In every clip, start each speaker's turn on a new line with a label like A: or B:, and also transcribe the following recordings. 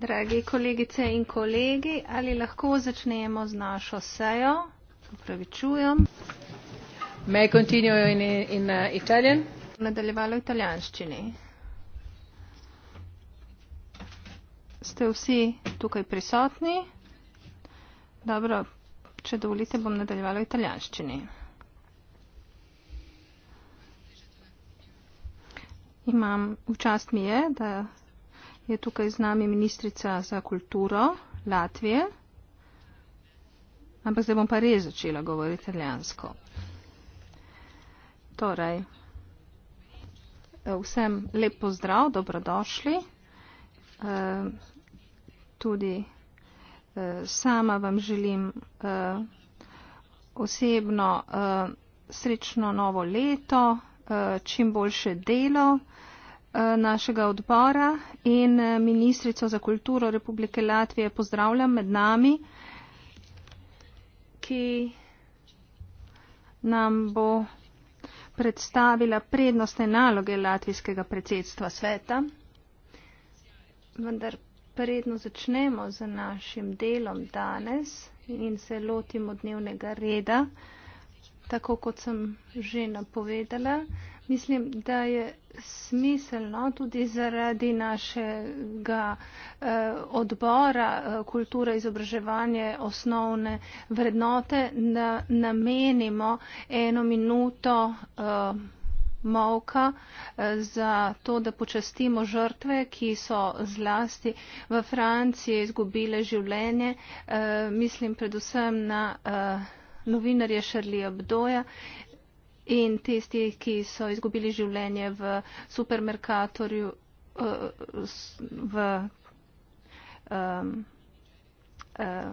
A: dragi kolegice in kolegi ali lahko začnemo z našo sejo opravičujem nadaljevalo uh, v italijanščini ste vsi tukaj prisotni dobro če dovolite bom nadaljevalo v italijanščini Imam, včast mi je, da je tukaj z nami ministrica za kulturo Latvije. Ampak zdaj bom pa res začela govoriti italijansko. Torej, vsem lep pozdrav, dobrodošli. Eh, tudi eh, sama vam želim eh, osebno srečno novo leto, čim boljše delo. Eh, našega odbora in eh, ministrico za kulturo Republike Latvije pozdravljam med nami, ki nam bo predstavila prednostne naloge latvijskega predsedstva sveta. Vendar predno začnemo z našim delom danes in se lotimo dnevnega reda, tako kot sem že napovedala. Mislim, da je smiselno tudi zaradi našega eh, odbora eh, kultura, izobraževanje, osnovne vrednote, da namenimo eno minuto eh, molka za to, da počastimo žrtve, ki so zlasti v Franciji izgubile življenje. Mislim predvsem na novinarje Šarlija Bdoja, in tisti, ki so izgubili življenje v supermerkatorju, eh, v um, uh,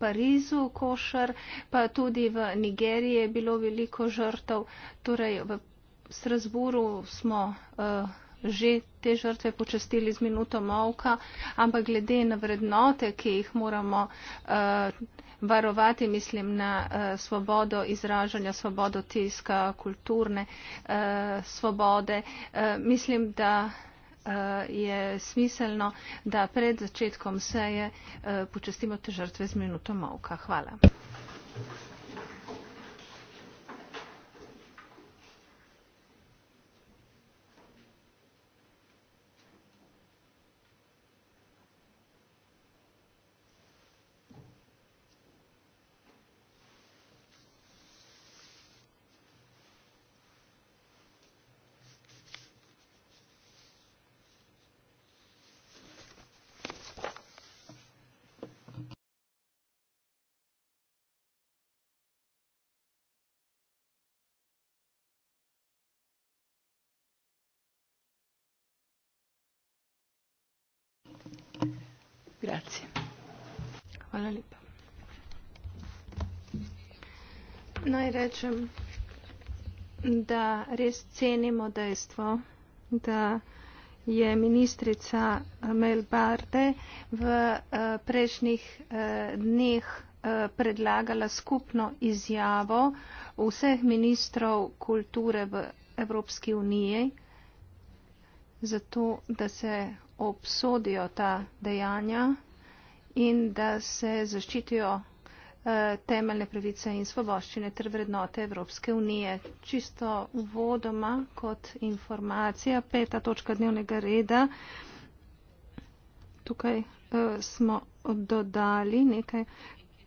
A: Parizu, Košar, pa tudi v Nigeriji je bilo veliko žrtev. Torej v Strasburu smo uh, že te žrtve počastili z minuto molka, ampak glede na vrednote, ki jih moramo. Uh, varovati, mislim na eh, svobodo izražanja, svobodo tiska, kulturne eh, svobode. Eh, mislim, da je smiselno, da pred začetkom seje počestimo te žrtve z minuto molka. Hvala. situacije. Hvala lepa. Naj rečem, da res cenimo dejstvo, da je ministrica Mel Barde v eh, prejšnjih eh, dneh eh, predlagala skupno izjavo vseh ministrov kulture v Evropski uniji, zato da se obsodijo ta dejanja, in da se zaščitijo eh, temeljne pravice in svoboščine ter vrednote Evropske unije. Čisto uvodoma kot informacija, peta točka dnevnega reda. Tukaj eh, smo dodali nekaj,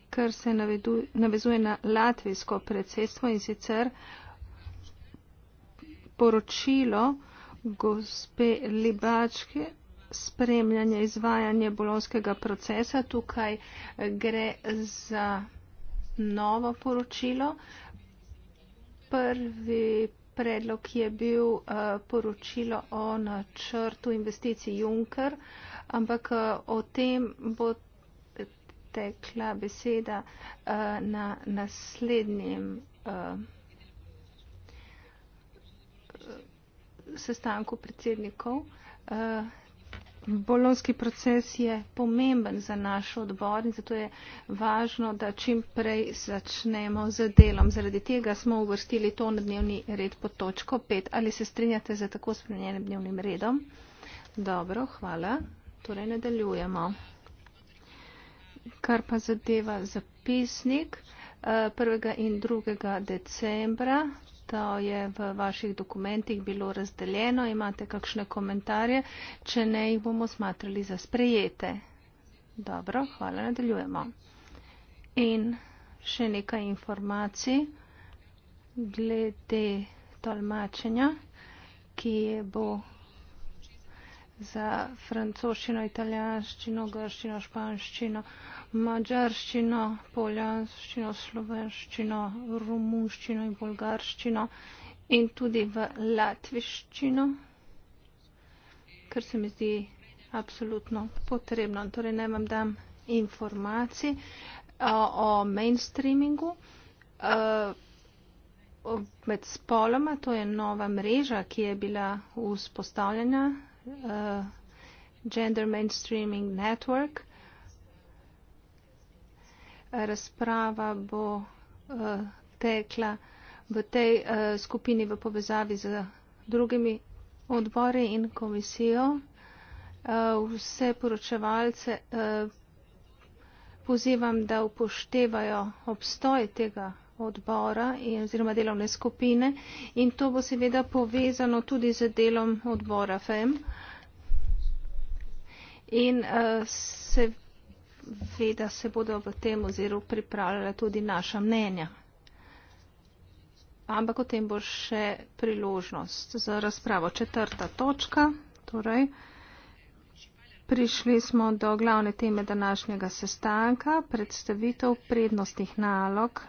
A: kar se navezuje na latvijsko predsedstvo in sicer poročilo gospe Libačke spremljanja izvajanja bolonskega procesa. Tukaj gre za novo poročilo. Prvi predlog je bil uh, poročilo o načrtu investicij Juncker, ampak uh, o tem bo tekla beseda uh, na naslednjem uh, sestanku predsednikov. Uh, Bolonski proces je pomemben za naš odbor in zato je važno, da čim prej začnemo z delom. Zaradi tega smo uvrstili to na dnevni red pod točko 5. Ali se strinjate za tako spremenjenim dnevnim redom? Dobro, hvala. Torej nadaljujemo. Kar pa zadeva zapisnik 1. Eh, in 2. decembra to je v vaših dokumentih bilo razdeljeno, imate kakšne komentarje, če ne jih bomo smatrali za sprejete. Dobro, hvala, nadaljujemo. In še nekaj informacij glede tolmačenja, ki bo za francoščino, italijanščino, grščino, španščino, mađarščino, poljanščino, slovenščino, romunščino in bolgarščino in tudi v latviščino, kar se mi zdi absolutno potrebno. Torej, naj vam dam informacije o, o mainstreamingu. Uh, Med spoloma to je nova mreža, ki je bila vzpostavljena uh, Gender Mainstreaming Network. Razprava bo uh, tekla v tej uh, skupini v povezavi z drugimi odbori in komisijo. Uh, vse poročevalce uh, pozivam, da upoštevajo obstoj tega odbora in, oziroma delovne skupine in to bo seveda povezano tudi z delom odbora FEM. In eh, seveda se bodo v tem oziru pripravljala tudi naša mnenja. Ampak o tem bo še priložnost za razpravo. Četrta točka, torej. Prišli smo do glavne teme današnjega sestanka, predstavitev prednostnih nalog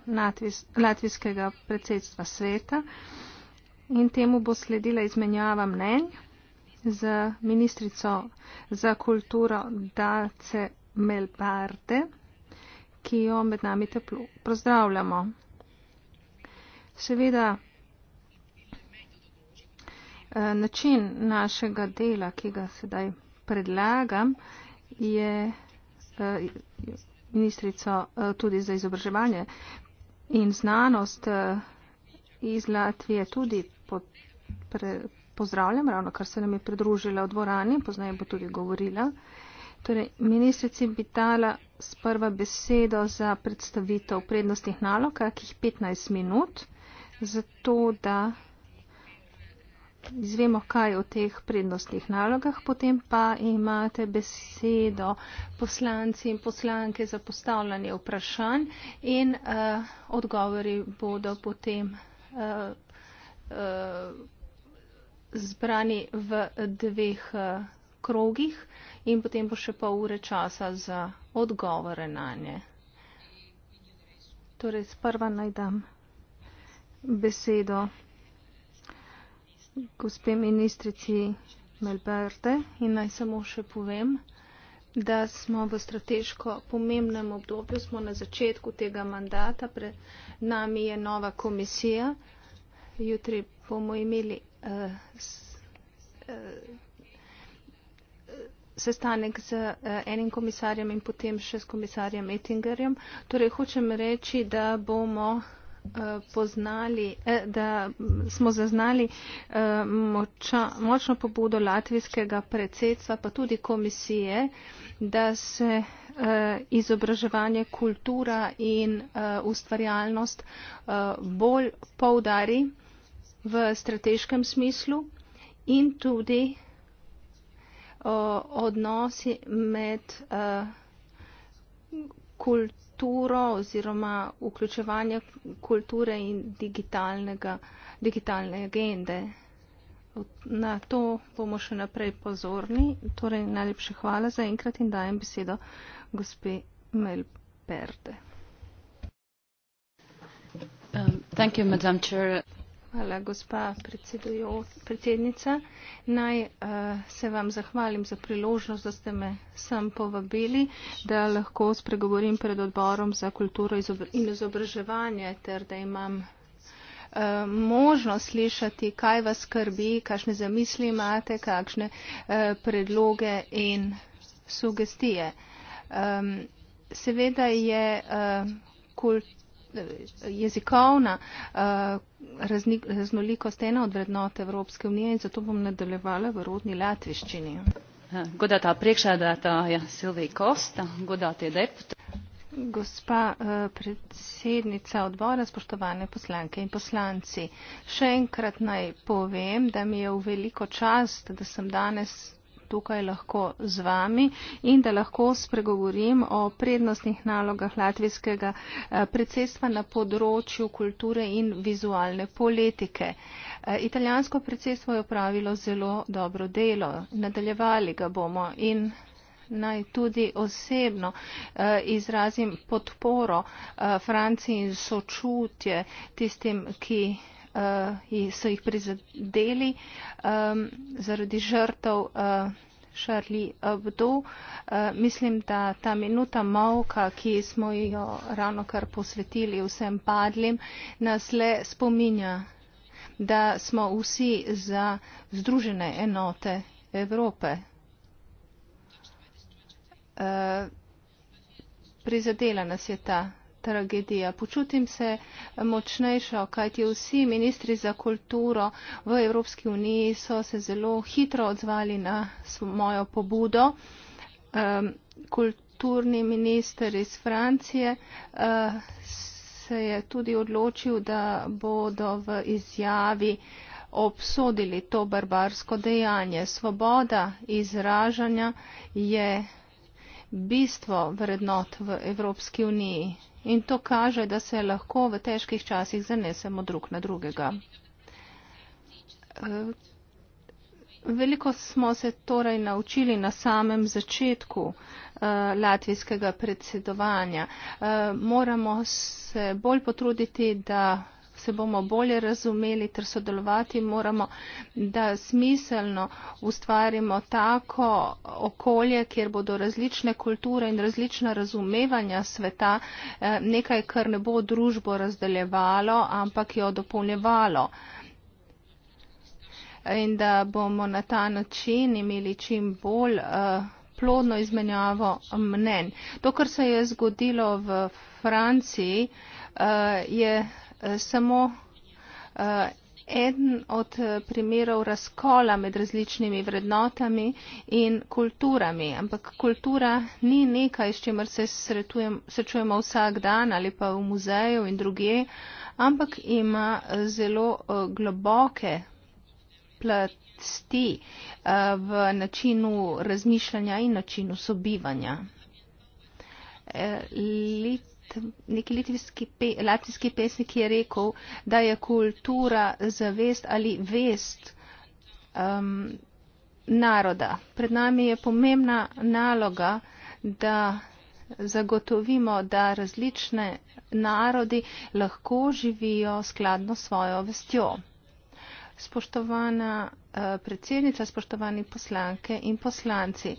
A: Latvijskega predsedstva sveta in temu bo sledila izmenjava mnenj z ministrico za kulturo Dace Melbarde, ki jo med nami teplo pozdravljamo. Seveda, eh, način našega dela, ki ga sedaj predlagam, je eh, ministrico eh, tudi za izobraževanje in znanost eh, iz Latvije tudi pozdravljam, ravno kar se nam je pridružila v dvorani, poznaje bo tudi govorila. Torej, ministrici bi dala sprva besedo za predstavitev prednostnih nalog, kakih 15 minut, zato da izvemo kaj o teh prednostnih nalogah, potem pa imate besedo poslanci in poslanke za postavljanje vprašanj in uh, odgovori bodo potem uh, uh, zbrani v dveh uh, krogih in potem bo še pol ure časa za odgovore na nje. Torej, sprva naj dam besedo gospe ministrici Melberte in naj samo še povem, da smo v strateško pomembnem obdobju, smo na začetku tega mandata, pred nami je nova komisija, jutri bomo imeli eh, eh, sestanek z eh, enim komisarjem in potem še s komisarjem Ettingerjem. Torej, hočem reči, da bomo Eh, poznali, eh, da smo zaznali eh, moča, močno pobudo latvijskega predsedstva, pa tudi komisije, da se izobraževanje, kultura in ustvarjalnost bolj poudari v strateškem smislu in tudi odnosi med kulturo kulturo oziroma vključevanje kulture in digitalne agende. Na to bomo še naprej pozorni. Torej, najlepše hvala za enkrat in dajem besedo gospe Melperde.
B: Um, thank you, Madam Chair.
A: Hvala, gospa predsednica. Naj uh, se vam zahvalim za priložnost, da ste me sem povabili, da lahko spregovorim pred odborom za kulturo in izobraževanje ter da imam eh, možno slišati, kaj vas skrbi, kakšne zamisli imate, kakšne eh, predloge in sugestije. Ehm, seveda je kult, jezikovna eh, raznik, raznolikost ena od vrednot Evropske unije in zato bom nadaljevala v rodni latviščini. Godata priekšēdētā ja, Silvija Kosta, godātie deputāti. Gospa eh, predsednica odbora, spoštovane poslanke in poslanci, še enkrat naj povem, da mi je v veliko čast, da sem danes tukaj lahko z vami in da lahko spregovorim o prednostnih nalogah latvijskega eh, predsedstva na področju kulture in vizualne politike. Eh, italijansko predsedstvo je opravilo zelo dobro delo. Nadaljevali ga bomo in naj tudi osebno eh, izrazim podporo eh, Franciji in sočutje tistim, ki uh, so jih prizadeli um, zaradi žrtov uh, eh, Šarli Abdo. Uh, eh, mislim, da ta minuta mavka, ki smo jo ravno kar posvetili vsem padlim, nas le spominja, da smo vsi za združene enote Evrope. Uh, prizadela nas je ta tragedija. Počutim se močnejšo, kajti vsi ministri za kulturo v Evropski uniji so se zelo hitro odzvali na mojo pobudo. Kulturni minister iz Francije eh, se je tudi odločil, da bodo v izjavi obsodili to barbarsko dejanje. Svoboda izražanja je bistvo vrednot v Evropski uniji in to kaže, da se lahko v težkih časih zanesemo drug na drugega. Eh, veliko smo se torej naučili na samem začetku eh, latvijskega predsedovanja. Eh, moramo se bolj potruditi, da se bomo bolje razumeli ter sodelovati moramo, da smiselno ustvarimo tako okolje, kjer bodo različne kulture in različna razumevanja sveta eh, nekaj, kar ne bo družbo razdeljevalo, ampak jo dopolnjevalo in da bomo na ta način imeli čim bolj eh, plodno izmenjavo mnen. To, kar se je zgodilo v Franciji, eh, je Eh, samo eden eh, od eh, primerov razkola med različnimi vrednotami in kulturami. Ampak kultura ni nekaj, s čimer se srečujemo vsak dan ali pa v muzeju in druge, ampak ima zelo globoke plasti v načinu razmišljanja in načinu sobivanja. Lik neki litvijski pe, latvijski pesnik je rekel, da je kultura zavest ali vest um, naroda. Pred nami je pomembna naloga, da zagotovimo, da različne narodi lahko živijo skladno svojo vestjo. Spoštovana eh, predsednica, spoštovani poslanke in poslanci,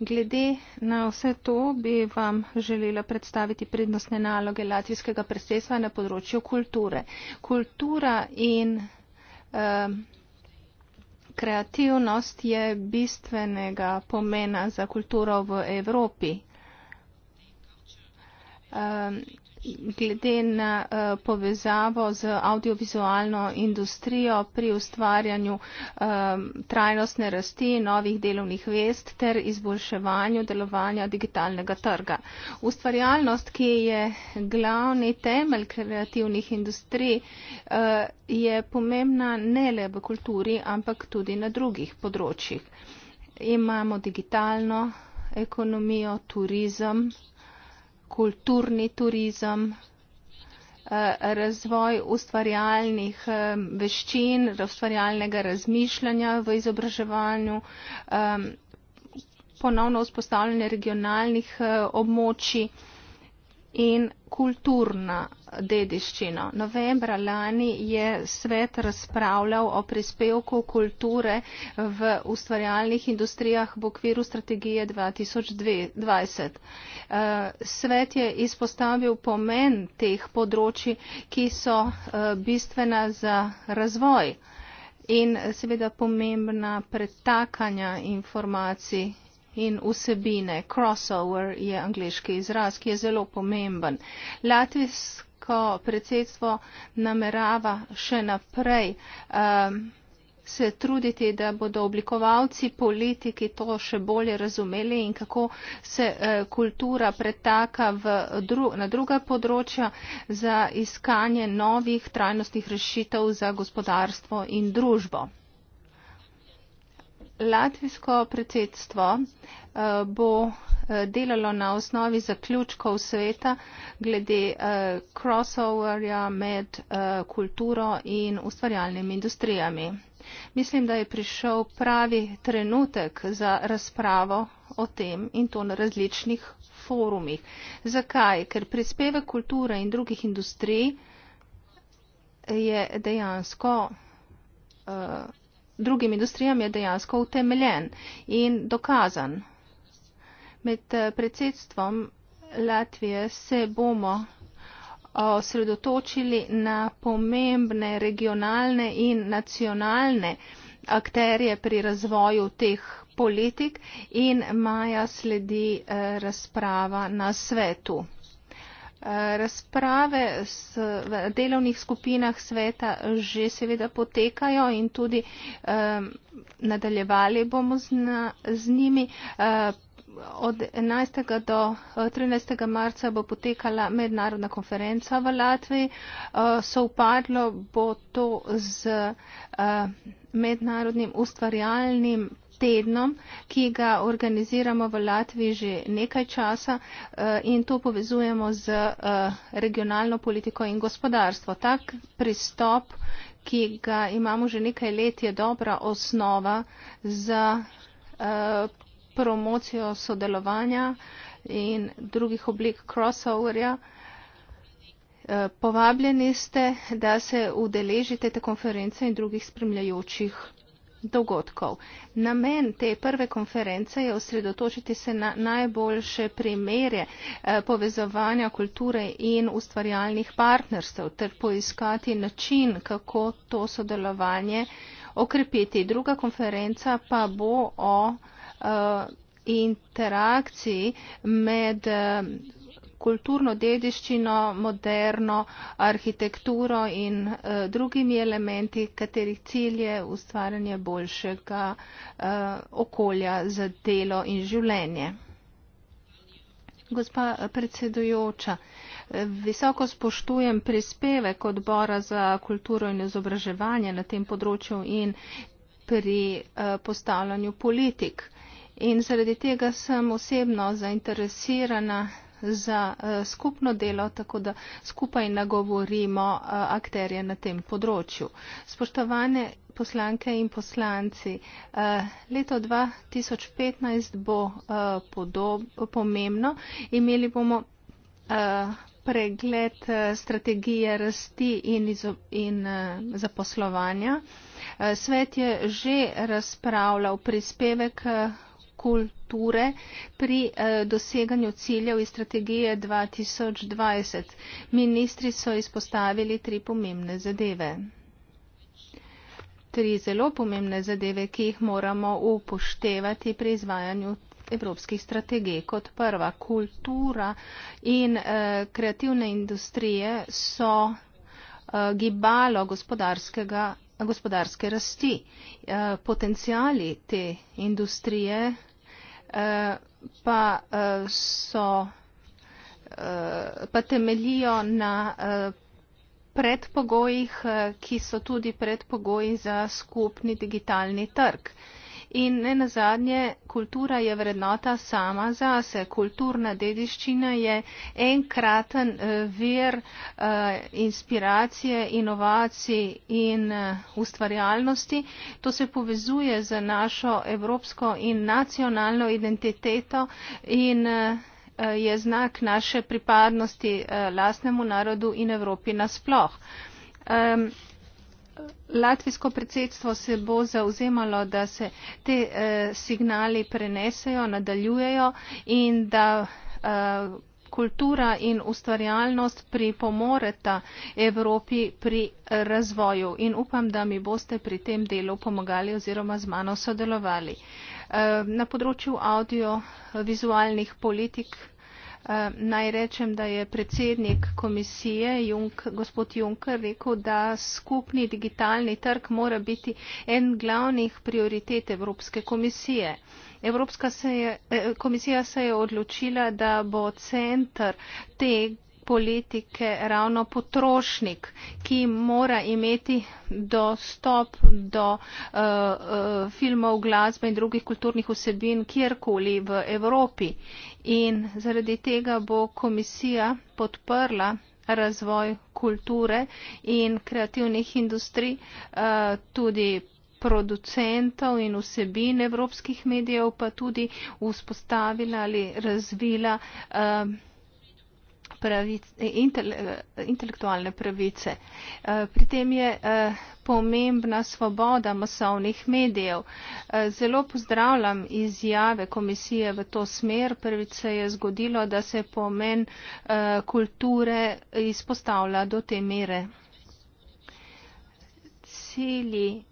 A: Glede na vse to bi vam želela predstaviti prednostne naloge latvijskega predsedstva na področju kulture. Kultura in um, kreativnost je bistvenega pomena za kulturo v Evropi. Um, glede na uh, povezavo z audiovizualno industrijo pri ustvarjanju um, trajnostne rasti novih delovnih vest ter izboljševanju delovanja digitalnega trga. Ustvarjalnost, ki je glavni temelj kreativnih industrij, uh, je pomembna ne le v kulturi, ampak tudi na drugih področjih. Imamo digitalno ekonomijo, turizem, kulturni turizem, eh, razvoj ustvarjalnih eh, veščin, ustvarjalnega razmišljanja v izobraževanju, eh, ponovno vzpostavljanje regionalnih območij in kulturna dediščina. Novembra lani je svet razpravljal o prispevku kulture v ustvarjalnih industrijah v okviru strategije 2020. Eh, svet je izpostavil pomen teh področji, ki so eh, bistvena za razvoj in seveda pomembna pretakanja informacij in vsebine. Crossover je angliški izraz, ki je zelo pomemben. Latvijsko predsedstvo namerava še naprej um, se truditi, da bodo oblikovalci politiki to še bolje razumeli in kako se eh, kultura pretaka v dru na druga področja za iskanje novih trajnostnih rešitev za gospodarstvo in družbo. Latvijsko predsedstvo eh, bo eh, delalo na osnovi zaključkov sveta glede eh, crossoverja med kulturo in ustvarjalnimi industrijami. Mislim, da je prišel pravi trenutek za razpravo o tem in to na različnih forumih. Zakaj? Ker prispevek kulture in drugih industrij je dejansko drugim industrijam je dejansko utemeljen in dokazan. Med eh, predsedstvom Latvije se bomo eh, osredotočili na pomembne regionalne in nacionalne akterje pri razvoju teh politik in maja sledi eh, razprava na svetu. Razprave v delovnih skupinah sveta že seveda potekajo in tudi nadaljevali bomo z njimi. Od 11. do 13. marca bo potekala mednarodna konferenca v Latviji. Soupadlo bo to z mednarodnim ustvarjalnim tednom, ki ga organiziramo v Latviji že nekaj časa eh, in to povezujemo z eh, regionalno politiko in gospodarstvo. Tak pristop, ki ga imamo že nekaj let, je dobra osnova za eh, promocijo sodelovanja in drugih oblik crossoverja. Povabljeni ste, da se udeležite te konference in drugih spremljajočih dogodkov. Namen te prve konference je osredotočiti se na najboljše primere eh, povezovanja kulture in ustvarjalnih partnerstv ter poiskati način, kako to sodelovanje okrepiti. Druga konferenca pa bo o eh, interakciji med eh, kulturno dediščino, moderno arhitekturo in uh, drugimi elementi, katerih cilj je ustvarjanje boljšega uh, okolja za delo in življenje. Gospa predsedujoča, visoko spoštujem prispevek odbora za kulturo in izobraževanje na tem področju in pri eh, postavljanju politik. In zaradi tega sem osebno zainteresirana za eh, skupno delo, tako da skupaj nagovorimo eh, akterje na tem področju. Spoštovane poslanke in poslanci, eh, leto 2015 bo podob, pomembno. Imeli bomo pregled strategije rasti in, izo, in zaposlovanja. Svet je že razpravljal prispevek kulture pri eh, doseganju ciljev iz strategije 2020. Ministri so izpostavili tri pomembne zadeve. Tri zelo pomembne zadeve, ki jih moramo upoštevati pri izvajanju evropskih strategij. Kot prva, kultura in eh, kreativne industrije so eh, gibalo gospodarskega gospodarske rasti. Eh, Potencijali te industrije eh, pa eh, so pa temeljijo na predpogojih, ki so tudi predpogoji za skupni digitalni trg. In ne nazadnje, kultura je vrednota sama za se. Kulturna dediščina je enkraten eh, vir eh, inspiracije, inovacij in eh, ustvarjalnosti. To se povezuje z našo evropsko in nacionalno identiteto in je znak naše pripadnosti lastnemu narodu in Evropi nasploh. Latvijsko predsedstvo se bo zauzemalo, da se te eh, signali prenesejo, nadaljujejo in da eh, kultura in ustvarjalnost pripomoreta Evropi pri razvoju. In upam, da mi boste pri tem delu pomagali oziroma z mano sodelovali. Eh, na področju audio-vizualnih politik Eh, naj rečem, da je predsednik komisije Junk, gospod Juncker rekel, da skupni digitalni trg mora biti en glavnih prioritet Evropske komisije. Evropska se je, eh, komisija se je odločila, da bo center tega politike ravno potrošnik, ki mora imeti dostop do uh, uh, filmov, glasbe in drugih kulturnih vsebin kjerkoli v Evropi. In zaradi tega bo komisija podprla razvoj kulture in kreativnih industrij, uh, tudi producentov in vsebin evropskih medijev, pa tudi vzpostavila ali razvila. Uh, intelektualne pravice. Eh, pri tem je eh, pomembna svoboda masovnih medijev. Eh, zelo pozdravljam izjave komisije v to smer. Prvič se je zgodilo, da se pomen kulture izpostavlja do te mere. Cilji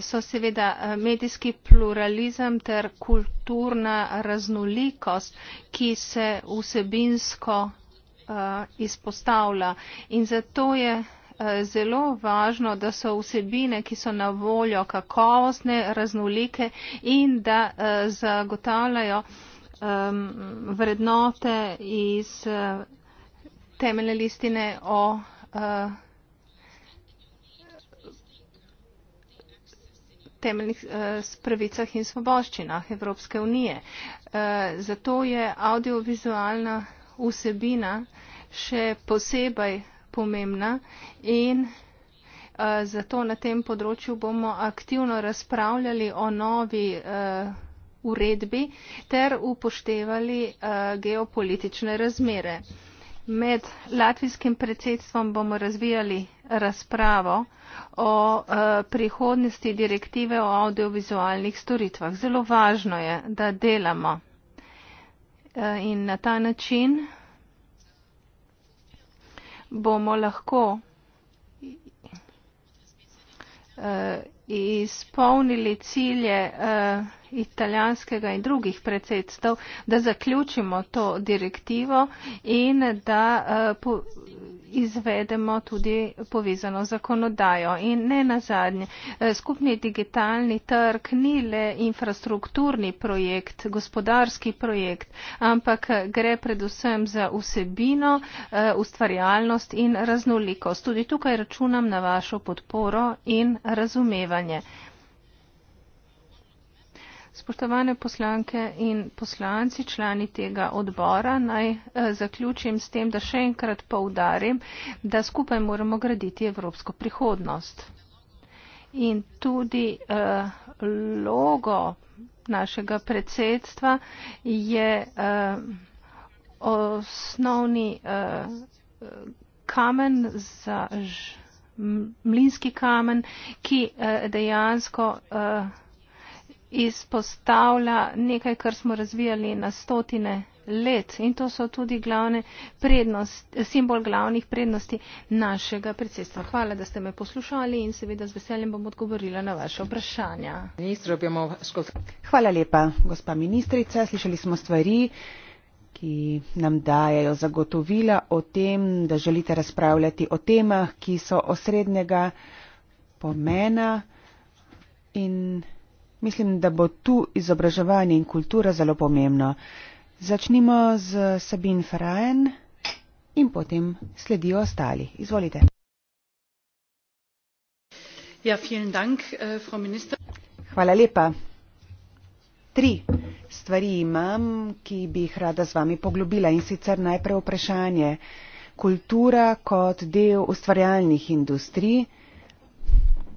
A: so seveda eh, medijski pluralizem ter kulturna raznolikost, ki se vsebinsko eh, izpostavlja. In zato je eh, zelo važno, da so vsebine, ki so na voljo, kakovostne, raznolike in da zagotavljajo vrednote iz temeljne listine o temeljnih eh, pravicah in svoboščinah Evropske unije. Eh, zato je audiovizualna vsebina še posebej pomembna in eh, zato na tem področju bomo aktivno razpravljali o novi uredbi ter upoštevali geopolitične razmere. Med latvijskim predsedstvom bomo razvijali razpravo o eh, prihodnosti direktive o audiovizualnih storitvah. Zelo važno je, da delamo eh, in na ta način bomo lahko eh, izpolnili cilje italijanskega in drugih predsedstv, da zaključimo to direktivo in da eh, izvedemo tudi povezano zakonodajo. In ne nazadnje, eh, skupni digitalni trg ni le infrastrukturni projekt, gospodarski projekt, ampak eh, gre predvsem za vsebino, ustvarjalnost in raznolikost. Tudi tukaj računam na vašo podporo in razumevanje. Spoštovane poslanke in poslanci, člani tega odbora, naj eh, zaključim s tem, da še enkrat poudarim, da skupaj moramo graditi evropsko prihodnost. In tudi eh, logo našega predsedstva je eh, osnovni kamen za mlinski kamen, ki dejansko izpostavlja nekaj, kar smo razvijali na stotine let in to so tudi glavne prednost, simbol glavnih prednosti našega predsedstva. Hvala, da ste me poslušali in seveda z veseljem bom odgovorila na vaše vprašanja.
B: Hvala lepa, gospa ministrica. Slišali smo stvari, ki nam dajajo zagotovila o tem, da želite razpravljati o temah, ki so osrednjega pomena in Mislim, da bo tu izobraževanje in kultura zelo pomembno. Začnimo z Sabin Farajen in potem sledijo ostali. Izvolite.
A: Ja, dank, eh, Frau minister.
B: Hvala lepa. Tri stvari imam, ki bi jih rada z vami poglobila in sicer najprej vprašanje. Kultura kot del ustvarjalnih industrij,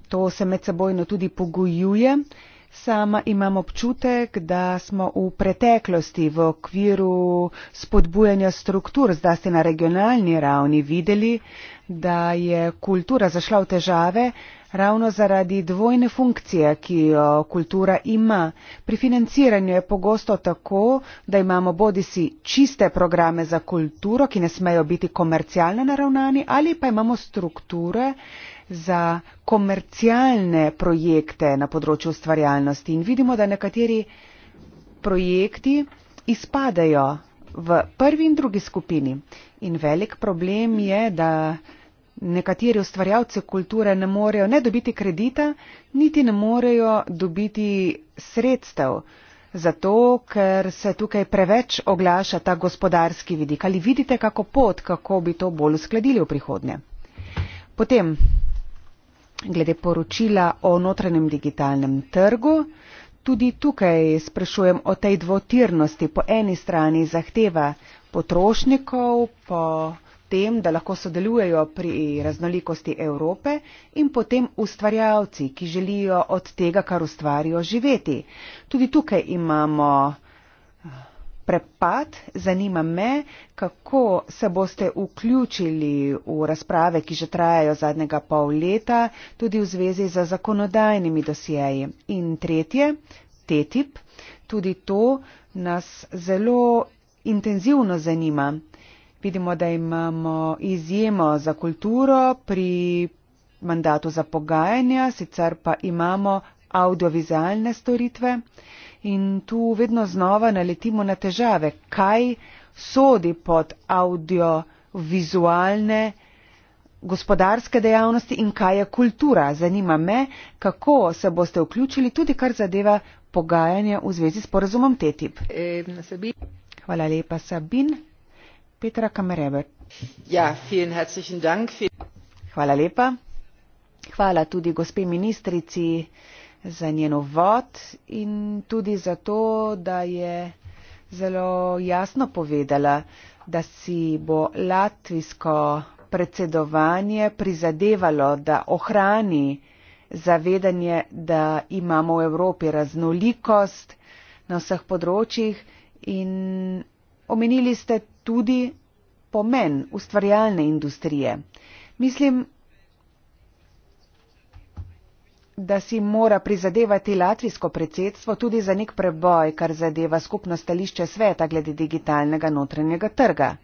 B: to se med sebojno tudi pogojuje. Eh, Sama imam občutek, da smo v preteklosti v okviru spodbujanja struktur, zdaj ste na regionalni ravni videli, da je kultura zašla v težave ravno zaradi dvojne funkcije, ki jo kultura ima. Pri financiranju je pogosto tako, da imamo bodi si čiste programe za kulturo, ki ne smejo biti komercialne naravnani, ali pa imamo strukture, za komercialne projekte na področju ustvarjalnosti in vidimo, da nekateri projekti izpadajo v prvi in drugi skupini. In velik problem je, da nekateri ustvarjalci kulture ne morejo ne dobiti kredita, niti ne morejo dobiti sredstev. Zato, ker se tukaj preveč oglaša ta gospodarski vidik. Ali vidite kako pot, kako bi to bolj uskladili v prihodnje? Potem glede poročila o notranjem digitalnem trgu. Tudi tukaj sprašujem o tej dvotirnosti. Po eni strani zahteva potrošnikov po tem, da lahko sodelujejo pri raznolikosti Evrope in potem ustvarjalci, ki želijo od tega, kar ustvarijo, živeti. Tudi tukaj imamo prepad. Zanima me, kako se boste vključili v razprave, ki že trajajo zadnjega pol leta, tudi v zvezi z zakonodajnimi dosjeji. In tretje, TTIP, tudi to nas zelo intenzivno zanima. Vidimo, da imamo izjemo za kulturo pri mandatu za pogajanja, sicer pa imamo audiovizualne storitve in tu vedno znova naletimo na težave, kaj sodi pod audiovizualne gospodarske dejavnosti in kaj je kultura. Zanima me, kako se boste vključili tudi kar zadeva pogajanja v zvezi s porazumom TTIP. E, Hvala lepa, Sabin. Petra Kamerebe. Ja, Hvala lepa. Hvala tudi gospe ministrici za njen vod in tudi zato, da je zelo jasno povedala, da si bo latvijsko predsedovanje prizadevalo, da ohrani zavedanje, da imamo v Evropi raznolikost na vseh področjih in omenili ste tudi pomen ustvarjalne industrije. Mislim, da si mora prizadevati latvijsko predsedstvo tudi za nek preboj, kar zadeva skupno stališče sveta glede digitalnega notranjega trga.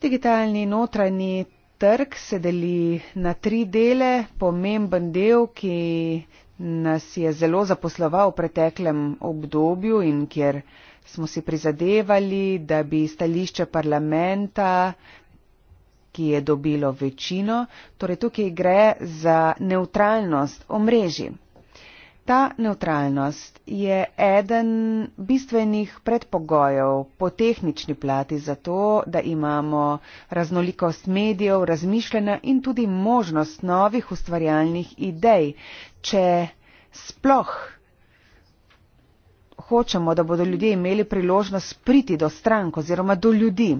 B: Digitalni notranji trg se deli na tri dele. Pomemben del, ki nas je zelo zaposloval v preteklem obdobju in kjer smo si prizadevali, da bi stališče parlamenta ki je dobilo večino, torej tukaj gre za neutralnost omrežji. Ta neutralnost je eden bistvenih predpogojev po tehnični plati za to, da imamo raznolikost medijev, razmišljanja in tudi možnost novih ustvarjalnih idej, če sploh hočemo, da bodo ljudje imeli priložnost priti do strank oziroma do ljudi.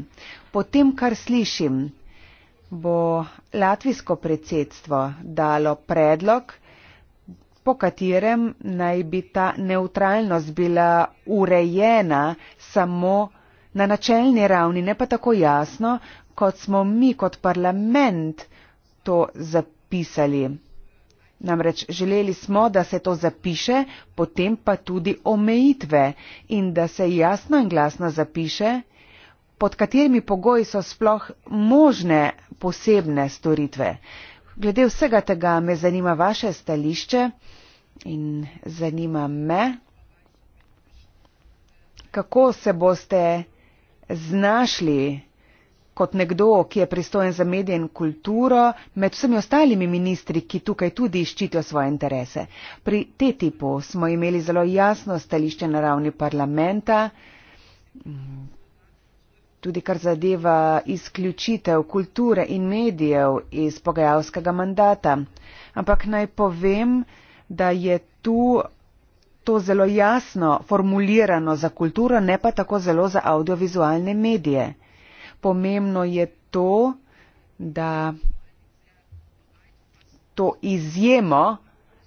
B: Po tem, kar slišim, bo latvijsko predsedstvo dalo predlog, po katerem naj bi ta neutralnost bila urejena samo na načeljni ravni, ne pa tako jasno, kot smo mi kot parlament to zapisali. Namreč želeli smo, da se to zapiše, potem pa tudi omejitve in da se jasno in glasno zapiše, pod katerimi pogoji so sploh možne posebne storitve. Glede vsega tega me zanima vaše stališče in zanima me, kako se boste znašli kot nekdo, ki je pristojen za medije in kulturo, med vsemi ostalimi ministri, ki tukaj tudi ščitijo svoje interese. Pri TTIP-u smo imeli zelo jasno stališče na ravni parlamenta, tudi kar zadeva izključitev kulture in medijev iz pogajalskega mandata. Ampak naj povem, da je tu to zelo jasno formulirano za kulturo, ne pa tako zelo za audiovizualne medije. Pomembno je to, da to izjemo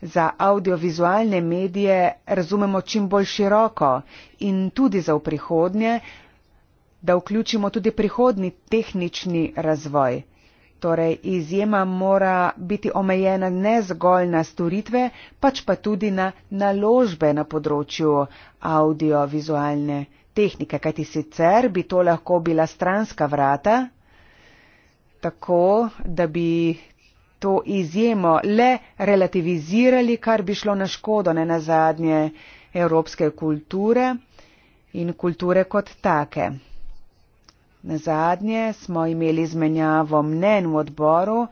B: za audiovizualne medije razumemo čim bolj široko in tudi za v prihodnje, da vključimo tudi prihodni tehnični razvoj. Torej, izjema mora biti omejena ne zgolj na storitve, pač pa tudi na naložbe na področju audiovizualne tehnike, kajti sicer bi to lahko bila stranska vrata, tako da bi to izjemo le relativizirali, kar bi šlo na škodo ne na zadnje evropske kulture in kulture kot take. Na zadnje smo imeli zmenjavo mnen v odboru,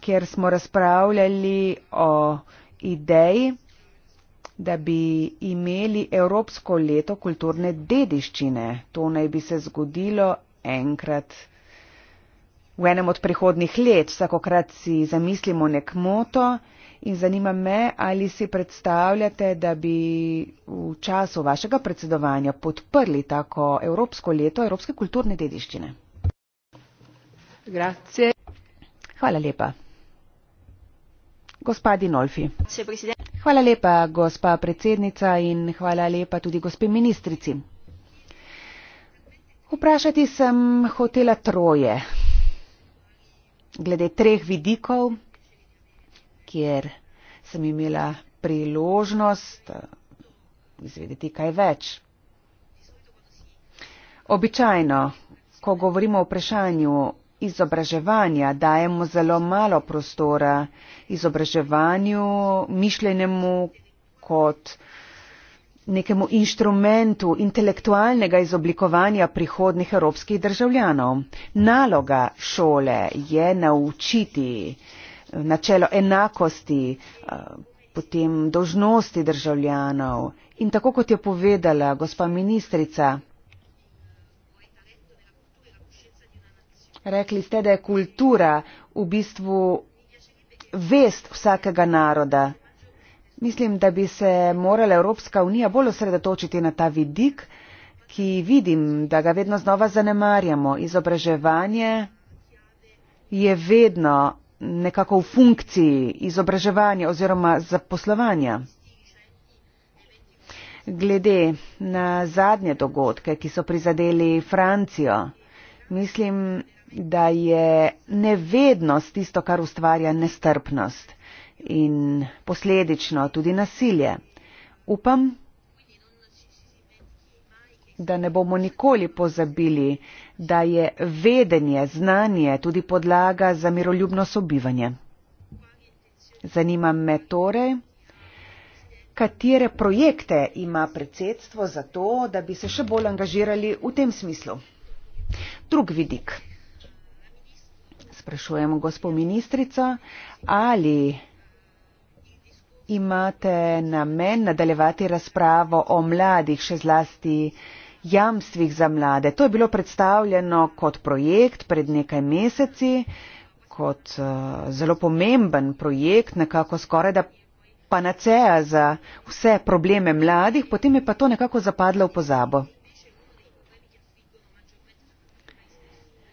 B: kjer smo razpravljali o ideji, da bi imeli Evropsko leto kulturne dediščine. To naj bi se zgodilo enkrat v enem od prihodnih let. Vsakokrat si zamislimo nek moto in zanima me, ali si predstavljate, da bi v času vašega predsedovanja podprli tako Evropsko leto Evropske kulturne dediščine. Grazie. Hvala lepa. Gospa Dinolfi. Hvala lepa, gospa predsednica in hvala lepa tudi gospe ministrici. Vprašati sem hotela troje. Glede treh vidikov kjer sem imela priložnost eh, izvedeti kaj več. Običajno, ko govorimo o vprašanju izobraževanja, dajemo zelo malo prostora izobraževanju, mišljenemu kot nekemu inštrumentu intelektualnega izoblikovanja prihodnih evropskih državljanov. Naloga šole je naučiti uh, načelo enakosti, eh, potem dožnosti državljanov. In tako kot je povedala gospa ministrica, rekli ste, da je kultura v bistvu vest vsakega naroda. Mislim, da bi se morala Evropska unija bolj osredotočiti na ta vidik, ki vidim, da ga vedno znova zanemarjamo. Izobraževanje je vedno nekako v funkciji izobraževanja oziroma zaposlovanja. Glede na zadnje dogodke, ki so prizadeli Francijo, mislim, da je nevednost tisto, kar ustvarja nestrpnost in posledično tudi nasilje. Upam, da ne bomo nikoli pozabili da je vedenje, znanje tudi podlaga za miroljubno sobivanje. Zanima me torej, katere projekte ima predsedstvo za to, da bi se še bolj angažirali v tem smislu. Drug vidik. Sprašujem gospo ministrico, ali imate namen nadaljevati razpravo o mladih, še zlasti jamstvih za mlade. To je bilo predstavljeno kot projekt pred nekaj meseci, kot uh, zelo pomemben projekt, nekako skoraj da panaceja za vse probleme mladih, potem je pa to nekako zapadlo v pozabo.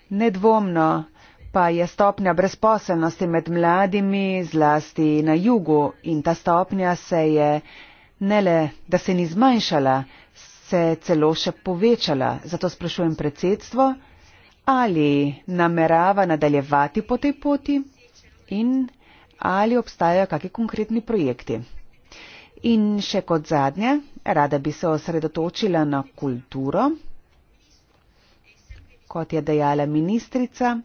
B: Nedvomno pa je stopnja brezposelnosti med mladimi zlasti na jugu in ta stopnja se je ne le, da se ni zmanjšala, se je celo še povečala. Zato sprašujem predsedstvo, ali namerava nadaljevati po tej poti in ali obstajajo kakšni konkretni projekti. In še kot zadnje, rada bi se osredotočila na kulturo. Kot je dejala ministrica,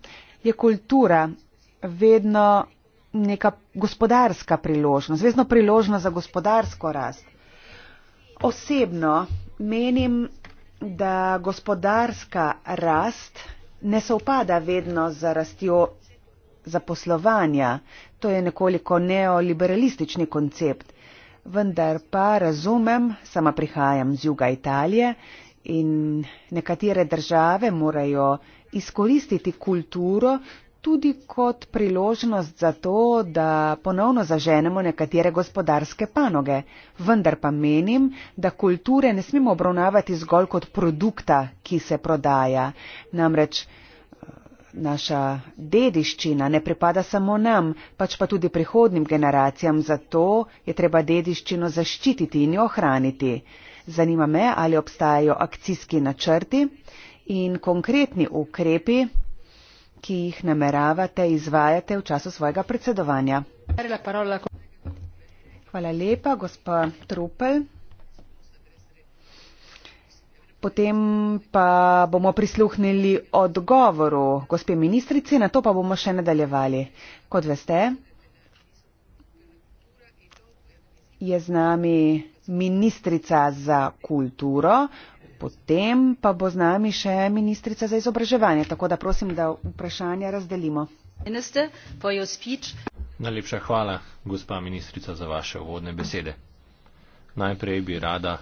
B: je kultura vedno neka gospodarska priložnost, vedno priložnost za gospodarsko rast. Osebno menim, da gospodarska rast ne sovpada vedno za rastjo zaposlovanja. To je nekoliko neoliberalistični koncept. Vendar pa razumem, sama prihajam z juga Italije in nekatere države morajo izkoristiti kulturo tudi kot priložnost za to, da ponovno zaženemo nekatere gospodarske panoge. Vendar pa menim, da kulture ne smemo obravnavati zgolj kot produkta, ki se prodaja. Namreč eh, naša dediščina ne pripada samo nam, pač pa tudi prihodnim generacijam, zato je treba dediščino zaščititi in jo ohraniti. Zanima me, ali obstajajo akcijski načrti in konkretni ukrepi, ki jih nameravate izvajati v času svojega predsedovanja. Hvala lepa, gospa Trupel. Potem pa bomo prisluhnili odgovoru gospe ministrici, na to pa bomo še nadaljevali. Kot veste, je z nami ministrica za kulturo, Potem pa bo z nami še ministrica za izobraževanje, tako da prosim, da vprašanja razdelimo.
A: Najlepša
C: hvala, gospa ministrica, za vaše uvodne besede. Najprej bi rada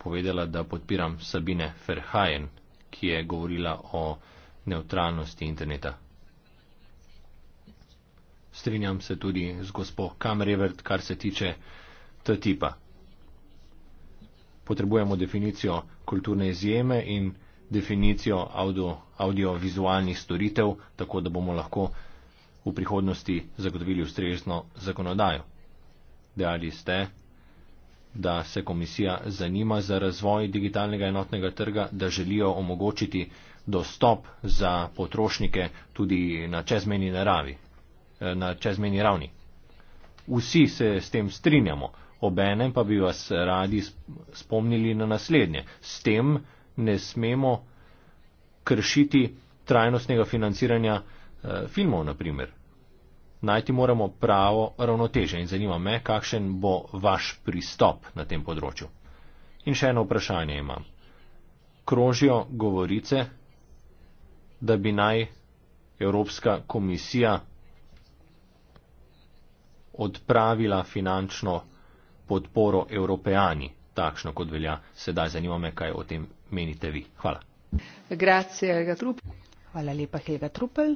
C: povedala, da podpiram Sabine Ferhajen, ki je govorila o neutralnosti interneta. Strinjam se tudi z gospo Kamrevert, kar se tiče T-tipa potrebujemo definicijo kulturne izjeme in definicijo audio, audiovizualnih storitev, tako da bomo lahko v prihodnosti zagotovili ustrezno zakonodajo. Dejali ste, da se komisija zanima za razvoj digitalnega enotnega trga, da želijo omogočiti dostop za potrošnike tudi na čezmeni, naravi, eh, na čezmeni ravni. Vsi se s tem strinjamo obenem pa bi vas radi spomnili na naslednje. S tem ne smemo kršiti trajnostnega financiranja eh, filmov, naprimer. Najti moramo pravo ravnoteže in zanima me, kakšen bo vaš pristop na tem področju. In še eno vprašanje imam. Krožijo govorice, da bi naj Evropska komisija odpravila finančno podporo evropejani, takšno kot velja sedaj. Zanima me, kaj o tem menite vi. Hvala.
B: Grazie, Helga Trupel. Hvala lepa, Helga Trupel.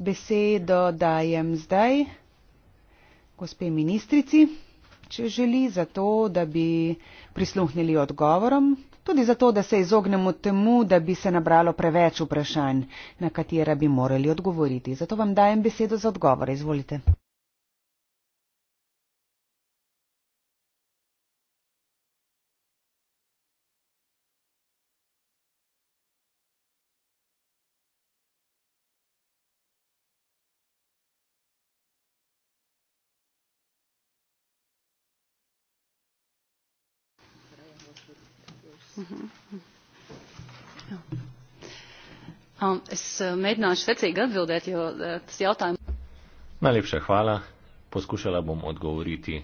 B: Besedo dajem zdaj gospe ministrici, če želi, zato, da bi prisluhnili odgovorom. Tudi zato, da se izognemo temu, da bi se nabralo preveč vprašanj, na katera bi morali odgovoriti. Zato vam dajem besedo za odgovore. Izvolite. Mhm, mhm. Ja.
A: No. Es äh, mēģināšu secīgi atbildēt, jo äh, tas jautājums.
C: Najlepša hvala. Poskušala bom odgovoriti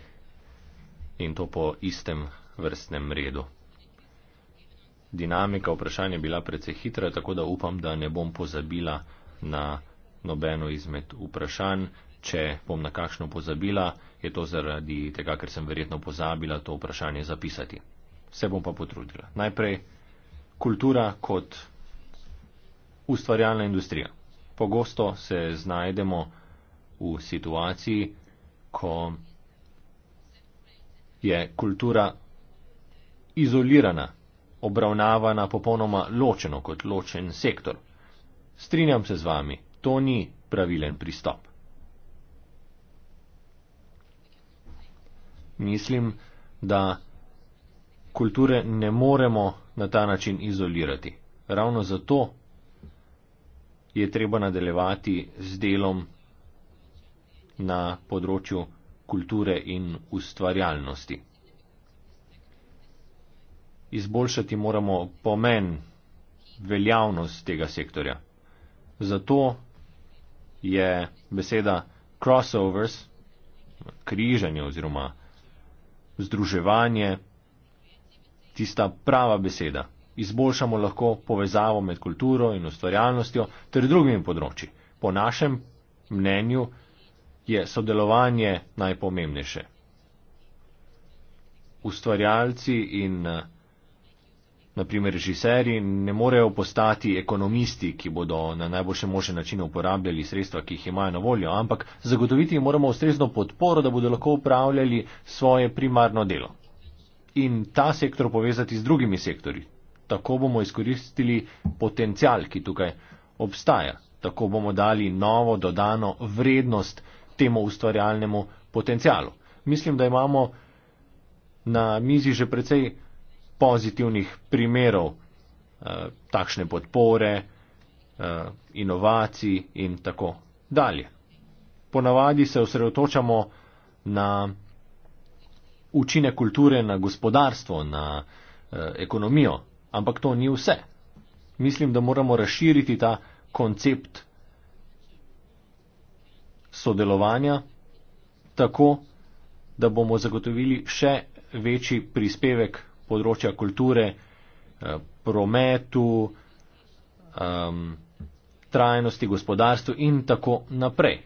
C: in to po istem vrstnem redu. Dinamika vprašanja je bila precej hitra, tako da upam, da ne bom pozabila na nobeno izmed vprašanj. Če bom na kakšno pozabila, je to zaradi tega, ker sem verjetno pozabila to vprašanje zapisati se bom pa potrudila. Najprej kultura kot ustvarjalna industrija. Pogosto se znajdemo v situaciji, ko je kultura izolirana, obravnavana popolnoma ločeno kot ločen sektor. Strinjam se z vami, to ni pravilen pristop. Mislim, da kulture ne moremo na ta način izolirati. Ravno zato je treba nadaljevati z delom na področju kulture in ustvarjalnosti. Izboljšati moramo pomen, veljavnost tega sektorja. Zato je beseda crossovers, križanje oziroma združevanje, tista prava beseda. Izboljšamo lahko povezavo med kulturo in ustvarjalnostjo ter drugimi področji. Po našem mnenju je sodelovanje najpomembnejše. Ustvarjalci in eh, naprimer režiserji ne morejo postati ekonomisti, ki bodo na najboljše možne načine uporabljali sredstva, ki jih imajo na voljo, ampak zagotoviti jim moramo ustrezno podporo, da bodo lahko upravljali svoje primarno delo in ta sektor povezati z drugimi sektori. Tako bomo izkoristili potencial, ki tukaj obstaja. Tako bomo dali novo dodano vrednost temu ustvarjalnemu potencialu. Mislim, da imamo na mizi že precej pozitivnih primerov eh, takšne podpore, eh, inovacij in tako dalje. Ponavadi se osredotočamo na učine kulture na gospodarstvo, na eh, ekonomijo, ampak to ni vse. Mislim, da moramo razširiti ta koncept sodelovanja tako, da bomo zagotovili še večji prispevek področja kulture, eh, prometu, ehm, trajnosti gospodarstva in tako naprej.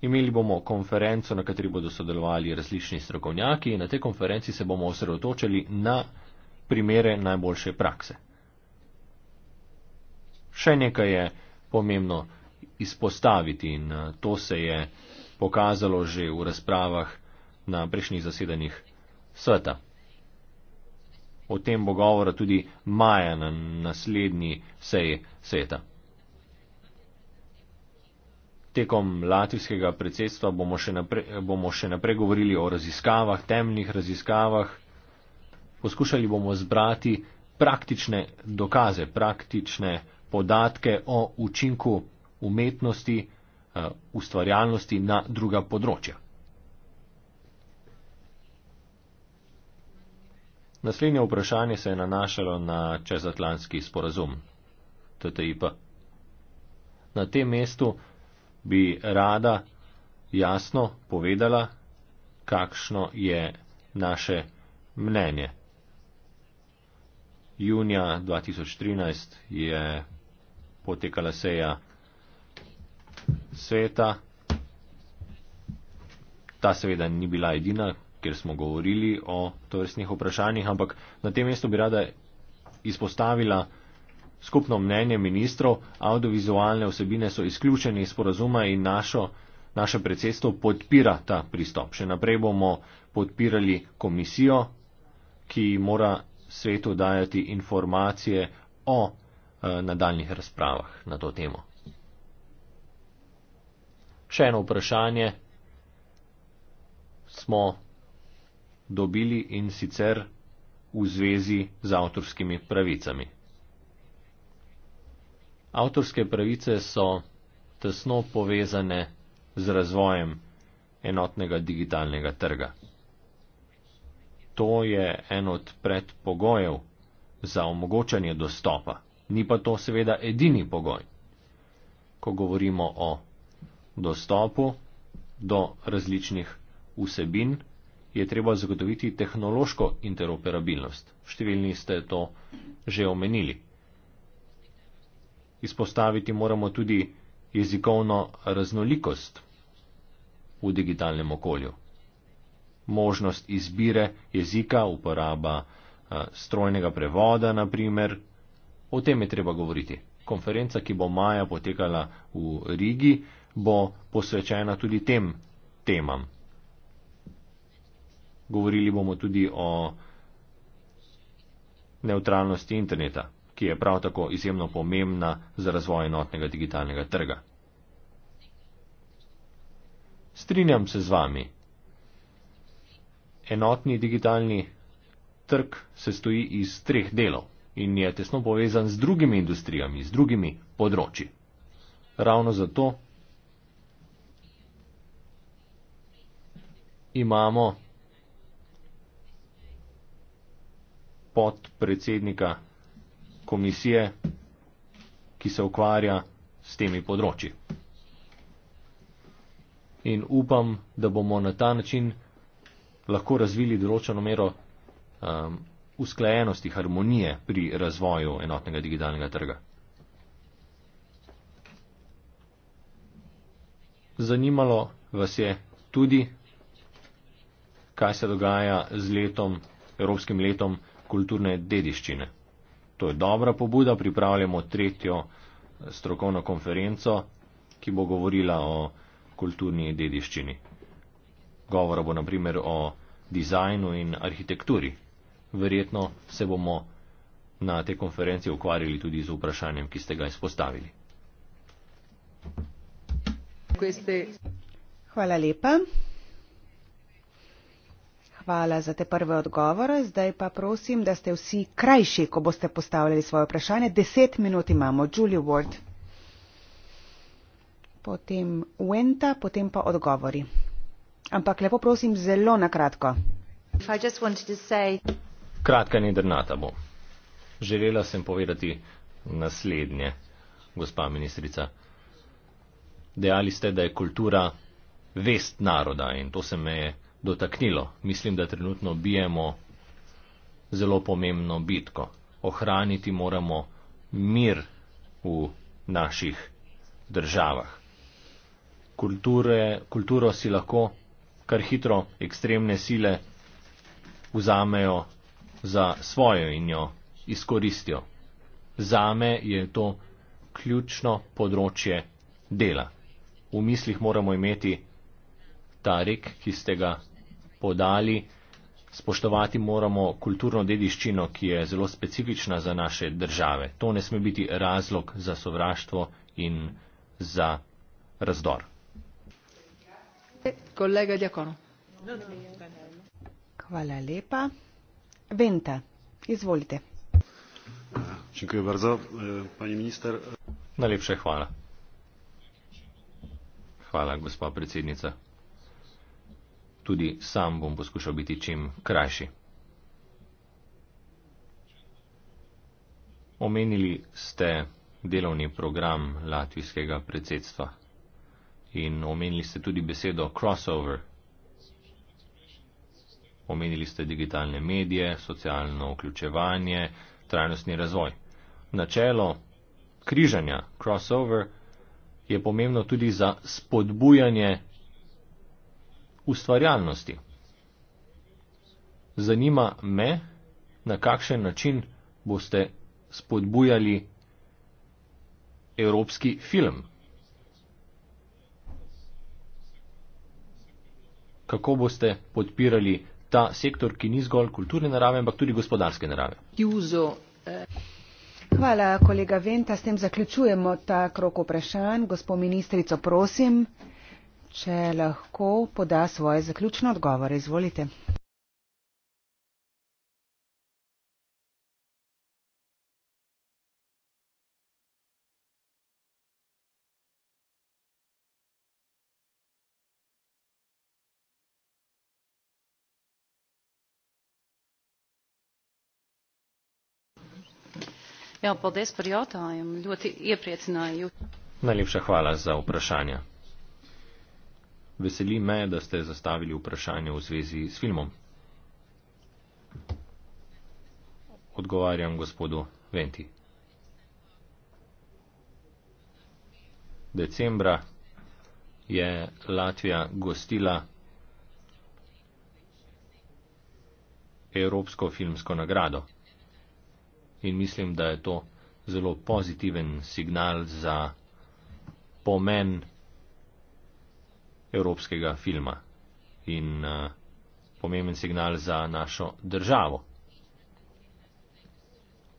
C: Imeli bomo konferenco, na kateri bodo sodelovali različni strokovnjaki in na tej konferenci se bomo osredotočili na primere najboljše prakse. Še nekaj je pomembno izpostaviti in eh, to se je pokazalo že v razpravah na prejšnjih zasedanjih sveta. O tem bo govora tudi maja na naslednji seji sveta. Tekom latvijskega predsedstva bomo še, naprej, bomo še naprej govorili o raziskavah, temnih raziskavah. Poskušali bomo zbrati praktične dokaze, praktične podatke o učinku umetnosti, eh, ustvarjalnosti na druga področja. Naslednje vprašanje se je nanašalo na čezatlantski sporazum TTIP. Na tem mestu bi rada jasno povedala, kakšno je naše mnenje. Junija 2013 je potekala seja sveta. Ta seveda ni bila edina, ker smo govorili o tovrstnih vprašanjih, ampak na tem mestu bi rada izpostavila, skupno mnenje ministrov, audiovizualne osebine so izključene iz porazuma in našo, naše predsedstvo podpira ta pristop. Še naprej bomo podpirali komisijo, ki mora svetu dajati informacije o e, nadaljnih razpravah na to temo. Še eno vprašanje smo dobili in sicer v zvezi z avtorskimi pravicami. Avtorske pravice so tesno povezane z razvojem enotnega digitalnega trga. To je en od predpogojev za omogočanje dostopa, ni pa to seveda edini pogoj. Ko govorimo o dostopu do različnih vsebin, je treba zagotoviti tehnološko interoperabilnost. Številni ste to že omenili. Izpostaviti moramo tudi jezikovno raznolikost v digitalnem okolju. Možnost izbire jezika, uporaba eh, strojnega prevoda, na primer, o tem je treba govoriti. Konferenca, ki bo maja potekala v Rigi, bo posvečena tudi tem temam. Govorili bomo tudi o neutralnosti interneta ki je prav tako izjemno pomembna za razvoj enotnega digitalnega trga. Strinjam se z vami. Enotni digitalni trg se stoji iz treh delov in je tesno povezan z drugimi industrijami, z drugimi področji. Ravno zato imamo podpredsednika komisije, ki se ukvarja s temi področji. In upam, da bomo na ta način lahko razvili določeno mero um, usklajenosti, harmonije pri razvoju enotnega digitalnega trga. Zanimalo vas je tudi, kaj se dogaja z letom, Evropskim letom kulturne dediščine. To je dobra pobuda, pripravljamo tretjo eh, strokovno konferenco, ki bo govorila o kulturni dediščini. Govora bo naprimer o dizajnu in arhitekturi. Verjetno se bomo na tej konferenci ukvarjali tudi z vprašanjem, ki ste ga izpostavili.
B: Hvala lepa hvala za te prve odgovore. Zdaj pa prosim, da ste vsi krajši, ko boste postavljali svoje vprašanje. Deset minut imamo. Julie Ward. Potem Wenta, potem pa odgovori. Ampak lepo prosim, zelo na kratko.
A: Say...
C: Kratka nedrnata bom. Želela sem povedati naslednje, gospa ministrica. Dejali ste, da je kultura vest naroda in to se me je dotaknilo. Mislim, da trenutno bijemo zelo pomembno bitko. Ohraniti moramo mir v naših državah. Kulture, kulturo si lahko kar hitro ekstremne sile vzamejo za svojo in jo izkoristijo. Zame je to ključno področje dela. V mislih moramo imeti ta rek, ki ste ga podali. Spoštovati moramo kulturno dediščino, ki je zelo specifična za naše države. To ne sme biti razlog za sovraštvo in za razdor.
B: Kolega Djakono. Hvala lepa. Venta, izvolite.
C: Čekaj, brzo, pani minister. Najlepše hvala. Hvala, gospod predsednica tudi sam bom poskušal biti čim krajši. Omenili ste delovni program latvijskega predsedstva in omenili ste tudi besedo crossover. Omenili ste digitalne medije, socialno vključevanje, trajnostni razvoj. Načelo križanja crossover je pomembno tudi za spodbujanje ustvarjalnosti. Zanima me, na kakšen način boste spodbujali evropski film. Kako boste podpirali ta sektor, ki ni zgolj kulturne narave, ampak tudi gospodarske narave?
B: Juzo. Eh. Hvala, kolega Venta. S tem zaključujemo ta krok vprašanj. Gospod ministrico, prosim. Če lahko poda svoje zaključne odgovore, izvolite.
A: Ja, podes prijota, jim ljudi je prijetno.
C: Najlepša hvala za vprašanje. Veseli me, da ste zastavili vprašanje v zvezi s filmom. Odgovarjam gospodu Venti. Decembra je Latvija gostila Evropsko filmsko nagrado in mislim, da je to zelo pozitiven signal za pomen evropskega filma in eh, pomemben signal za našo državo.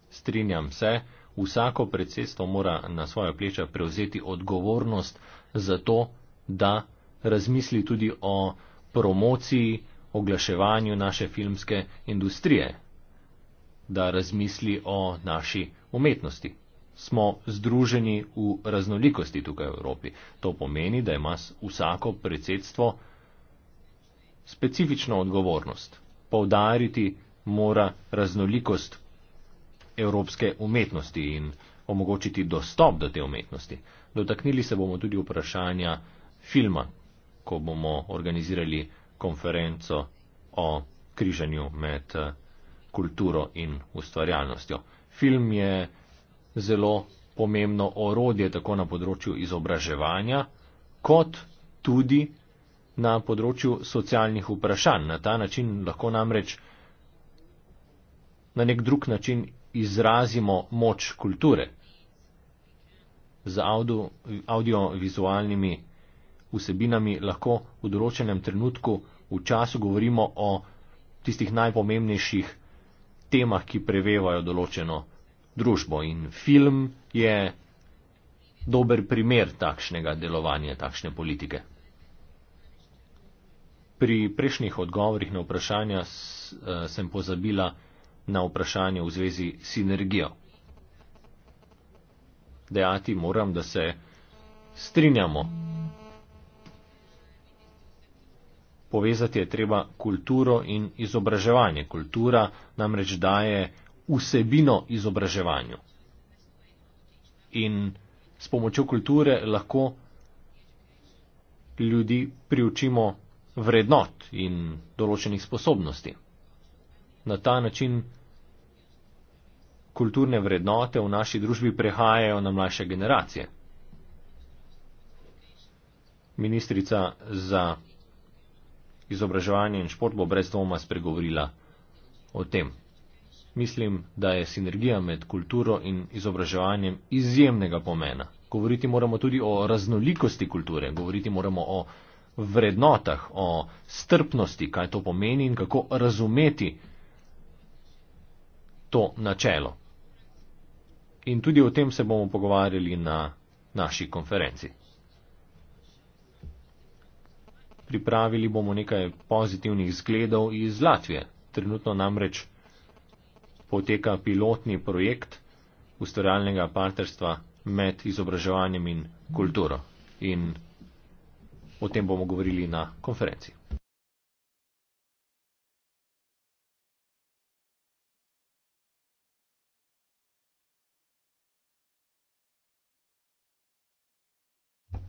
C: Strinjam se, vsako predsedstvo mora na svoje pleče prevzeti odgovornost za to, da razmisli tudi o promociji, oglaševanju naše filmske industrije, da razmisli o naši umetnosti smo združeni v raznolikosti tukaj v Evropi. To pomeni, da ima vsako predsedstvo specifično odgovornost. Povdariti mora raznolikost evropske umetnosti in omogočiti dostop do te umetnosti. Dotaknili se bomo tudi vprašanja filma, ko bomo organizirali konferenco o križanju med eh, kulturo in ustvarjalnostjo. Film je zelo pomembno orodje tako na področju izobraževanja, kot tudi na področju socialnih vprašanj. Na ta način lahko namreč na nek drug način izrazimo moč kulture. Z audio, audiovizualnimi vsebinami lahko v določenem trenutku v času govorimo o tistih najpomembnejših temah, ki prevevajo določeno družbo. In film je dober primer takšnega delovanja, takšne politike. Pri prejšnjih odgovorih na vprašanja eh, sem pozabila na vprašanje v zvezi s sinergijo. Dejati moram, da se strinjamo. Povezati je treba kulturo in izobraževanje. Kultura namreč daje vsebino izobraževanju. In s pomočjo kulture lahko ljudi priučimo vrednot in določenih sposobnosti. Na ta način kulturne vrednote v naši družbi prehajajo na mlajše generacije. Ministrica za izobraževanje in šport bo brez dvoma spregovorila o tem. Mislim, da je sinergija med kulturo in izobraževanjem izjemnega pomena. Govoriti moramo tudi o raznolikosti kulture, govoriti moramo o vrednotah, o strpnosti, kaj to pomeni in kako razumeti to načelo. In tudi o tem se bomo pogovarjali na naši konferenci. Pripravili bomo nekaj pozitivnih zgledov iz Latvije. Trenutno namreč poteka pilotni projekt ustvarjalnega partnerstva med izobraževanjem in kulturo. In o tem bomo govorili na konferenci.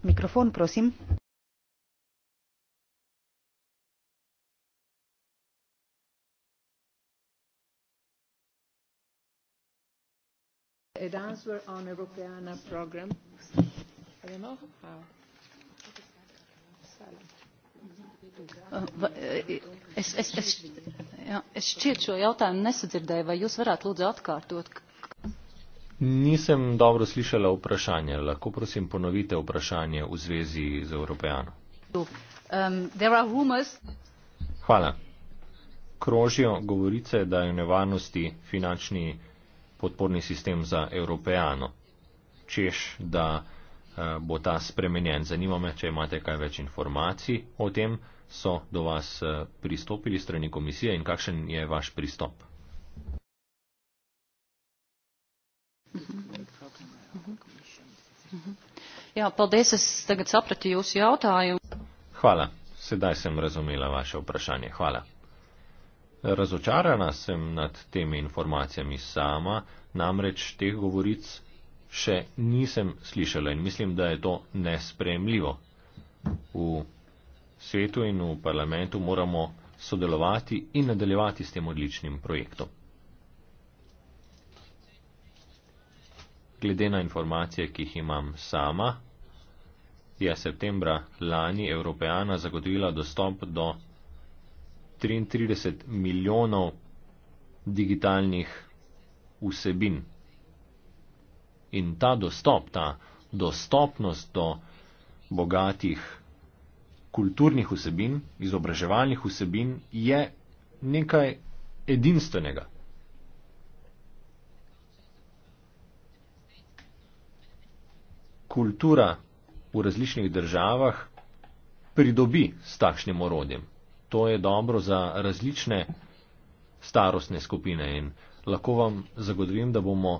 B: Mikrofon, prosim. ed answer on Europeana program.
A: Uh, uh, es, es, es, jā, es šķiet šo jautājumu nesadzirdēju, vai jūs varētu lūdzu atkārtot?
C: Nisem dobro slišala vprašanje. Lahko prosim ponovite vprašanje v zvezi z Europeano.
B: Um,
C: Hvala. Krožijo govorice, da je v nevarnosti finančni podporni sistem za Evropejano. Češ, da eh, bo ta spremenjen. Zanima me, če imate kaj več informacij o tem, so do vas eh, pristopili strani komisije in kakšen je vaš pristop. Ja, Hvala. Sedaj sem razumela vaše vprašanje. Hvala. Razočarana sem nad temi informacijami sama, namreč teh govoric še nisem slišala in mislim, da je to nespremljivo. V svetu in v parlamentu moramo sodelovati in nadaljevati s tem odličnim projektom. Glede na informacije, ki jih imam sama, je septembra lani Evropejana zagotovila dostop do 33 milijonov digitalnih vsebin. In ta dostop, ta dostopnost do bogatih kulturnih vsebin, izobraževalnih vsebin je nekaj edinstvenega. Kultura v različnih državah pridobi s takšnim orodjem to je dobro za različne starostne skupine in lahko vam zagotovim, da bomo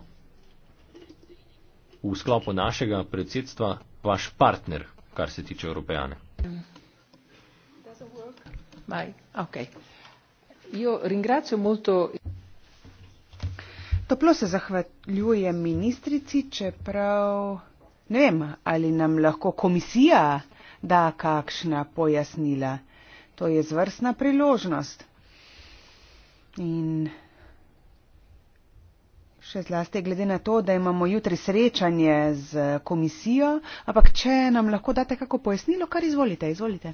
C: v sklopu našega predsedstva vaš partner, kar se tiče Evropejane.
B: Okay. Molto... Toplo se zahvaljujem ministrici, čeprav ne vem, ali nam lahko komisija da kakšna pojasnila. To je zvrstna priložnost. In še zlasti glede na to, da imamo jutri srečanje z komisijo, ampak če nam lahko date kako pojasnilo, kar izvolite, izvolite.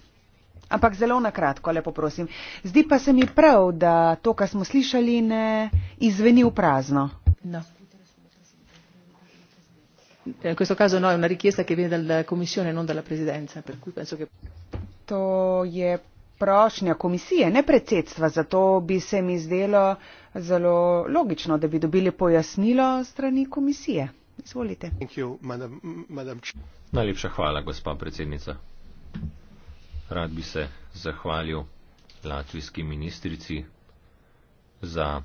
B: Ampak zelo na kratko, lepo prosim. Zdi pa se mi prav, da to, kar smo slišali, ne izveni v prazno. No. In eh, questo caso no, è una richiesta che viene dalla Commissione, non dalla Presidenza, per cui penso che. To je prošnja komisije, ne predsedstva, zato bi se mi zdelo zelo logično, da bi dobili pojasnilo strani komisije. Izvolite. You, madam, madam.
C: Najlepša hvala, gospa predsednica. Rad bi se zahvalil latvijski ministrici za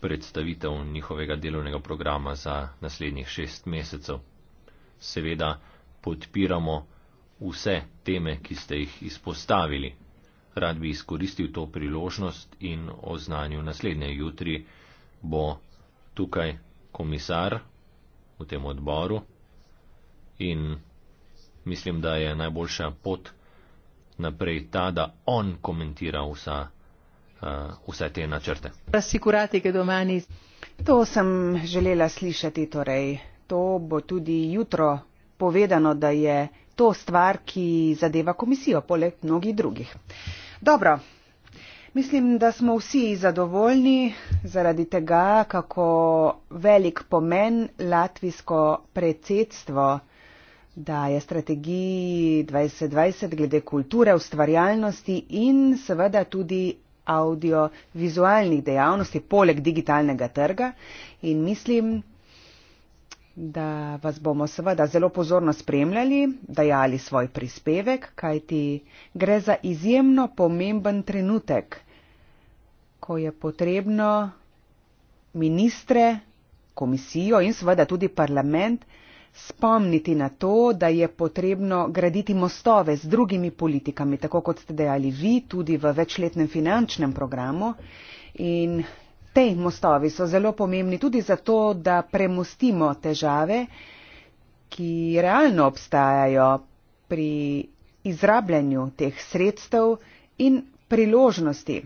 C: predstavitev njihovega delovnega programa za naslednjih šest mesecev. Seveda podpiramo vse teme, ki ste jih izpostavili. Rad bi izkoristil to priložnost in oznanil naslednje jutri, bo tukaj komisar v tem odboru in mislim, da je najboljša pot naprej ta, da on komentira vsa, uh, vse te načrte.
B: To sem želela slišati, torej to bo tudi jutro povedano, da je to stvar, ki zadeva komisijo, poleg mnogih drugih. Dobro. Mislim, da smo vsi zadovoljni zaradi tega, kako velik pomen latvijsko predsedstvo daje strategiji 2020 glede kulture, ustvarjalnosti in seveda tudi audiovizualnih dejavnosti poleg digitalnega trga. In mislim, da vas bomo seveda zelo pozorno spremljali, dajali svoj prispevek, kajti gre za izjemno pomemben trenutek, ko je potrebno ministre, komisijo in seveda tudi parlament spomniti na to, da je potrebno graditi mostove z drugimi politikami, tako kot ste dejali vi, tudi v večletnem finančnem programu. In Te mostovi so zelo pomembni tudi zato, da premostimo težave, ki realno obstajajo pri izrabljanju teh sredstev in priložnosti.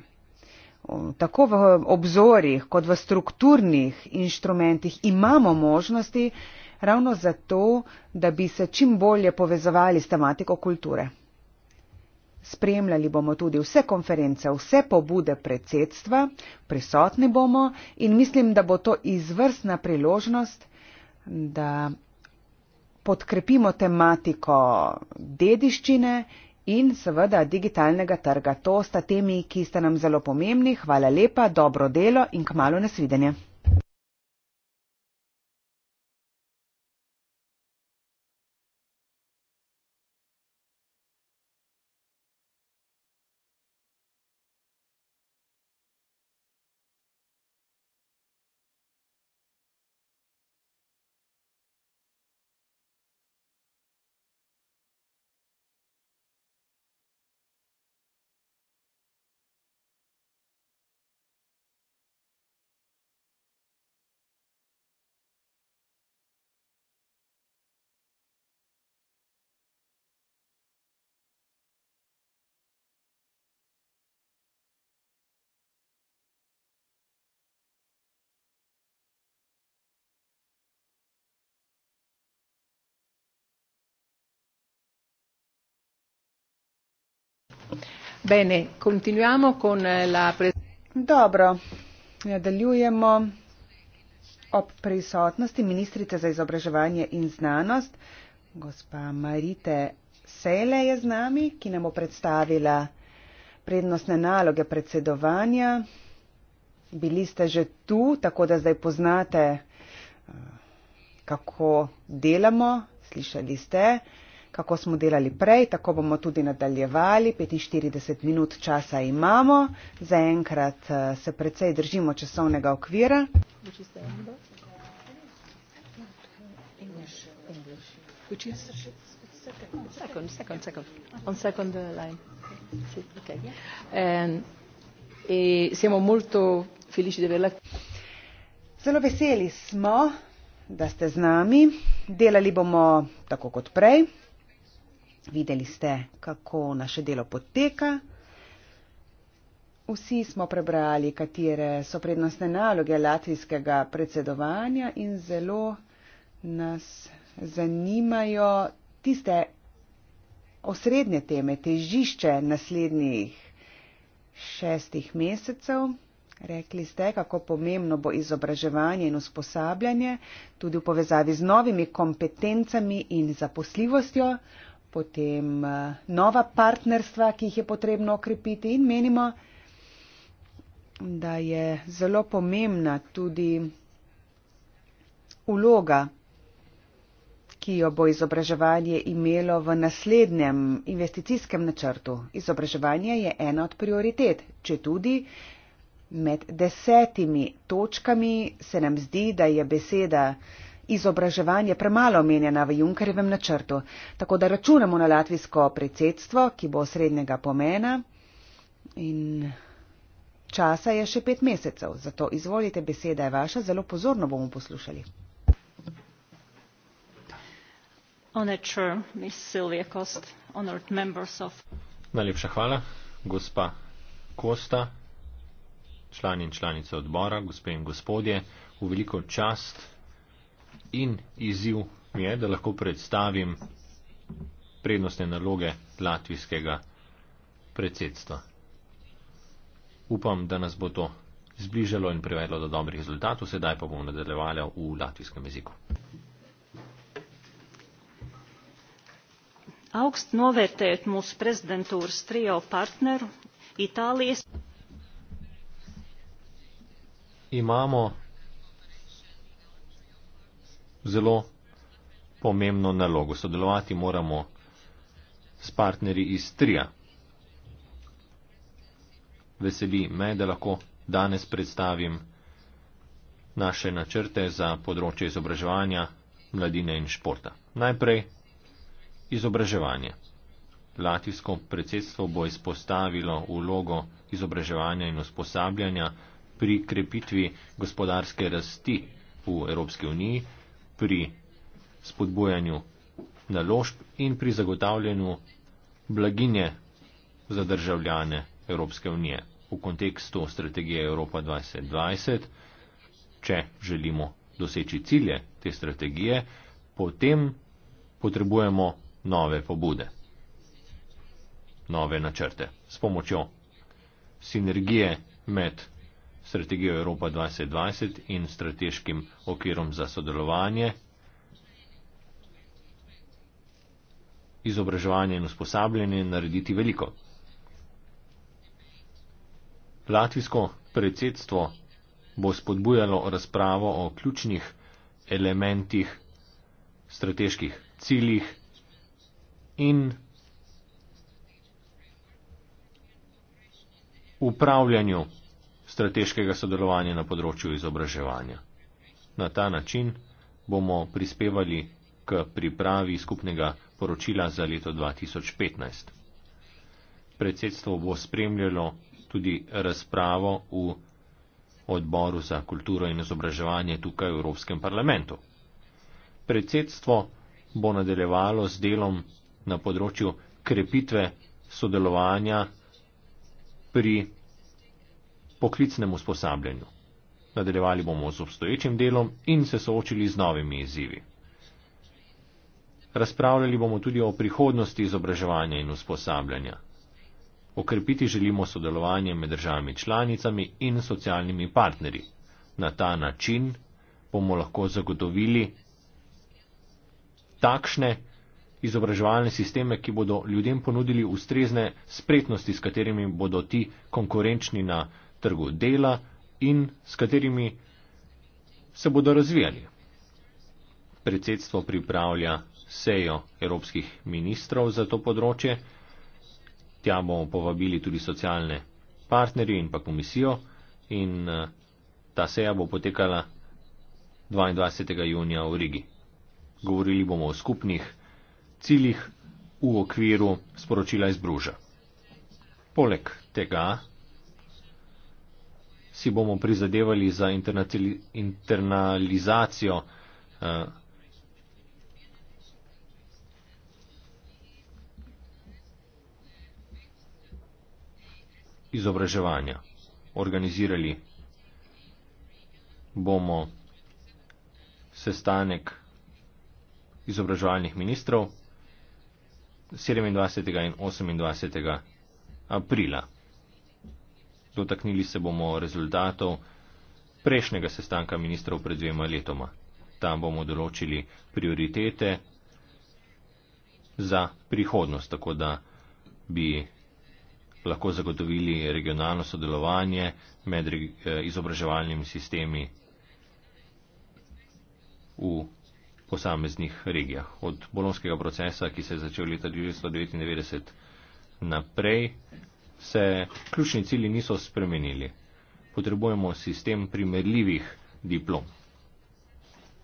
B: Tako v obzorjih kot v strukturnih inštrumentih imamo možnosti ravno zato, da bi se čim bolje povezovali s tematiko kulture. Spremljali bomo tudi vse konference, vse pobude predsedstva, prisotni bomo in mislim, da bo to izvrstna priložnost, da podkrepimo tematiko dediščine in seveda digitalnega trga. To sta temi, ki sta nam zelo pomembni. Hvala lepa, dobro delo in k malu nasvidenje. Bene, continuiamo con eh, la Dobro, nadaljujemo ob prisotnosti ministrice za izobraževanje in znanost. Gospa Marite Sele je z nami, ki nam bo predstavila prednostne naloge predsedovanja. Bili ste že tu, tako da zdaj poznate, eh, kako delamo. Slišali ste, kako smo delali prej, tako bomo tudi nadaljevali. 45 minut časa imamo, zaenkrat eh, se precej držimo časovnega okvira. Ehm, e Zelo veseli smo, da ste z nami. Delali bomo tako kot prej, Videli ste, kako naše delo poteka. Vsi smo prebrali, katere so prednostne naloge latvijskega predsedovanja in zelo nas zanimajo tiste osrednje teme, težišče naslednjih šestih mesecev. Rekli ste, kako pomembno bo izobraževanje in usposabljanje tudi v povezavi z novimi kompetencami in zaposljivostjo potem eh, nova partnerstva, ki jih je potrebno okrepiti in menimo, da je zelo pomembna tudi uloga, ki jo bo izobraževanje imelo v naslednjem investicijskem načrtu. Izobraževanje je ena od prioritet, če tudi med desetimi točkami se nam zdi, da je beseda izobraževanje premalo omenjena v Junkerjevem načrtu, tako da računamo na latvijsko predsedstvo, ki bo srednjega pomena. In časa je še pet mesecev, zato izvolite, beseda je vaša, zelo pozorno bomo poslušali.
C: Najlepša hvala, gospa Kosta, člani in članice odbora, gospe in gospodje, v veliko čast in izziv mi je, da lahko predstavim prednostne naloge latvijskega predsedstva. Upam, da nas bo to zbližalo in privedlo do dobrih rezultatov, sedaj pa bom nadaljevala v latvijskem jeziku.
A: Augst novērtēt mūsu prezidentūras trijo partneru Itālijas.
C: Imamo zelo pomembno nalogo. Sodelovati moramo s partnerji iz Trija. Veseli me, da lahko danes predstavim naše načrte za področje izobraževanja, mladine in športa. Najprej izobraževanje. Latvijsko predsedstvo bo izpostavilo vlogo izobraževanja in usposabljanja pri krepitvi gospodarske rasti v Evropski uniji pri spodbujanju naložb in pri zagotavljanju blaginje za državljane Evropske unije v kontekstu strategije Evropa 2020. Če želimo doseči cilje te strategije, potem potrebujemo nove pobude, nove načrte s pomočjo sinergije med strategijo Evropa 2020 in strateškim okvirom za sodelovanje, izobraževanje in usposabljanje narediti veliko. Latvijsko predsedstvo bo spodbujalo razpravo o ključnih elementih, strateških ciljih in upravljanju strateškega sodelovanja na področju izobraževanja. Na ta način bomo prispevali k pripravi skupnega poročila za leto 2015. Predsedstvo bo spremljalo tudi razpravo v odboru za kulturo in izobraževanje tukaj v Evropskem parlamentu. Predsedstvo bo nadaljevalo s delom na področju krepitve sodelovanja pri poklicnemu usposabljanju. Nadaljevali bomo z obstoječim delom in se soočili z novimi izzivi. Razpravljali bomo tudi o prihodnosti izobraževanja in usposabljanja. Okrepiti želimo sodelovanje med državami članicami in socialnimi partnerji. Na ta način bomo lahko zagotovili takšne izobraževalne sisteme, ki bodo ljudem ponudili ustrezne spretnosti, s katerimi bodo ti konkurenčni na trgu dela in s katerimi se bodo razvijali. Predsedstvo pripravlja sejo evropskih ministrov za to področje, tja bomo povabili tudi socialne partnerje in pa komisijo in eh, ta seja bo potekala 22. junija v Rigi. Govorili bomo o skupnih ciljih v okviru sporočila iz Bruža. Poleg tega si bomo prizadevali za internalizacijo eh, izobraževanja. Organizirali bomo sestanek izobraževalnih ministrov 27. in 28. aprila. Dotaknili se bomo rezultatov prejšnjega sestanka ministrov pred dvema letoma. Tam bomo določili prioritete za prihodnost, tako da bi lahko zagotovili regionalno sodelovanje med eh, izobraževalnimi sistemi v posameznih regijah. Od bolonskega procesa, ki se je začel leta 1999 naprej, se ključni cili niso spremenili. Potrebujemo sistem primerljivih diplom.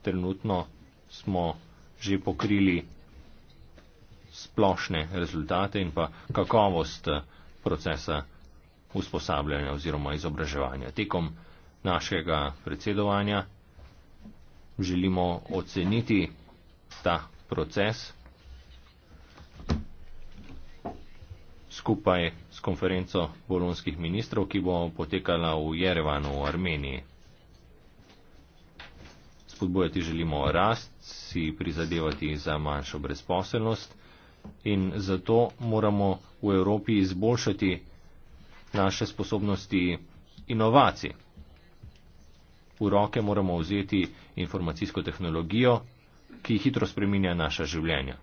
C: Trenutno smo že pokrili splošne rezultate in pa kakovost eh, procesa usposabljanja oziroma izobraževanja. Tekom našega predsedovanja želimo oceniti ta proces skupaj s konferenco bolonskih ministrov, ki bo potekala v Jerevanu v Armeniji. Spodbojati želimo rast, si prizadevati za manjšo brezposelnost in zato moramo v Evropi izboljšati naše sposobnosti inovacij. V roke moramo vzeti informacijsko tehnologijo, ki hitro spreminja naša življenja.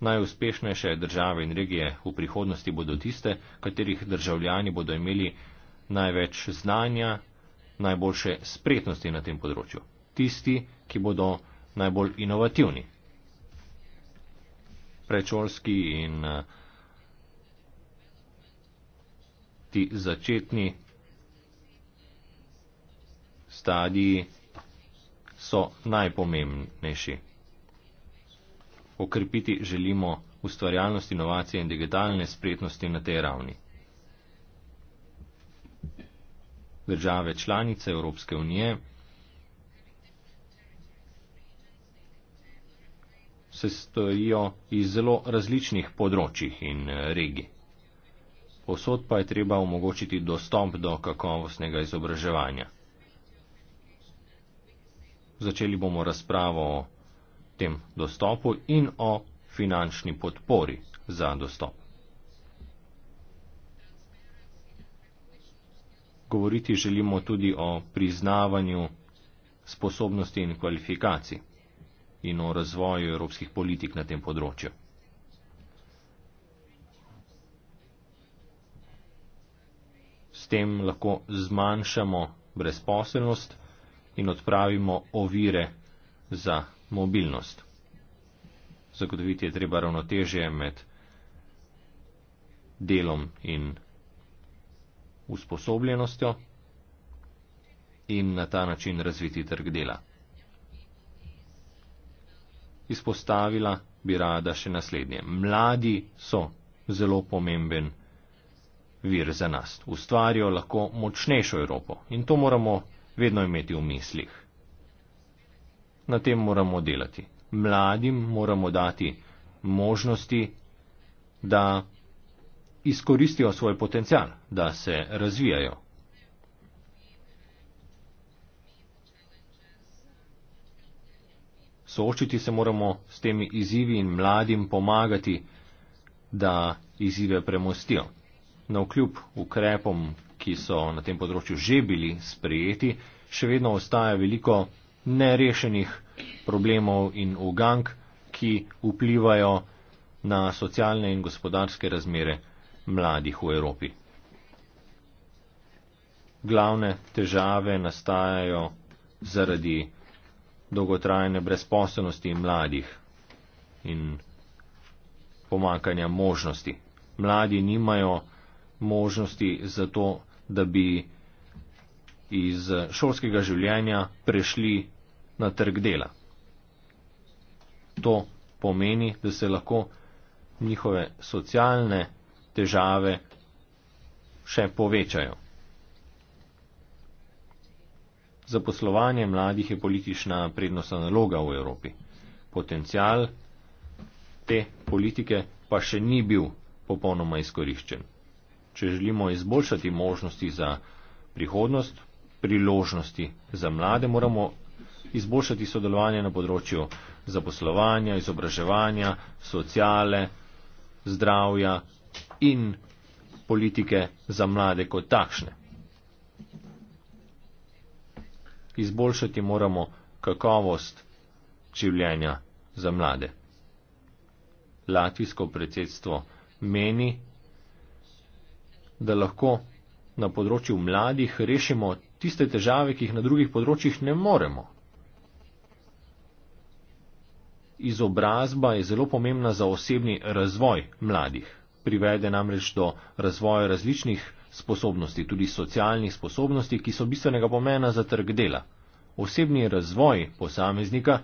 C: Najuspešnejše države in regije v prihodnosti bodo tiste, katerih državljani bodo imeli največ znanja, najboljše spretnosti na tem področju. Tisti, ki bodo najbolj inovativni. Prečolski in eh, ti začetni stadiji so najpomembnejši okrepiti želimo ustvarjalnost inovacije in digitalne spretnosti na tej ravni. Države članice Evropske unije se stojijo iz zelo različnih področjih in eh, regij. Posod pa je treba omogočiti dostop do kakovostnega izobraževanja. Začeli bomo razpravo o tem dostopu in o finančni podpori za dostop. Govoriti želimo tudi o priznavanju sposobnosti in kvalifikacij in o razvoju evropskih politik na tem področju. S tem lahko zmanjšamo brezposelnost in odpravimo ovire za mobilnost. Zagotoviti je treba ravnotežje med delom in usposobljenostjo in na ta način razviti trg dela. Izpostavila bi rada še naslednje. Mladi so zelo pomemben vir za nas. Ustvarijo lahko močnejšo Evropo in to moramo vedno imeti v mislih na tem moramo delati. Mladim moramo dati možnosti, da izkoristijo svoj potencial, da se razvijajo. Soočiti se moramo s temi izzivi in mladim pomagati, da izzive premostijo. Na vkljub ukrepom, ki so na tem področju že bili sprejeti, še vedno ostaja veliko nerešenih problemov in ugank, ki vplivajo na socialne in gospodarske razmere mladih v Evropi. Glavne težave nastajajo zaradi dolgotrajne brezposobnosti mladih in pomankanja možnosti. Mladi nimajo možnosti za to, da bi iz šolskega življenja prešli na trg dela. To pomeni, da se lahko njihove socialne težave še povečajo. Zaposlovanje mladih je politična prednostna naloga v Evropi. Potencial te politike pa še ni bil popolnoma izkoriščen. Če želimo izboljšati možnosti za prihodnost, priložnosti za mlade, moramo izboljšati sodelovanje na področju zaposlovanja, izobraževanja, sociale, zdravja in politike za mlade kot takšne. Izboljšati moramo kakovost življenja za mlade. Latvijsko predsedstvo meni, da lahko na področju mladih rešimo tiste težave, ki jih na drugih področjih ne moremo izobrazba je zelo pomembna za osebni razvoj mladih. Privede namreč do razvoja različnih sposobnosti, tudi socialnih sposobnosti, ki so bistvenega pomena za trg dela. Osebni razvoj posameznika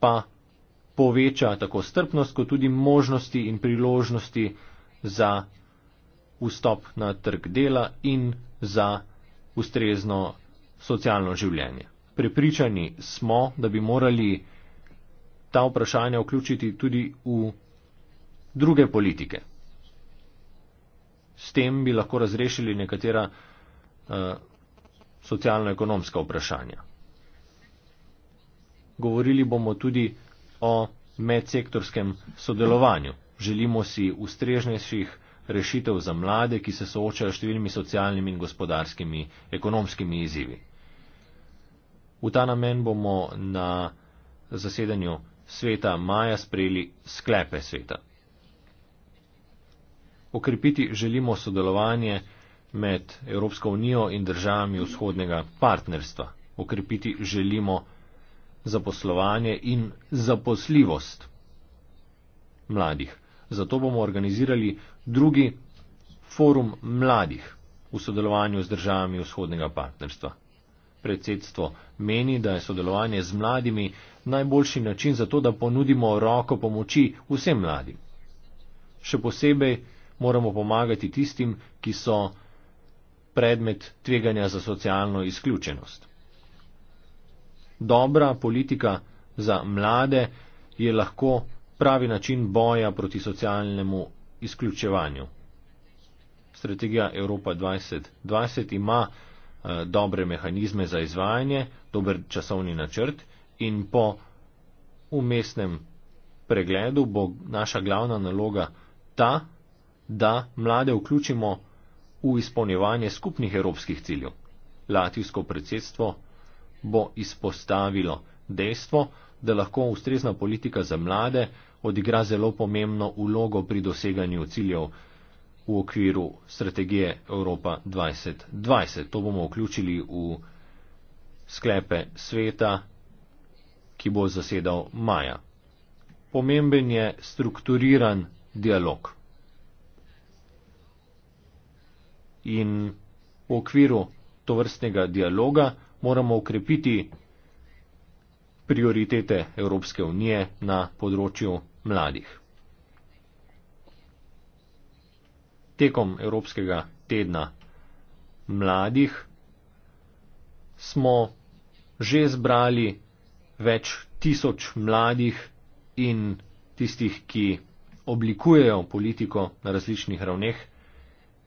C: pa poveča tako strpnost, kot tudi možnosti in priložnosti za vstop na trg dela in za ustrezno socialno življenje. Prepričani smo, da bi morali ta vprašanja vključiti tudi v druge politike. S tem bi lahko razrešili nekatera uh, socialno-ekonomska vprašanja. Govorili bomo tudi o medsektorskem sodelovanju. Želimo si ustrežnejših rešitev za mlade, ki se soočajo s številnimi socialnimi in gospodarskimi, ekonomskimi izzivi. V ta namen bomo na zasedanju sveta maja sprejeli sklepe sveta. Okrepiti želimo sodelovanje med Evropsko unijo in državami vzhodnega partnerstva. Okrepiti želimo zaposlovanje in zaposljivost mladih. Zato bomo organizirali drugi forum mladih v sodelovanju z državami vzhodnega partnerstva predsedstvo meni, da je sodelovanje z mladimi najboljši način za to, da ponudimo roko pomoči vsem mladim. Še posebej moramo pomagati tistim, ki so predmet tveganja za socialno izključenost. Dobra politika za mlade je lahko pravi način boja proti socialnemu izključevanju. Strategija Evropa 2020 ima Eh, dobre mehanizme za izvajanje, dober časovni načrt in po umestnem pregledu bo naša glavna naloga ta, da mlade vključimo v izpolnjevanje skupnih evropskih ciljev. Latvijsko predsedstvo bo izpostavilo dejstvo, da lahko ustrezna politika za mlade odigra zelo pomembno ulogo pri doseganju ciljev v okviru strategije Evropa 2020. To bomo vključili v sklepe sveta, ki bo zasedal maja. Pomemben je strukturiran dialog. In v okviru tovrstnega dialoga moramo ukrepiti prioritete Evropske unije na področju mladih. tekom Evropskega tedna mladih smo že zbrali več tisoč mladih in tistih, ki oblikujejo politiko na različnih ravneh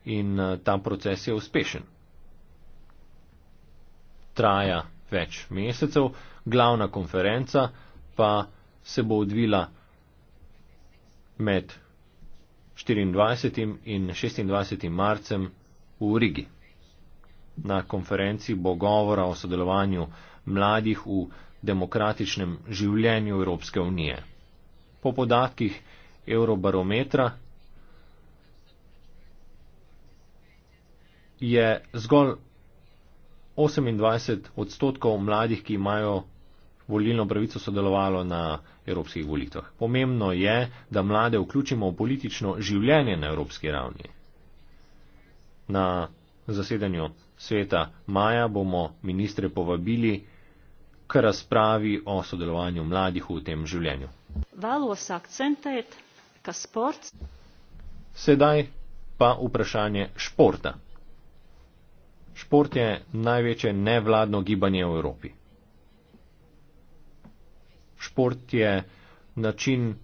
C: in eh, ta proces je uspešen. Traja več mesecev, glavna konferenca pa se bo odvila med 24. in 26. marcem v Rigi. Na konferenci bo govora o sodelovanju mladih v demokratičnem življenju Evropske unije. Po podatkih Eurobarometra je zgolj 28 odstotkov mladih, ki imajo volilno pravico sodelovalo na evropskih volitvah. Pomembno je, da mlade vključimo v politično življenje na evropski ravni. Na zasedanju sveta maja bomo ministre povabili k razpravi o sodelovanju mladih v tem življenju. Sedaj pa vprašanje športa. Šport je največje nevladno gibanje v Evropi šport je način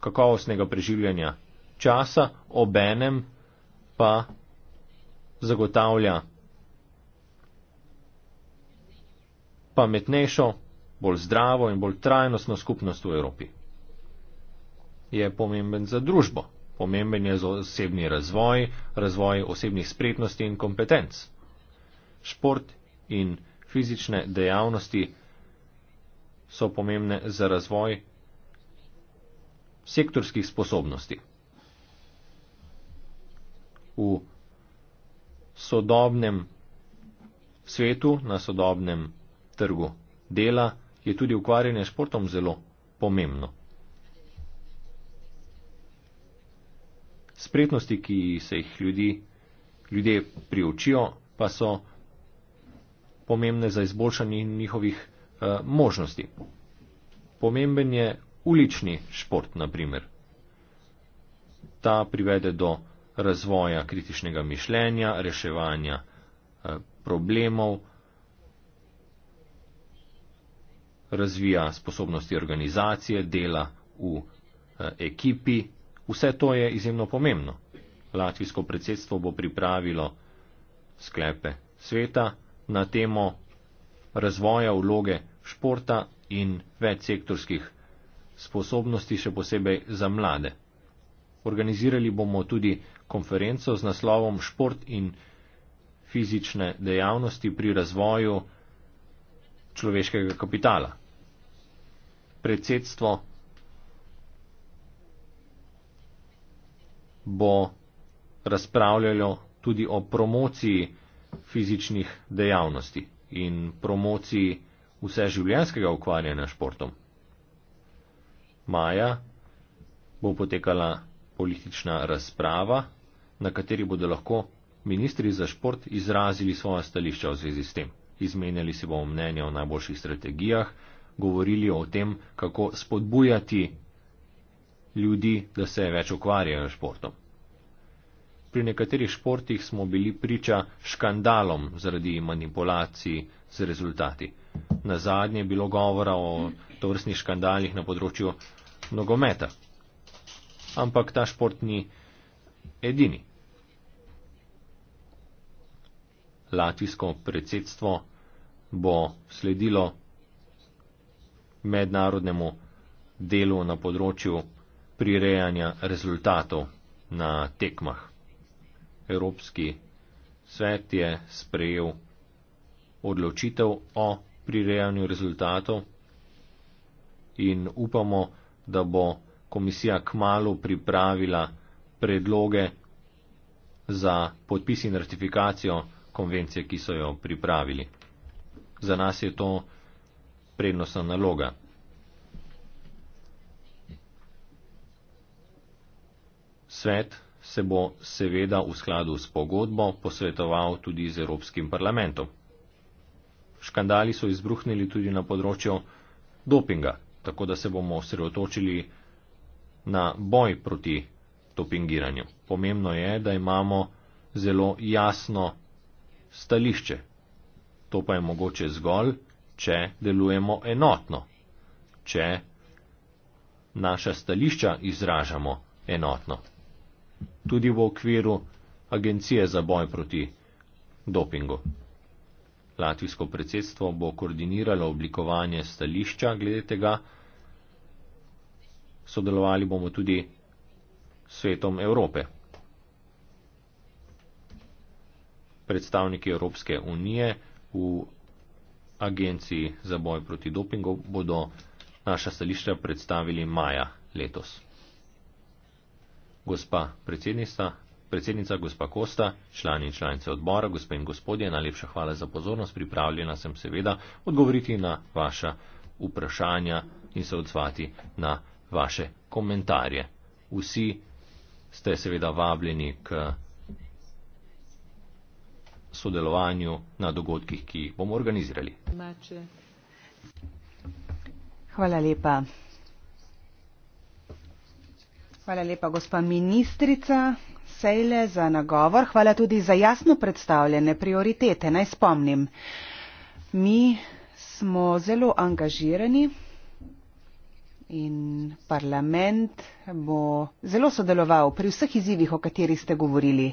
C: kakovostnega preživljanja časa, obenem pa zagotavlja pametnejšo, bolj zdravo in bolj trajnostno skupnost v Evropi. Je pomemben za družbo, pomemben je za osebni razvoj, razvoj osebnih spretnosti in kompetenc. Šport in fizične dejavnosti so pomembne za razvoj sektorskih sposobnosti. V sodobnem svetu, na sodobnem trgu dela je tudi ukvarjanje s športom zelo pomembno. Spretnosti, ki se jih ljudi, ljudje priučijo, pa so pomembne za izboljšanje njihovih Eh, možnosti. Pomemben je ulični šport, naprimer. Ta privede do razvoja kritičnega mišljenja, reševanja eh, problemov, razvija sposobnosti organizacije, dela v eh, ekipi. Vse to je izjemno pomembno. Latvijsko predsedstvo bo pripravilo sklepe sveta na temo razvoja vloge športa in več sektorskih sposobnosti, še posebej za mlade. Organizirali bomo tudi konferenco z naslovom Šport in fizične dejavnosti pri razvoju človeškega kapitala. Predsedstvo bo razpravljalo tudi o promociji fizičnih dejavnosti in promociji vse življenskega ukvarjanja s športom. Maja bo potekala politična razprava, na kateri bodo lahko ministri za šport izrazili svoje stališča v zvezi s tem. Izmenjali se bomo mnenje o najboljših strategijah, govorili o tem, kako spodbujati ljudi, da se več ukvarjajo s športom pri nekaterih športih smo bili priča škandalom zaradi manipulacij z rezultati. Na zadnje je bilo govora o tovrstnih škandalih na področju nogometa. Ampak ta šport ni edini. Latvijsko predsedstvo bo sledilo mednarodnemu delu na področju prirejanja rezultatov na tekmah. Evropski svet je sprejel odločitev o prirejanju rezultatov in upamo, da bo komisija k malu pripravila predloge za podpis in ratifikacijo konvencije, ki so jo pripravili. Za nas je to prednostna naloga. Svet se bo seveda v skladu s pogodbo posvetoval tudi z Evropskim parlamentom. Škandali so izbruhnili tudi na področju dopinga, tako da se bomo osredotočili na boj proti dopingiranju. Pomembno je, da imamo zelo jasno stališče. To pa je mogoče zgolj, če delujemo enotno, če naša stališča izražamo enotno tudi v okviru Agencije za boj proti dopingu. Latvijsko predsedstvo bo koordiniralo oblikovanje stališča glede tega. Sodelovali bomo tudi s svetom Evrope. Predstavniki Evropske unije v Agenciji za boj proti dopingu bodo naša stališča predstavili maja letos gospa predsednica, predsednica gospa Kosta, člani in članice odbora, gospe in gospodje, najlepša hvala za pozornost. Pripravljena sem seveda odgovoriti na vaša vprašanja in se odzvati na vaše komentarje. Vsi ste seveda vabljeni k sodelovanju na dogodkih, ki jih bomo organizirali.
B: Hvala lepa. Hvala lepa, gospa ministrica Sejle, za nagovor. Hvala tudi za jasno predstavljene prioritete. Naj spomnim, mi smo zelo angažirani in parlament bo zelo sodeloval pri vseh izzivih, o katerih ste govorili.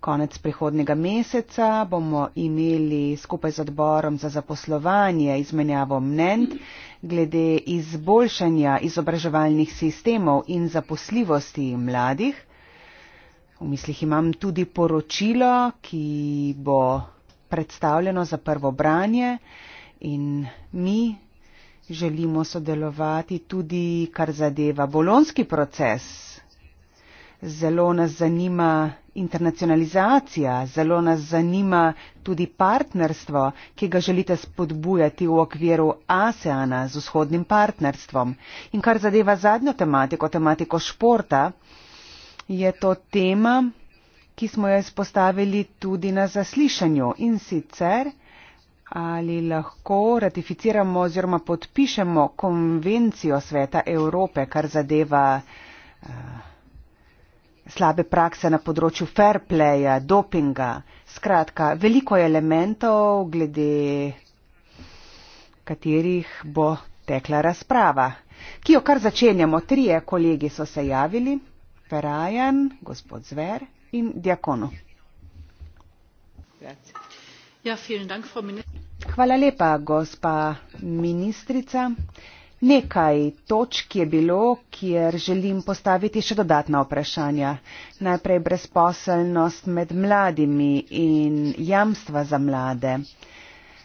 B: Konec prihodnega meseca bomo imeli skupaj z odborom za zaposlovanje izmenjavo mnen glede izboljšanja izobraževalnih sistemov in zaposljivosti mladih. V mislih imam tudi poročilo, ki bo predstavljeno za prvo branje in mi želimo sodelovati tudi, kar zadeva bolonski proces. Zelo nas zanima internacionalizacija, zelo nas zanima tudi partnerstvo, ki ga želite spodbujati v okviru ASEANA z vzhodnim partnerstvom. In kar zadeva zadnjo tematiko, tematiko športa, je to tema, ki smo jo izpostavili tudi na zaslišanju in sicer ali lahko ratificiramo oziroma podpišemo konvencijo Sveta Evrope, kar zadeva uh, slabe prakse na področju fair playa, dopinga. Skratka, veliko je elementov, glede katerih bo tekla razprava, ki jo kar začenjamo. Trije kolegi so se javili, Ferajan, gospod Zver in Diakonu. Ja, Hvala lepa, gospa ministrica. Nekaj točk je bilo, kjer želim postaviti še dodatna vprašanja. Najprej brezposelnost med mladimi in jamstva za mlade.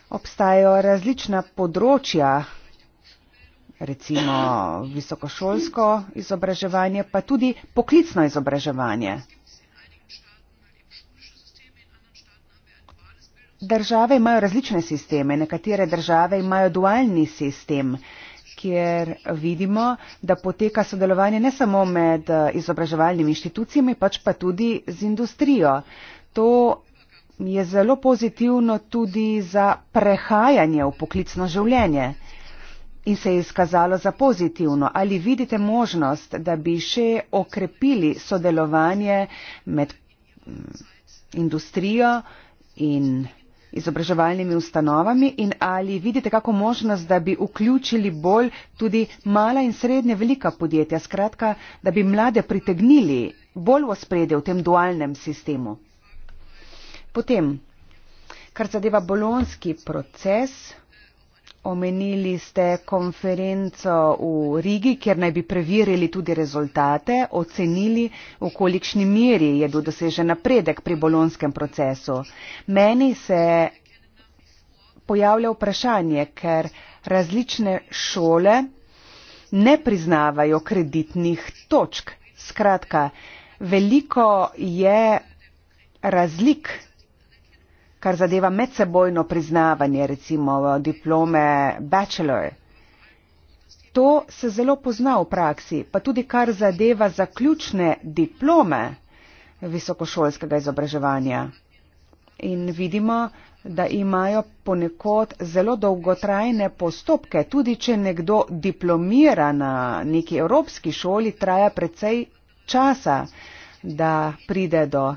B: Obstajajo različna področja, recimo visokošolsko izobraževanje, pa tudi poklicno izobraževanje. Države imajo različne sisteme, nekatere države imajo dualni sistem kjer vidimo, da poteka sodelovanje ne samo med eh, izobraževalnimi inštitucijami, pač pa tudi z industrijo. To je zelo pozitivno tudi za prehajanje v poklicno življenje in se je izkazalo za pozitivno. Ali vidite možnost, da bi še okrepili sodelovanje med mm, industrijo in izobraževalnimi ustanovami in ali vidite kako možnost, da bi vključili bolj tudi mala in srednje velika podjetja, skratka, da bi mlade pritegnili bolj v spredje v tem dualnem sistemu. Potem, kar zadeva bolonski proces, Omenili ste konferenco v Rigi, kjer naj bi preverili tudi rezultate, ocenili, v kolikšni meri je bil dosežen napredek pri bolonskem procesu. Meni se pojavlja vprašanje, ker različne šole ne priznavajo kreditnih točk. Skratka, veliko je razlik kar zadeva medsebojno priznavanje, recimo diplome bachelor. To se zelo pozna v praksi, pa tudi kar zadeva zaključne diplome visokošolskega izobraževanja. In vidimo, da imajo ponekod zelo dolgotrajne postopke. Tudi, če nekdo diplomira na neki evropski šoli, traja precej časa, da pride do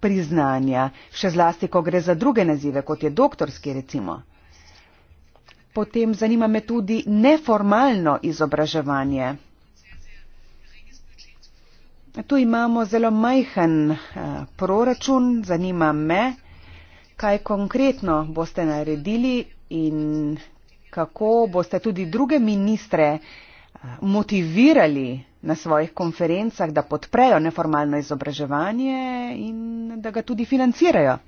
B: priznanja, še zlasti, ko gre za druge nazive, kot je doktorski recimo. Potem zanima me tudi neformalno izobraževanje. Tu imamo zelo majhen eh, proračun, zanima me, kaj konkretno boste naredili in kako boste tudi druge ministre eh, motivirali na svojih konferencah, da podprejo neformalno izobraževanje in da ga tudi financirajo.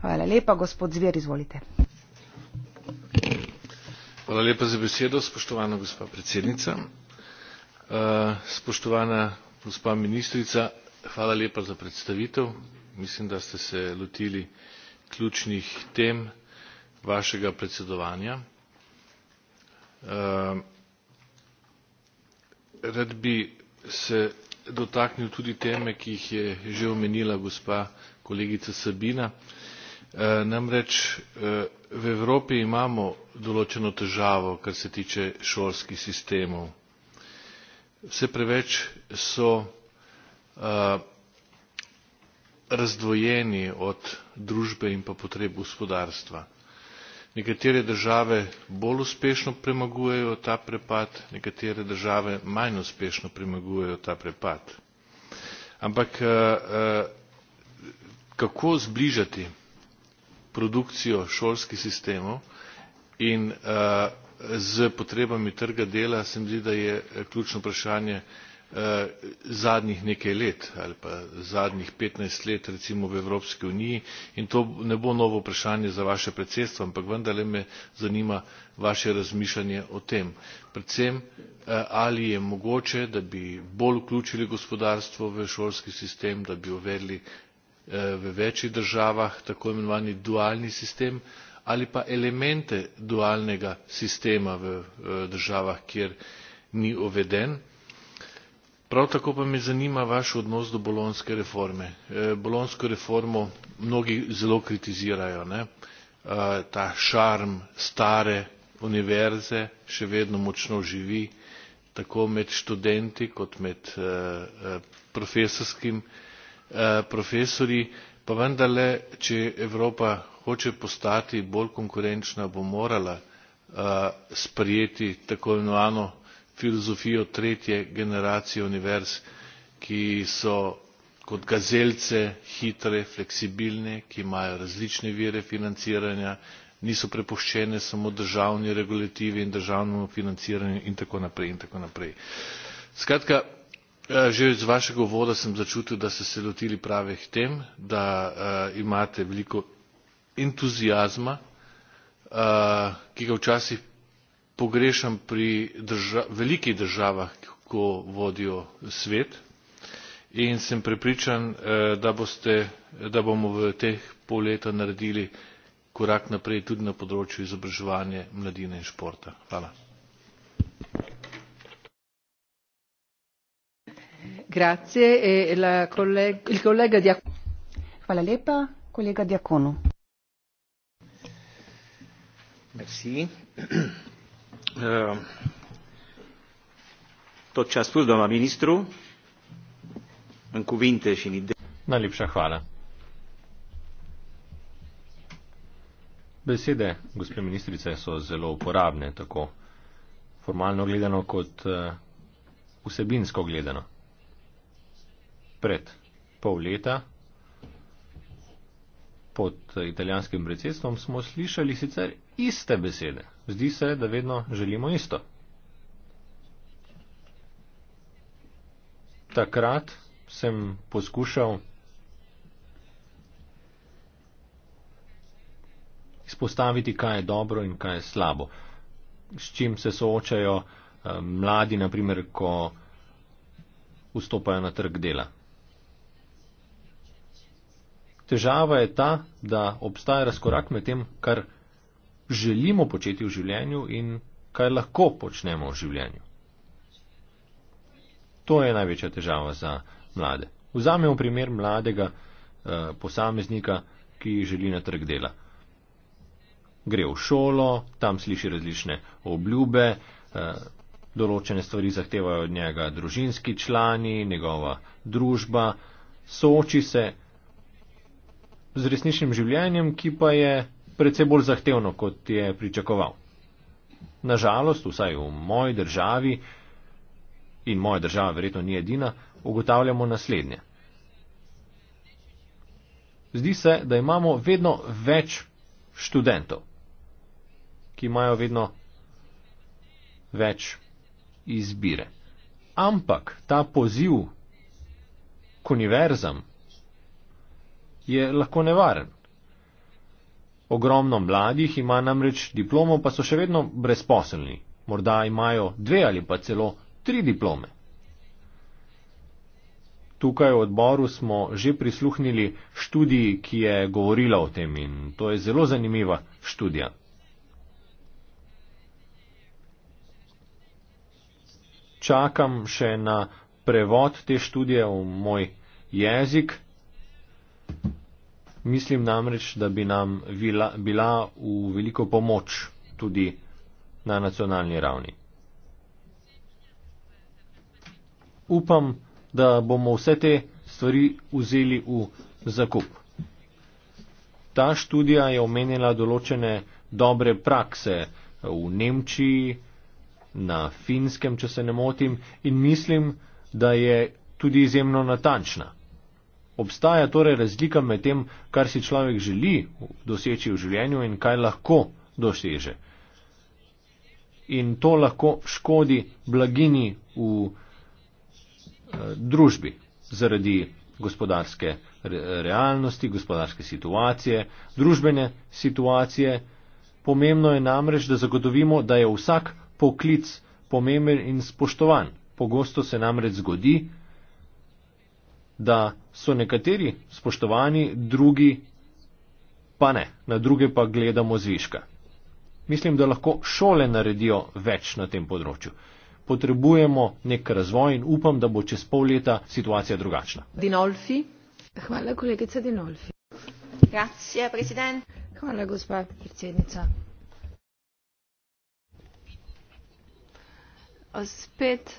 B: Hvala lepa, gospod Zver, izvolite.
D: Hvala lepa za besedo, spoštovana gospa predsednica. Eh, spoštovana gospa ministrica, hvala lepa za predstavitev. Mislim, da ste se lotili ključnih tem vašega predsedovanja. Eh, rad bi se dotaknil tudi teme ki jih je že omenila gospa kolegica sabina e, namreč e, v evropi imamo določeno težavo kar se tiče šolskih sistemov vse preveč so e, razdvojeni od družbe in pa potreb gospodarstva nekatere države bolj uspešno premagujejo ta prepad nekatere države manj uspešno premagujejo ta prepad ampak eh, eh, kako zbližati produkcijo šolskih sistemov in eh, s potrebami trga dela se mi zdi da je ključno vprašanje Eh, zadnjih nekaj let ali pa zadnjih petnajst let recimo v evropski uniji in to ne bo novo vprašanje za vaše predsedstvo ampak vendarle me zanima vaše razmišljanje o tem predvsem eh, ali je mogoče da bi bolj vključili gospodarstvo v šolski sistem da bi uvedli eh, v večih državah tako imenovani dualni sistem ali pa elemente dualnega sistema v državah kjer ni uveden prav tako pa me zanima vaš odnos do bolonske reforme. Eh, Bolonsko reformo mnogi zelo kritizirajo, ne? Eh, ta šarm stare univerze še vedno močno živi tako med študenti kot med eh, profesorskim profesori, pa vendarle, če Evropa hoče postati bolj konkurenčna, bo morala sprijeti tako imenovano filozofijo tretje generacije univerz ki so kot gazelce hitre fleksibilne ki imajo različne vire financiranja niso prepuščene samo državni regulativi in državnemu financiranju in tako naprej in tako naprej. Skratka, eh, že iz vašega uvoda sem začutil, da ste se lotili pravih tem, da uh, imate veliko entuzijazma, uh, ki ga včasih pogrešam pri velikih državah ko vodijo svet in sem prepričan eh, da bomo v teh pol leta naredili korak naprej tudi na področju izobraževanja mladine in športa. Hvala.
B: Grazie, e la collega, il collega Diacono. Hvala lepa, kolega Diakonu.
C: Merci. Eh, tot čas spuzdoma ministru, în cuvinte și în idei. Najlepša hvala. Besede, gospe ministrice, so zelo uporabne, tako formalno gledano kot eh, vsebinsko gledano. Pred pol leta pod italijanskim predsedstvom smo slišali sicer iste besede, zdi se, da vedno želimo isto. Takrat sem poskušal izpostaviti, kaj je dobro in kaj je slabo. S čim se soočajo eh, mladi, naprimer, ko vstopajo na trg dela. Težava je ta, da obstaja razkorak med tem, kar želimo početi v življenju in kaj lahko počnemo v življenju. To je največja težava za mlade. Vzamemo primer mladega eh, posameznika, ki želi na trg dela. Gre v šolo, tam sliši različne obljube, eh, določene stvari zahtevajo od njega družinski člani, njegova družba, sooči se z resničnim življenjem, ki pa je precej bolj zahtevno, kot je pričakoval. Nažalost, vsaj v moji državi in moja država verjetno ni edina, ugotavljamo naslednje. Zdi se, da imamo vedno več študentov, ki imajo vedno več izbire. Ampak ta poziv k univerzam je lahko nevaren. Ogromno mladih ima namreč diplomo, pa so še vedno brezposelni. Morda imajo dve ali pa celo tri diplome. Tukaj v odboru smo že prisluhnili študiji, ki je govorila o tem in to je zelo zanimiva študija. Čakam še na prevod te študije v moj jezik. Mislim namreč, da bi nam bila, bila v veliko pomoč tudi na nacionalni ravni. Upam, da bomo vse te stvari vzeli v zakup. Ta študija je omenila določene dobre prakse v Nemčiji, na Finskem, če se ne motim, in mislim, da je tudi izjemno natančna. Obstaja torej razlika med tem, kar si človek želi doseči v življenju in kaj lahko doseže. In to lahko škodi blagini v eh, družbi zaradi gospodarske realnosti, gospodarske situacije, družbene situacije. Pomembno je namreč, da zagotovimo, da je vsak poklic pomemben in spoštovan. Pogosto se namreč zgodi, da so nekateri spoštovani, drugi pa ne, na druge pa gledamo zviška. Mislim, da lahko šole naredijo več na tem področju. Potrebujemo nek razvoj in upam, da bo čez pol leta situacija drugačna.
A: Dinolfi. Hvala, kolegica Dinolfi. Grazie, predsednik. Hvala, gospa predsednica. Spet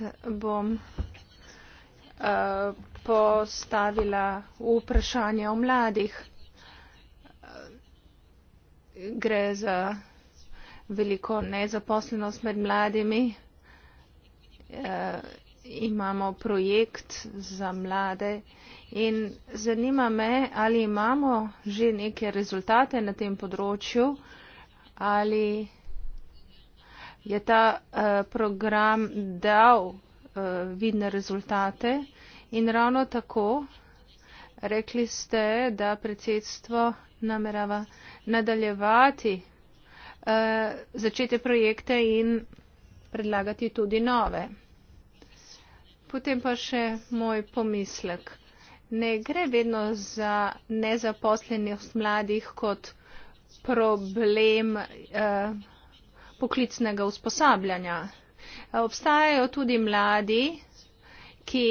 A: bom uh, postavila vprašanje o mladih. Gre za veliko nezaposlenost med mladimi. Eh, imamo projekt za mlade in zanima me, ali imamo že neke rezultate na tem področju, ali je ta eh, program dal eh, vidne rezultate. In ravno tako rekli ste, da predsedstvo namerava nadaljevati uh, začete projekte in predlagati tudi nove. Potem pa še moj pomislek. Ne gre vedno za nezaposlenost mladih kot problem eh, poklicnega usposabljanja. Obstajajo tudi mladi, ki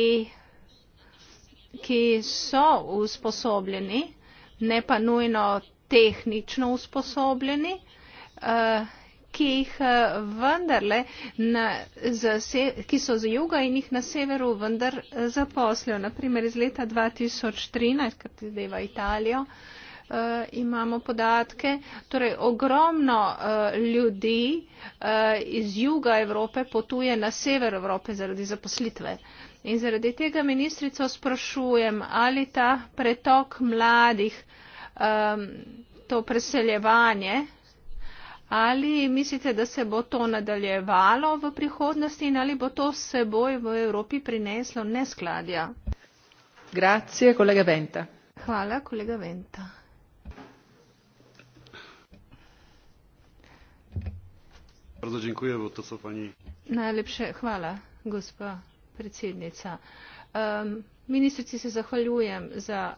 A: ki so usposobljeni, ne pa nujno tehnično usposobljeni, eh, ki, jih eh, vendarle na, za se, ki so z juga in jih na severu vendar eh, zaposlijo. Naprimer iz leta 2013, kar zadeva Italijo, imamo podatke. Torej ogromno ljudi iz juga Evrope potuje na sever Evrope zaradi zaposlitve. In zaradi tega ministrico sprašujem, ali ta pretok mladih, um, to preseljevanje, ali mislite, da se bo to nadaljevalo v prihodnosti in ali bo to seboj v Evropi prineslo neskladja? Grazie, kolega Venta. Hvala, kolega Venta. Najlepše hvala, gospod predsednica. Um, ministrici se zahvaljujem za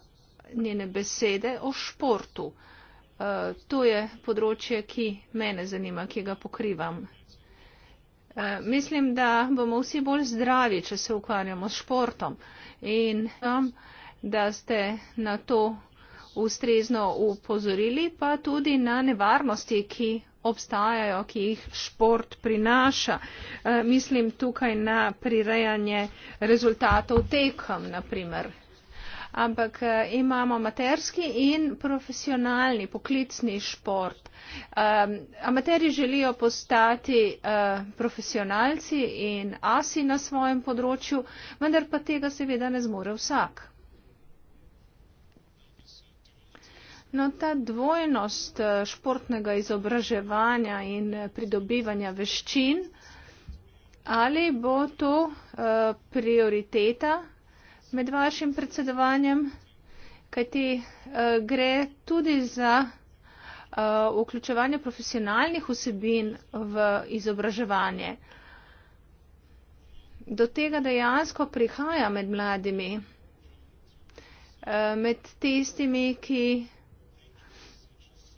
A: njene besede o športu. Uh, to je področje, ki mene zanima, ki ga pokrivam. Uh, mislim, da bomo vsi bolj zdravi, če se ukvarjamo s športom in um, da ste na to ustrezno upozorili, pa tudi na nevarnosti, ki obstajajo ki jih šport prinaša e, mislim tukaj na prirejanje rezultatov tekem na primer ampak e, imamo amaterski in profesionalni poklicni šport um, e, amaterji želijo postati uh, profesionalci in asi na svojem področju vendar pa tega seveda ne zmore vsak No, ta dvojnost eh, športnega izobraževanja in eh, pridobivanja veščin, ali bo to eh, prioriteta med vašim predsedovanjem, kajti gre tudi za vključevanje profesionalnih vsebin v izobraževanje. Do tega dejansko prihaja med mladimi, med tistimi, ki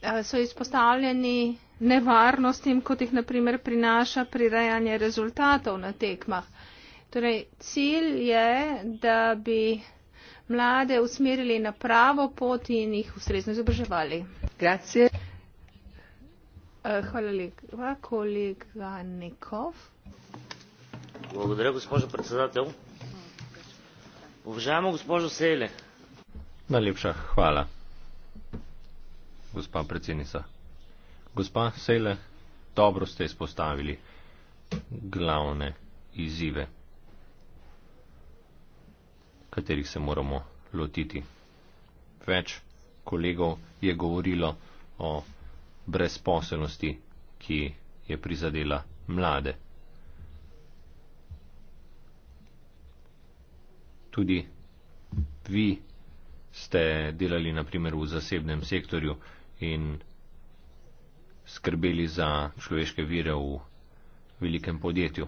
A: Eh, so izpostavljeni nevarnostim, kot jih naprimer prinaša prirejanje rezultatov na tekmah. Torej, cilj je, da bi mlade usmerili na pravo pot in jih ustrezno izobraževali. Grazie. Eh, hvala lepa, kolega Nekov.
C: Благодаря, госпожо председател. Уважаема госпожо Сейле. Налипша хвала gospa predsednica. Gospa Sejle, dobro ste izpostavili glavne izzive, katerih se moramo lotiti. Več kolegov je govorilo o brezposelnosti, ki je prizadela mlade. Tudi vi ste delali naprimer v zasebnem sektorju, in skrbeli za človeške vire v velikem podjetju.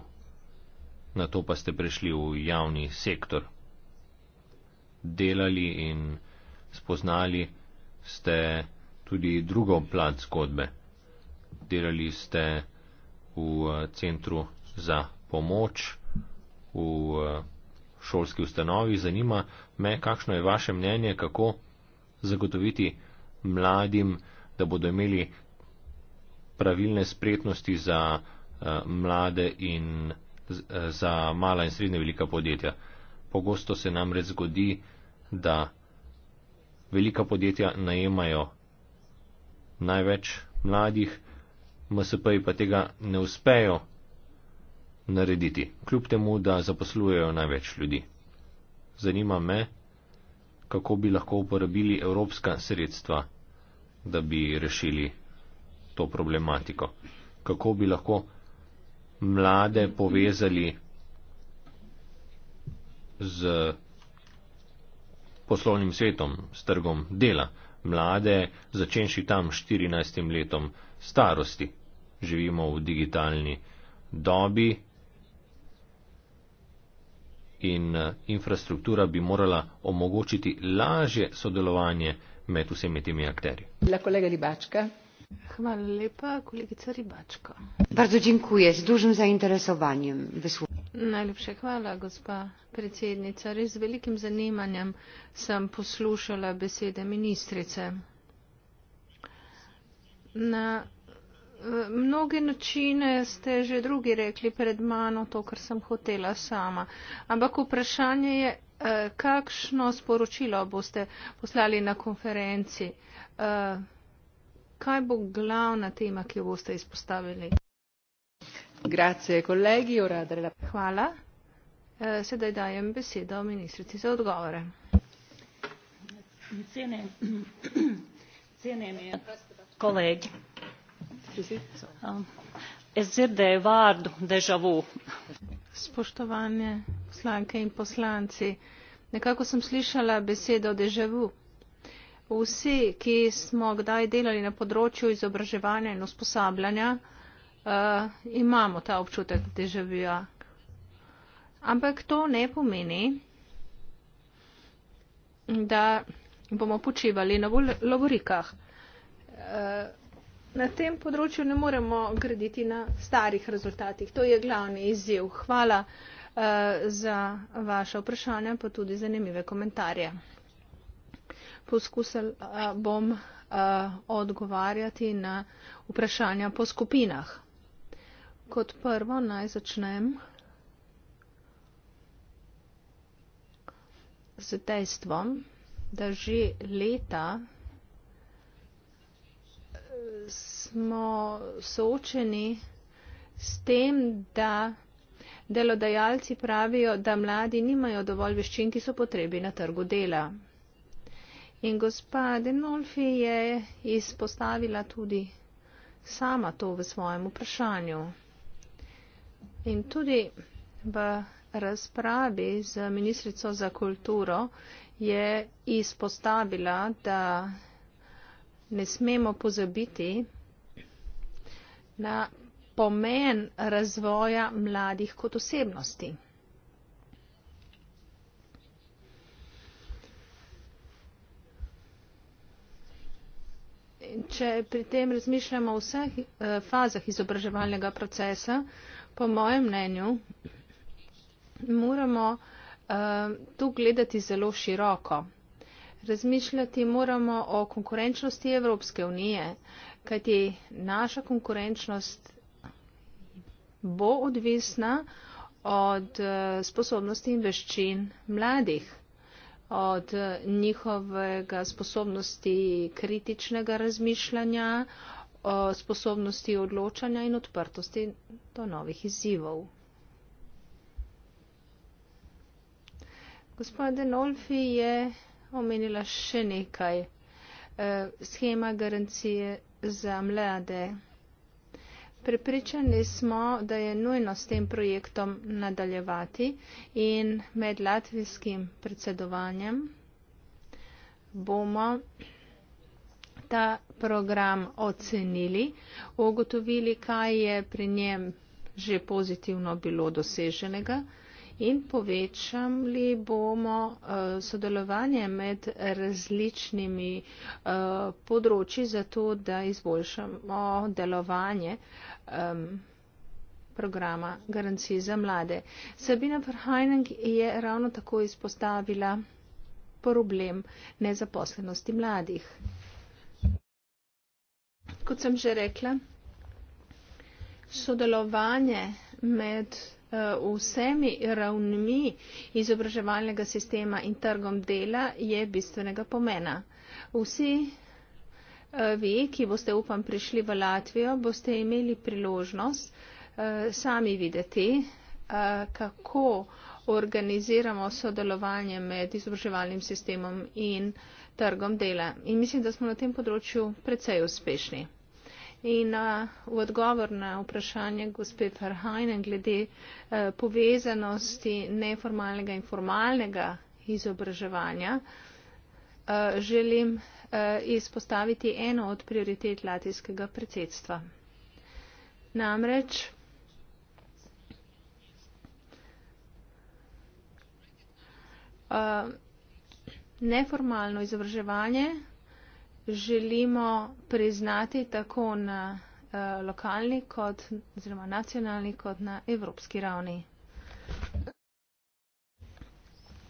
C: Na to pa ste prišli v javni sektor. Delali in spoznali ste tudi drugo plat zgodbe. Delali ste v eh, centru za pomoč, v eh, šolski ustanovi. Zanima me, kakšno je vaše mnenje, kako zagotoviti mladim, da bodo imeli pravilne spretnosti za uh, mlade in eh, za mala in srednje velika podjetja. Pogosto se nam rec zgodi, da velika podjetja najemajo največ mladih, MSP-ji pa tega ne uspejo narediti, kljub temu, da zaposlujejo največ ljudi. Zanima me, kako bi lahko uporabili evropska sredstva, da bi rešili to problematiko. Kako bi lahko mlade povezali z poslovnim svetom, s trgom dela. Mlade začenši tam 14 letom starosti. Živimo v digitalni dobi, in eh, infrastruktura bi morala omogočiti lažje sodelovanje med vsemi temi akterji.
A: Hvala lepa, kolegica Ribačko. Dziękuję, Najlepše hvala, gospa predsednica. Res z velikim zanimanjem sem poslušala besede ministrice. Na mnoge načine ste že drugi rekli pred mano, to, kar sem hotela sama. Ampak vprašanje je, eh, kakšno sporočilo boste poslali na konferenci? Eh, kaj bo glavna tema, ki jo boste izpostavili? Grazie, kolegi, la... Hvala. Eh, sedaj dajem besedo ministrici za odgovore.
B: Cene, cene mi je,
A: kolegi spoštovane poslanke in poslanci nekako sem slišala besedo vsi ki smo kdaj delali na področju izobraževanja in usposabljanja eh, imamo ta občutek ampak to ne pomeni da bomo počivali na lovorikah. Eh, Na tem področju ne moremo graditi na starih rezultatih. To je glavni izziv. Hvala eh, za vaše vprašanje, pa tudi zanimive komentarje. Poskusil eh, bom eh, odgovarjati na vprašanja po skupinah. Kot prvo naj začnem z dejstvom, da že leta smo soočeni s tem, da delodajalci pravijo, da mladi nimajo dovolj veščin, ki so potrebi na trgu dela. In gospa Denolfi je izpostavila tudi sama to v svojem vprašanju. In tudi v razpravi z ministrico za kulturo je izpostavila, da ne smemo pozabiti na pomen razvoja mladih kot osebnosti. Če pri tem razmišljamo o vseh eh, fazah izobraževalnega procesa, po mojem mnenju, moramo eh, tu gledati zelo široko razmišljati moramo o konkurenčnosti evropske unije kajti naša konkurenčnost bo odvisna od eh, sposobnosti in veščin mladih od eh, njihovega sposobnosti kritičnega razmišljanja sposobnosti odločanja in odprtosti do novih izzivov. Gospod Denolfi je omenila še nekaj. E, schema garancije za mlade. Prepričani smo, da je nujno s tem projektom nadaljevati in med latvijskim predsedovanjem bomo ta program ocenili, ugotovili, kaj je pri njem že pozitivno bilo doseženega in povečali bomo eh, sodelovanje med različnimi eh, področji, zato da izboljšamo delovanje programa Garancij za mlade. Sabina Verheinen je ravno tako izpostavila problem nezaposlenosti mladih. Kot sem že rekla, sodelovanje med Eh, vsemi ravnmi izobraževalnega sistema in trgom dela je bistvenega pomena. Vsi eh, vi, ki boste upam prišli v Latvijo, boste imeli priložnost eh, sami videti, kako organiziramo sodelovanje med izobraževalnim sistemom in trgom dela. In mislim, da smo na tem področju precej uspešni. In v odgovor na vprašanje gospe Ferhajne glede povezanosti neformalnega in formalnega izobraževanja želim izpostaviti eno od prioritet latijskega predsedstva. Namreč neformalno izobraževanje želimo priznati tako na eh, lokalni, kot, oziroma nacionalni, kot na evropski ravni.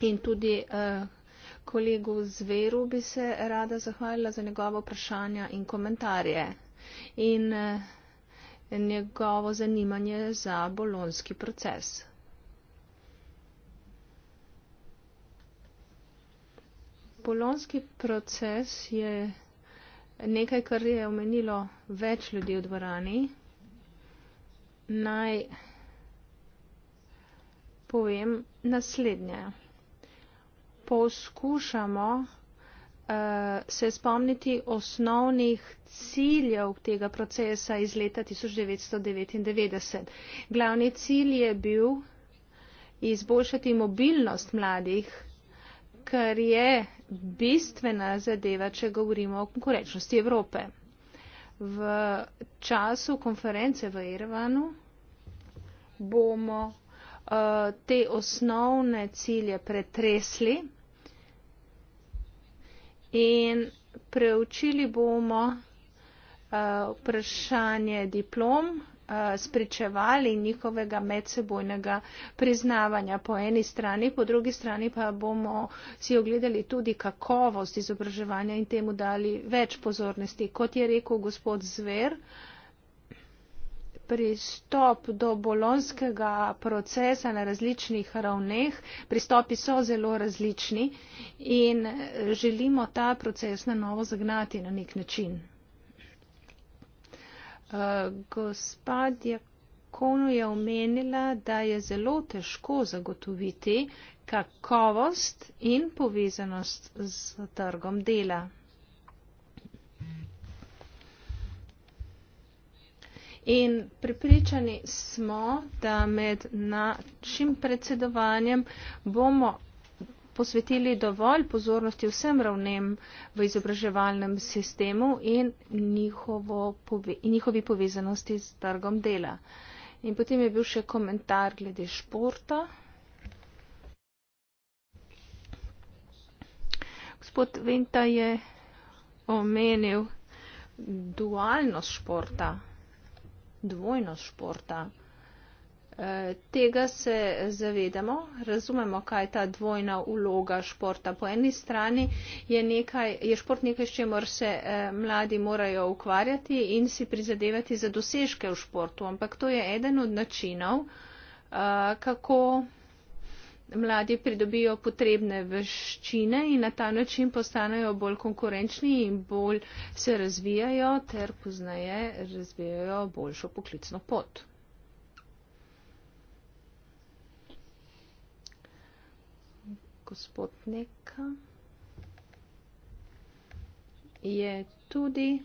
A: In tudi eh, kolegu Zveru bi se rada zahvalila za njegovo vprašanje in komentarje in eh, njegovo zanimanje za bolonski proces. Bolonski proces je nekaj, kar je omenilo več ljudi v dvorani. Naj povem naslednje. Poskušamo uh, se spomniti osnovnih ciljev tega procesa iz leta 1999. Glavni cilj je bil izboljšati mobilnost mladih, ker je bistvena zadeva, če govorimo o konkurenčnosti Evrope. V času konference v Irvanu bomo uh, te osnovne cilje pretresli in preučili bomo uh, vprašanje diplom, Eh, sprečevali njihovega medsebojnega priznavanja po eni strani, po drugi strani pa bomo si ogledali tudi kakovost izobraževanja in temu dali več pozornosti. Kot je rekel gospod Zver, pristop do bolonskega procesa na različnih ravneh, pristopi so zelo različni in želimo ta proces na novo zagnati na nek način. Uh, gospa Djakonu je omenila, da je zelo težko zagotoviti kakovost in povezanost z trgom dela. In pripričani smo, da med našim predsedovanjem bomo posvetili dovolj pozornosti vsem ravnem v izobraževalnem sistemu in pove, njihovi povezanosti z trgom dela. In potem je bil še komentar glede športa. Gospod Venta je omenil dualnost športa, dvojnost športa. Tega se zavedamo, razumemo, kaj je ta dvojna uloga športa. Po eni strani je, nekaj, je šport nekaj, s čemer se eh, mladi morajo ukvarjati in si prizadevati za dosežke v športu, ampak to je eden od načinov, eh, kako mladi pridobijo potrebne veščine in na ta način postanejo bolj konkurenčni in bolj se razvijajo ter poznaje razvijajo boljšo poklicno pot. gospod Neka je tudi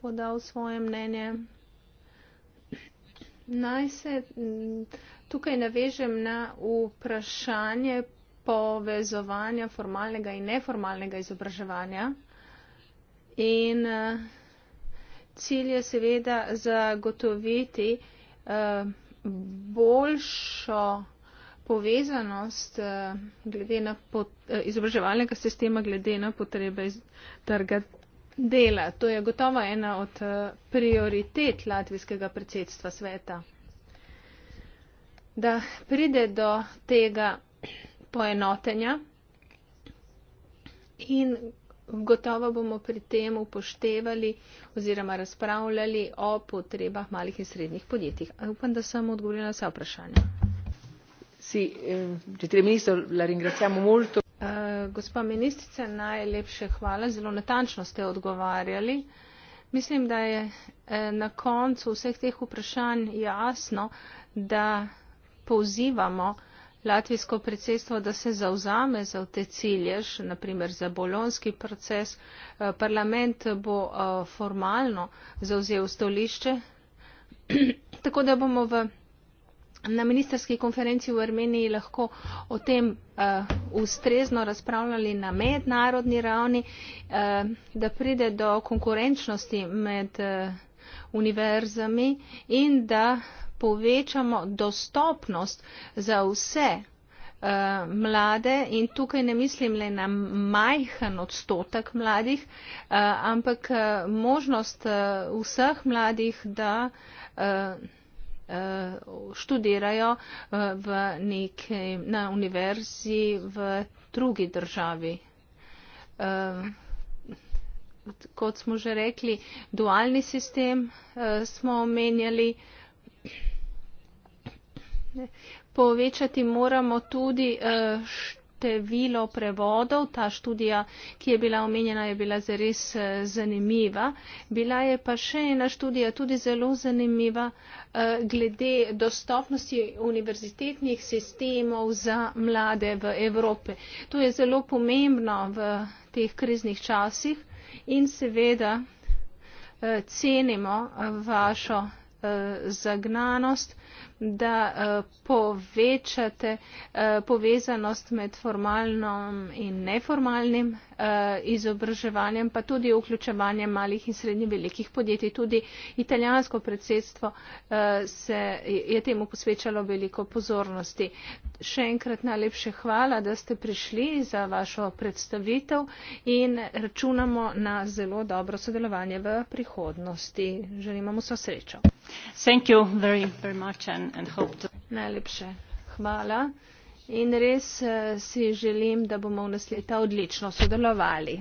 A: podal svoje mnenje. Naj se tukaj navežem na vprašanje povezovanja formalnega in neformalnega izobraževanja. In eh, cilj je seveda zagotoviti eh, boljšo povezanost eh, glede na pot, eh, izobraževalnega sistema glede na potrebe trga dela. To je gotovo ena od eh, prioritet latvijskega predsedstva sveta. Da pride do tega poenotenja in gotovo bomo pri tem upoštevali oziroma razpravljali o potrebah malih in srednjih podjetij. Upam, da sem odgovorila na vse vprašanje. Eh, eh, gospa ministrica najlepša hvala zelo natančno ste odgovarjali. mislim da je eh, na koncu vseh teh vprašanj jasno da pozivamo latvijsko predsedstvo da se zavzame za te cilje na primer za bolonjski proces parlament bo formalno zavzel stališče tako da bomo v na ministrski konferenci v armeniji lahko o tem eh, ustrezno razpravljali na mednarodni ravni eh, da pride do konkurenčnosti med eh, univerzami in da povečamo dostopnost za vse mlade in tukaj ne mislim le na majhen odstotek mladih ampak možnost vseh mladih da Eh, študirajo eh, v neki, na univerzi v drugi državi. Eh, kot smo že rekli, dualni sistem smo omenjali. Povečati moramo tudi št število prevodov, ta študija, ki je bila omenjena, je bila zares eh, zanimiva. Bila je pa še ena študija, tudi zelo zanimiva, eh, glede dostopnosti univerzitetnih sistemov za mlade v Evropi. To je zelo pomembno v teh kriznih časih in seveda eh, cenimo vašo zagnanost da eh, povečate eh, povezanost med formalnom in neformalnim eh, izobraževanjem, pa tudi vključevanjem malih in srednje velikih podjetij. Tudi italijansko predsedstvo se je temu posvečalo veliko pozornosti. Še enkrat najlepše hvala, da ste prišli za vašo predstavitev in računamo na zelo dobro sodelovanje v prihodnosti. Želimo vam vso srečo najlepša hvala in res eh, si želim da bomo v naslednjih letih odlično sodelovali.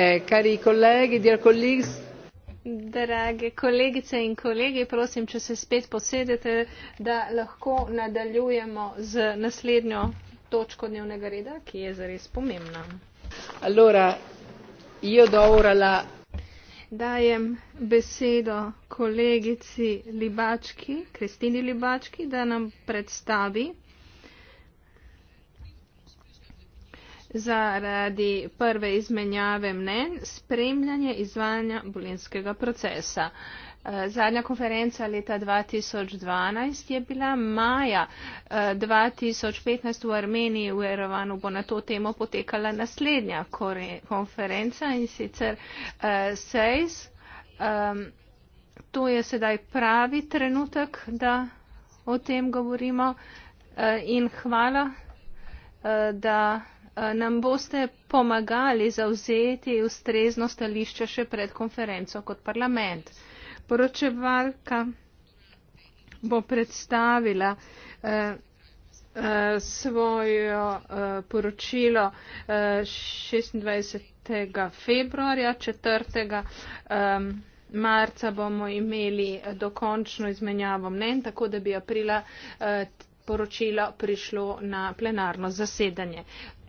B: Eh, cari colleghi, dear colleagues.
A: Drage kolegice in kolegi, prosim, če se spet posedete, da lahko nadaljujemo z naslednjo točko dnevnega reda, ki je zares pomembna. Allora, io do ora la... Dajem besedo kolegici Libački, Kristini Libački, da nam predstavi zaradi prve izmenjave mnen spremljanje izvajanja bolenskega procesa. Eh, zadnja konferenca leta 2012 je bila maja 2015 eh, v Armeniji v Erevanu bo na to temo potekala naslednja konferenca in sicer eh, SEIS. Ehm, to je sedaj pravi trenutek, da o tem govorimo in hvala, da Eh, nam boste pomagali zauzeti ustrezno stališče še pred konferenco kot parlament. Poročevalka bo predstavila eh, eh svojo eh, poročilo eh, 26. februarja, 4. Eh, marca bomo imeli dokončno izmenjavo mnen, tako da bi aprila. Eh, poročilo prišlo na plenarno zasedanje.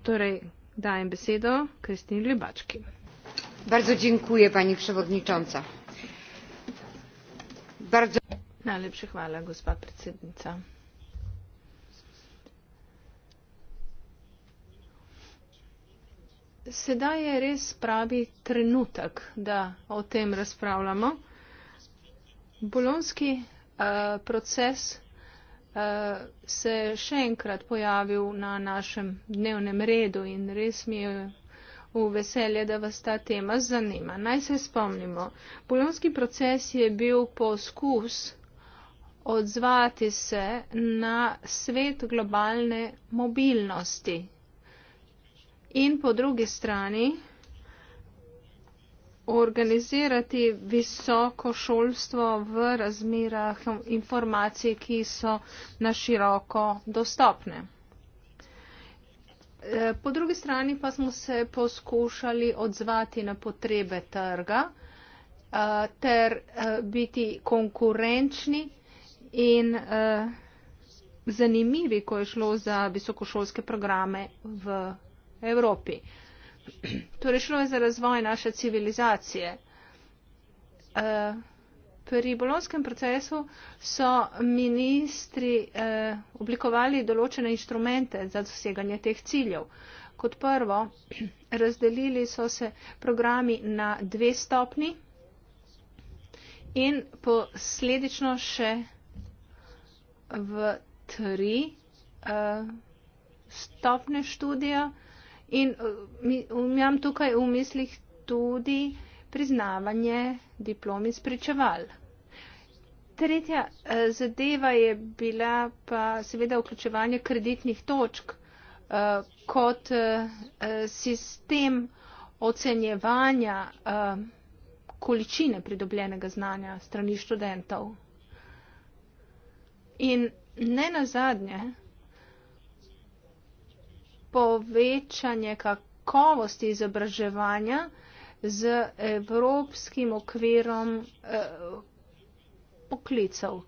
A: Torej, dajem besedo Kristin Ljubački. Bardzo dziękuję pani przewodnicząca. Bardzo... Najlepša hvala, gospa predsednica. Sedaj je res pravi trenutek, da o tem razpravljamo. Bolonski uh, eh, proces Eh, se še enkrat pojavil na našem dnevnem redu in res mi je v veselje, da vas ta tema zanima. Naj se spomnimo. Bolonski proces je bil poskus odzvati se na svet globalne mobilnosti. In po drugi strani organizirati visoko šolstvo v razmerah informacij, ki so na široko dostopne. E, po drugi strani pa smo se poskušali odzvati na potrebe trga e, ter e, biti konkurenčni in zanimivi, ko je šlo za visokošolske programe v Evropi torej šlo je za razvoj naše civilizacije. Eh, pri bolonskem procesu so ministri eh, oblikovali določene inštrumente za doseganje teh ciljev. Kot prvo, razdelili so se programi na dve stopni in posledično še v tri eh, stopne študija. In eh, imam tukaj v mislih tudi priznavanje diplom in sprečeval. Tretja eh, zadeva je bila pa seveda vključevanje kreditnih točk eh, kot sistem ocenjevanja količine pridobljenega znanja strani študentov. In ne nazadnje, povečanje kakovosti izobraževanja z evropskim okvirom eh, poklicov.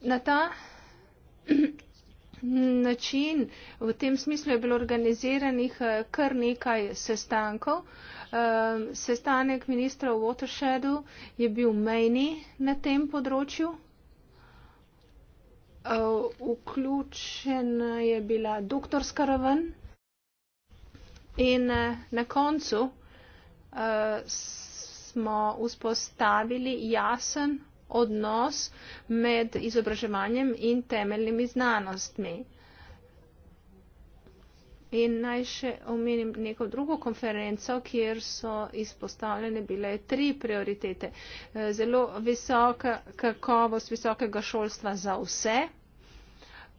A: Na ta način v tem smislu je bilo organiziranih eh, kar nekaj sestankov. Sestanek ministra v Watershedu je bil mejni na tem področju. Eh, vključena je bila doktorska raven in eh, na koncu eh, smo vzpostavili jasen odnos med izobraževanjem in temeljnimi znanostmi. In naj še omenim neko drugo konferenco, kjer so izpostavljene bile tri prioritete. Eh, zelo visoka kakovost visokega šolstva za vse,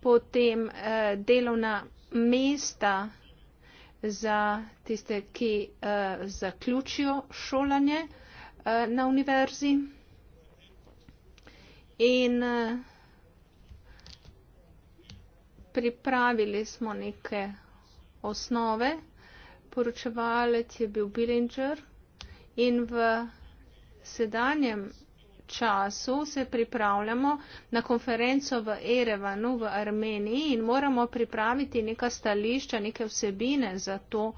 A: potem eh, delovna mesta za tiste, ki eh, zaključijo šolanje na univerzi in pripravili smo neke osnove. Poročevalec je bil Billinger in v sedanjem času se pripravljamo na konferenco v Erevanu v Armeniji in moramo pripraviti neka stališča, neke vsebine za to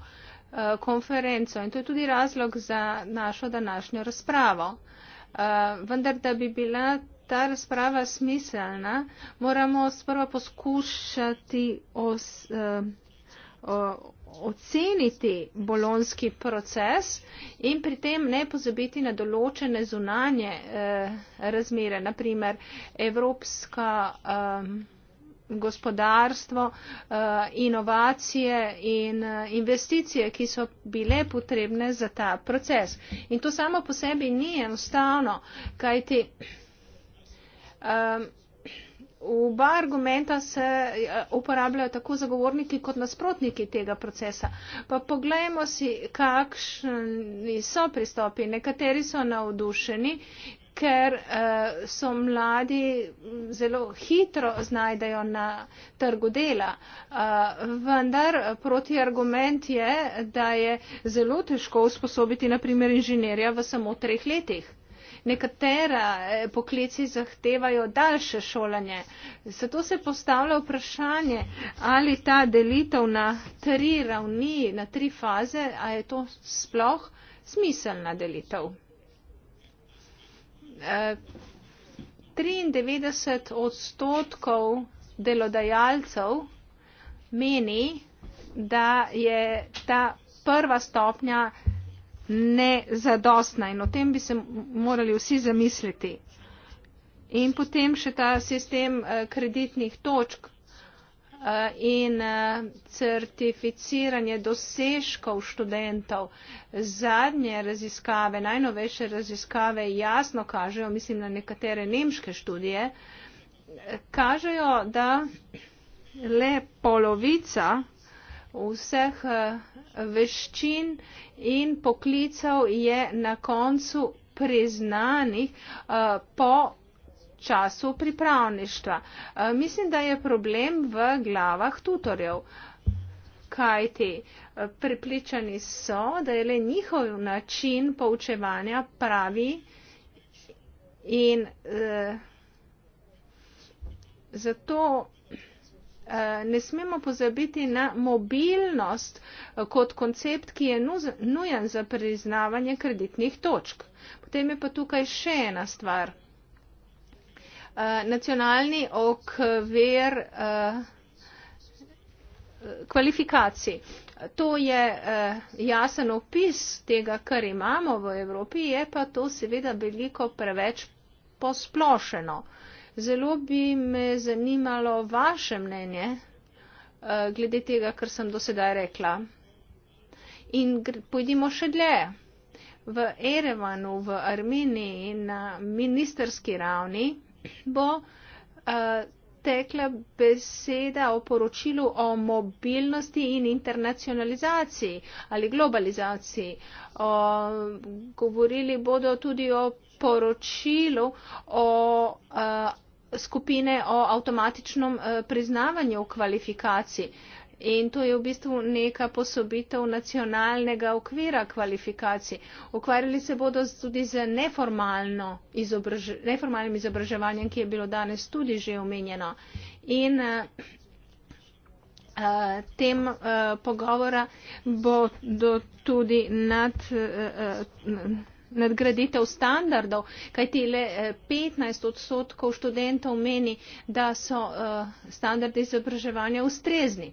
A: eh, konferenco. In to je tudi razlog za našo današnjo razpravo. Eh, vendar, da bi bila ta razprava smiselna, moramo sprva poskušati os, eh, Eh, oceniti bolonski proces in pri tem ne pozabiti na določene zunanje eh, razmere, naprimer evropska gospodarstvo, eh, inovacije in investicije, ki so bile potrebne za ta proces. In to samo po sebi ni enostavno, kajti um, oba argumenta se eh, uporabljajo tako zagovorniki kot nasprotniki tega procesa. Pa poglejmo si, kakšni so pristopi. Nekateri so navdušeni, ker eh, so mladi mm, zelo hitro znajdejo na trgu dela. Eh, vendar protiargument je, da je zelo težko usposobiti naprimer inženirja v samo treh letih nekatera eh, poklici zahtevajo daljše šolanje. Zato se postavlja vprašanje, ali ta delitev na tri ravni, na tri faze, a je to sploh smiselna delitev. 93 eh, odstotkov delodajalcev meni, da je ta prva stopnja nezadostna in o tem bi se morali vsi zamisliti. In potem še ta sistem eh, kreditnih točk eh, in eh, certificiranje dosežkov študentov. Zadnje raziskave, najnovejše raziskave jasno kažejo, mislim na nekatere nemške študije, kažejo, da le polovica vseh eh, veščin in poklicev je na koncu priznanih eh, po času pripravništva. Eh, mislim, da je problem v glavah tutorjev, kajti pripličani so, da je le njihov način poučevanja pravi in eh, zato Eh, ne smemo pozabiti na mobilnost eh, kot koncept, ki je nujen za priznavanje kreditnih točk. Potem je pa tukaj še ena stvar. Eh, nacionalni okvir kvalifikacij. To je jasen opis tega, kar imamo v Evropi, je pa to seveda veliko preveč posplošeno. Zelo bi me zanimalo vaše mnenje eh, glede tega, kar sem do sedaj rekla. In pojdimo še dlje. V Erevanu, v Armeniji na ministerski ravni bo eh, tekla beseda o poročilu o mobilnosti in internacionalizaciji ali globalizaciji. O, govorili bodo tudi o poročilu o, o eh, skupine o avtomatičnem eh, priznavanju kvalifikacij in to je v bistvu neka posobitev nacionalnega okvira kvalifikacij. ukvarjali se bodo tudi z neformalno izobraž neformalnim izobraževanjem ki je bilo danes tudi že omenjeno in eh, eh tem eh, pogovora bodo tudi nad eh, eh, nadgraditev standardov kajti le eh, petnajst odstotkov študentov meni da so eh, standardi izobraževanja ustrezni.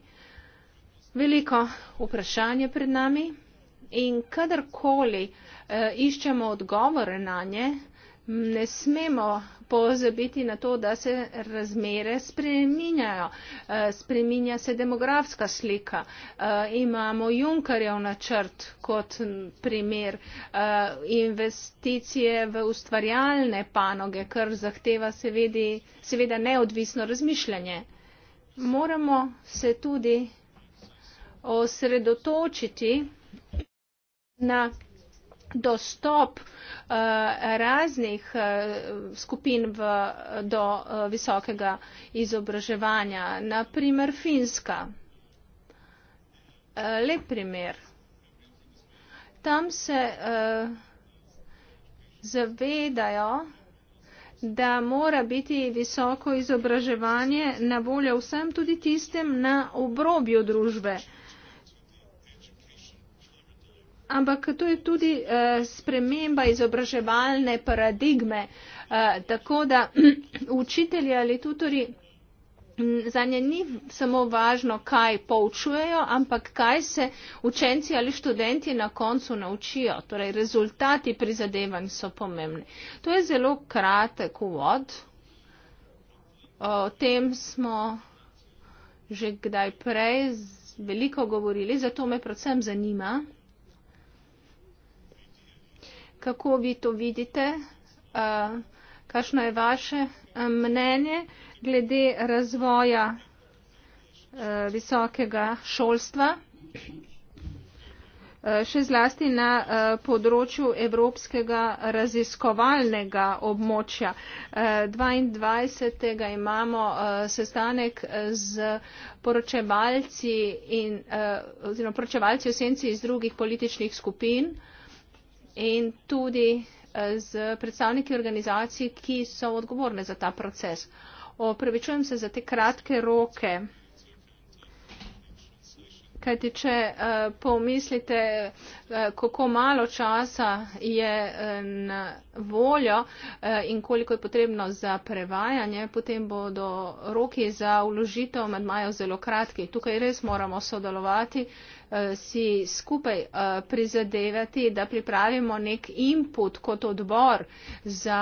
A: veliko vprašanje pred nami in kadarkoli eh, iščemo odgovore nanje ne smemo pozabiti na to da se razmere spreminjajo eh, spreminja se demografska slika eh, imamo junckerjev načrt kot primer eh, investicije v ustvarjalne panoge kar zahteva seveda, seveda neodvisno razmišljanje moramo se tudi osredotočiti na dostop uh, raznih uh, skupin v, do uh, visokega izobraževanja. Naprimer Finska. Uh, lep primer. Tam se uh, zavedajo, da mora biti visoko izobraževanje na voljo vsem, tudi tistem na obrobju družbe. Uh, ampak to je tudi uh, sprememba izobraževalne paradigme, uh, tako da um, učitelji ali tutori um, za nje ni samo važno, kaj poučujejo, ampak kaj se učenci ali študenti na koncu naučijo. Torej, rezultati prizadevanj so pomembni. To je zelo kratek uvod. O tem smo že kdaj prej veliko govorili, zato me predvsem zanima kako vi to vidite, kakšno je vaše mnenje glede razvoja visokega šolstva, še zlasti na področju evropskega raziskovalnega območja. 22. imamo sestanek z poročevalci, in, oziroma poročevalci v senci iz drugih političnih skupin in tudi eh, z predstavniki organizacij, ki so odgovorne za ta proces. Opravičujem se za te kratke roke, Kajti, če uh, pomislite, uh, kako malo časa je uh, na voljo uh, in koliko je potrebno za prevajanje, potem bodo roki za uložitev medmajo zelo kratki. Tukaj res moramo sodelovati, uh, si skupaj uh, prizadevati, da pripravimo nek input kot odbor za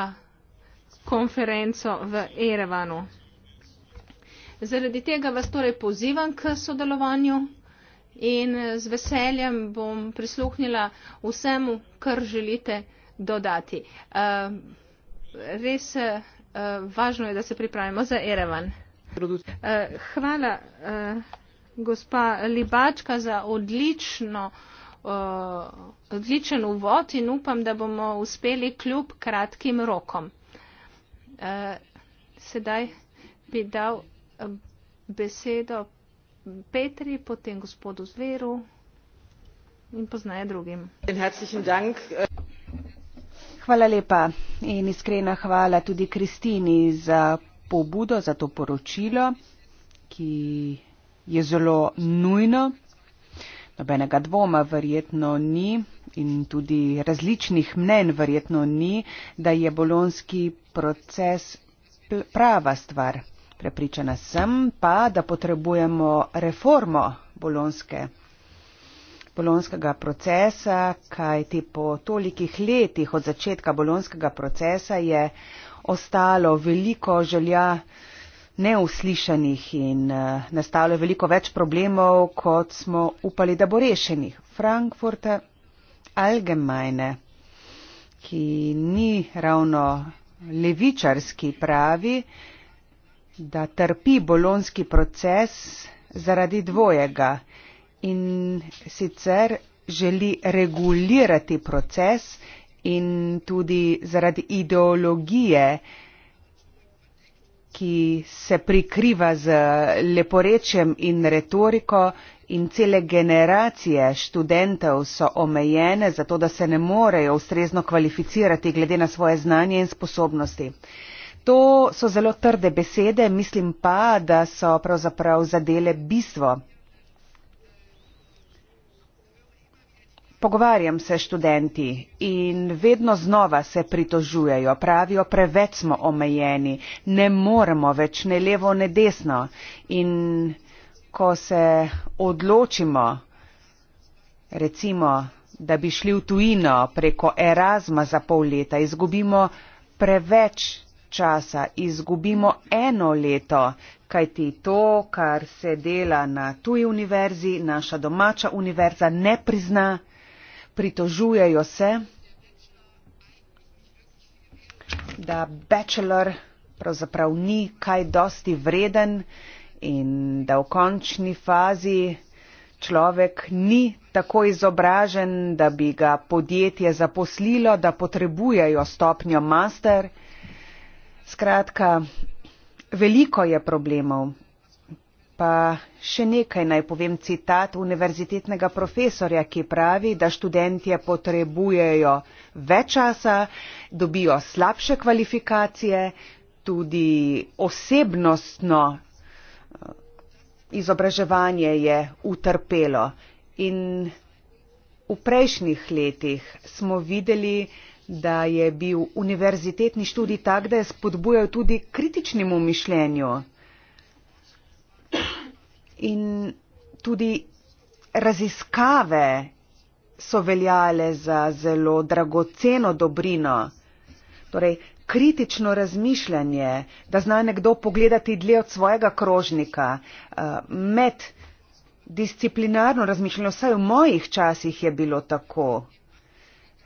A: konferenco v Erevanu. Zaradi tega vas torej pozivam k sodelovanju in eh, z veseljem bom prisluhnila vsemu, kar želite dodati. Eh, res eh, važno je, da se pripravimo za Erevan. Hvala, gospa Libačka, za odlično. Odličen uvod in upam, da bomo uspeli kljub kratkim rokom. Sedaj bi dal besedo Petri, potem gospodu Zveru in poznaje drugim.
B: Hvala lepa in iskrena hvala tudi Kristini za pobudo, za to poročilo, ki je zelo nujno. Nobenega dvoma verjetno ni in tudi različnih mnen verjetno ni, da je bolonski proces prava stvar. Prepričana sem pa, da potrebujemo reformo bolonske, bolonskega procesa, kajti po tolikih letih od začetka bolonskega procesa je ostalo veliko želja neuslišanih in eh, nastalo veliko več problemov, kot smo upali, da bo rešenih. Frankfurta Algemeine, ki ni ravno levičarski pravi, da trpi bolonski proces zaradi dvojega in sicer želi regulirati proces in tudi zaradi ideologije, ki se prikriva z leporečjem in retoriko in cele generacije študentov so omejene, zato da se ne morejo ustrezno kvalificirati glede na svoje znanje in sposobnosti. To so zelo trde besede, mislim pa, da so pravzaprav zadele bistvo. Pogovarjam se študenti in vedno znova se pritožujejo, pravijo, preveč smo omejeni, ne moremo več ne levo, ne desno. In ko se odločimo, recimo, da bi šli v tujino preko Erasma za pol leta, izgubimo preveč časa, izgubimo eno leto, kajti to, kar se dela na tuji univerzi, naša domača univerza ne prizna, pritožujejo se, da bachelor pravzaprav ni kaj dosti vreden in da v končni fazi človek ni tako izobražen, da bi ga podjetje zaposlilo, da potrebujejo stopnjo master. Skratka, veliko je problemov. Pa še nekaj naj povem citat univerzitetnega profesorja, ki pravi, da študentje potrebujejo več časa, dobijo slabše kvalifikacije, tudi osebnostno eh, izobraževanje je utrpelo. In v prejšnjih letih smo videli, da je bil univerzitetni študij tak, da je spodbujal tudi kritičnemu mišljenju in tudi raziskave so veljale za zelo dragoceno dobrino. Torej, kritično razmišljanje, da zna nekdo pogledati dlje od svojega krožnika, eh, med disciplinarno razmišljanje, vsaj v mojih časih je bilo tako.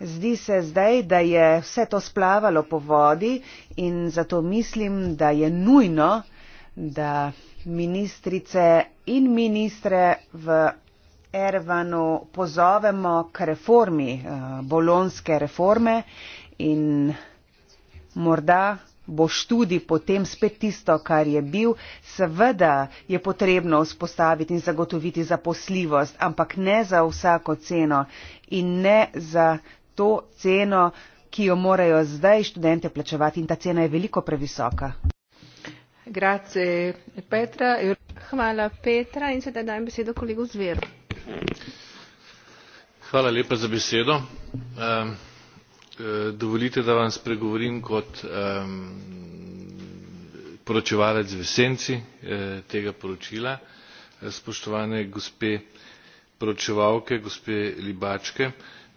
B: Zdi se zdaj, da je vse to splavalo po vodi in zato mislim, da je nujno, da ministrice in ministre v Ervanu pozovemo k reformi, eh, bolonske reforme in morda boš tudi potem spet tisto, kar je bil. Seveda je potrebno vzpostaviti in zagotoviti zaposljivost, ampak ne za vsako ceno in ne za to ceno, ki jo morajo zdaj študente plačevati in ta cena je veliko previsoka. Grazie
A: Petra. Hvala Petra in sedaj dajem besedo kolegu Zveru.
D: Hvala lepa za besedo. Um, dovolite, da vam spregovorim kot um, poročevalec v esenci eh, tega poročila, e, spoštovane gospe poročevalke, gospe Libačke.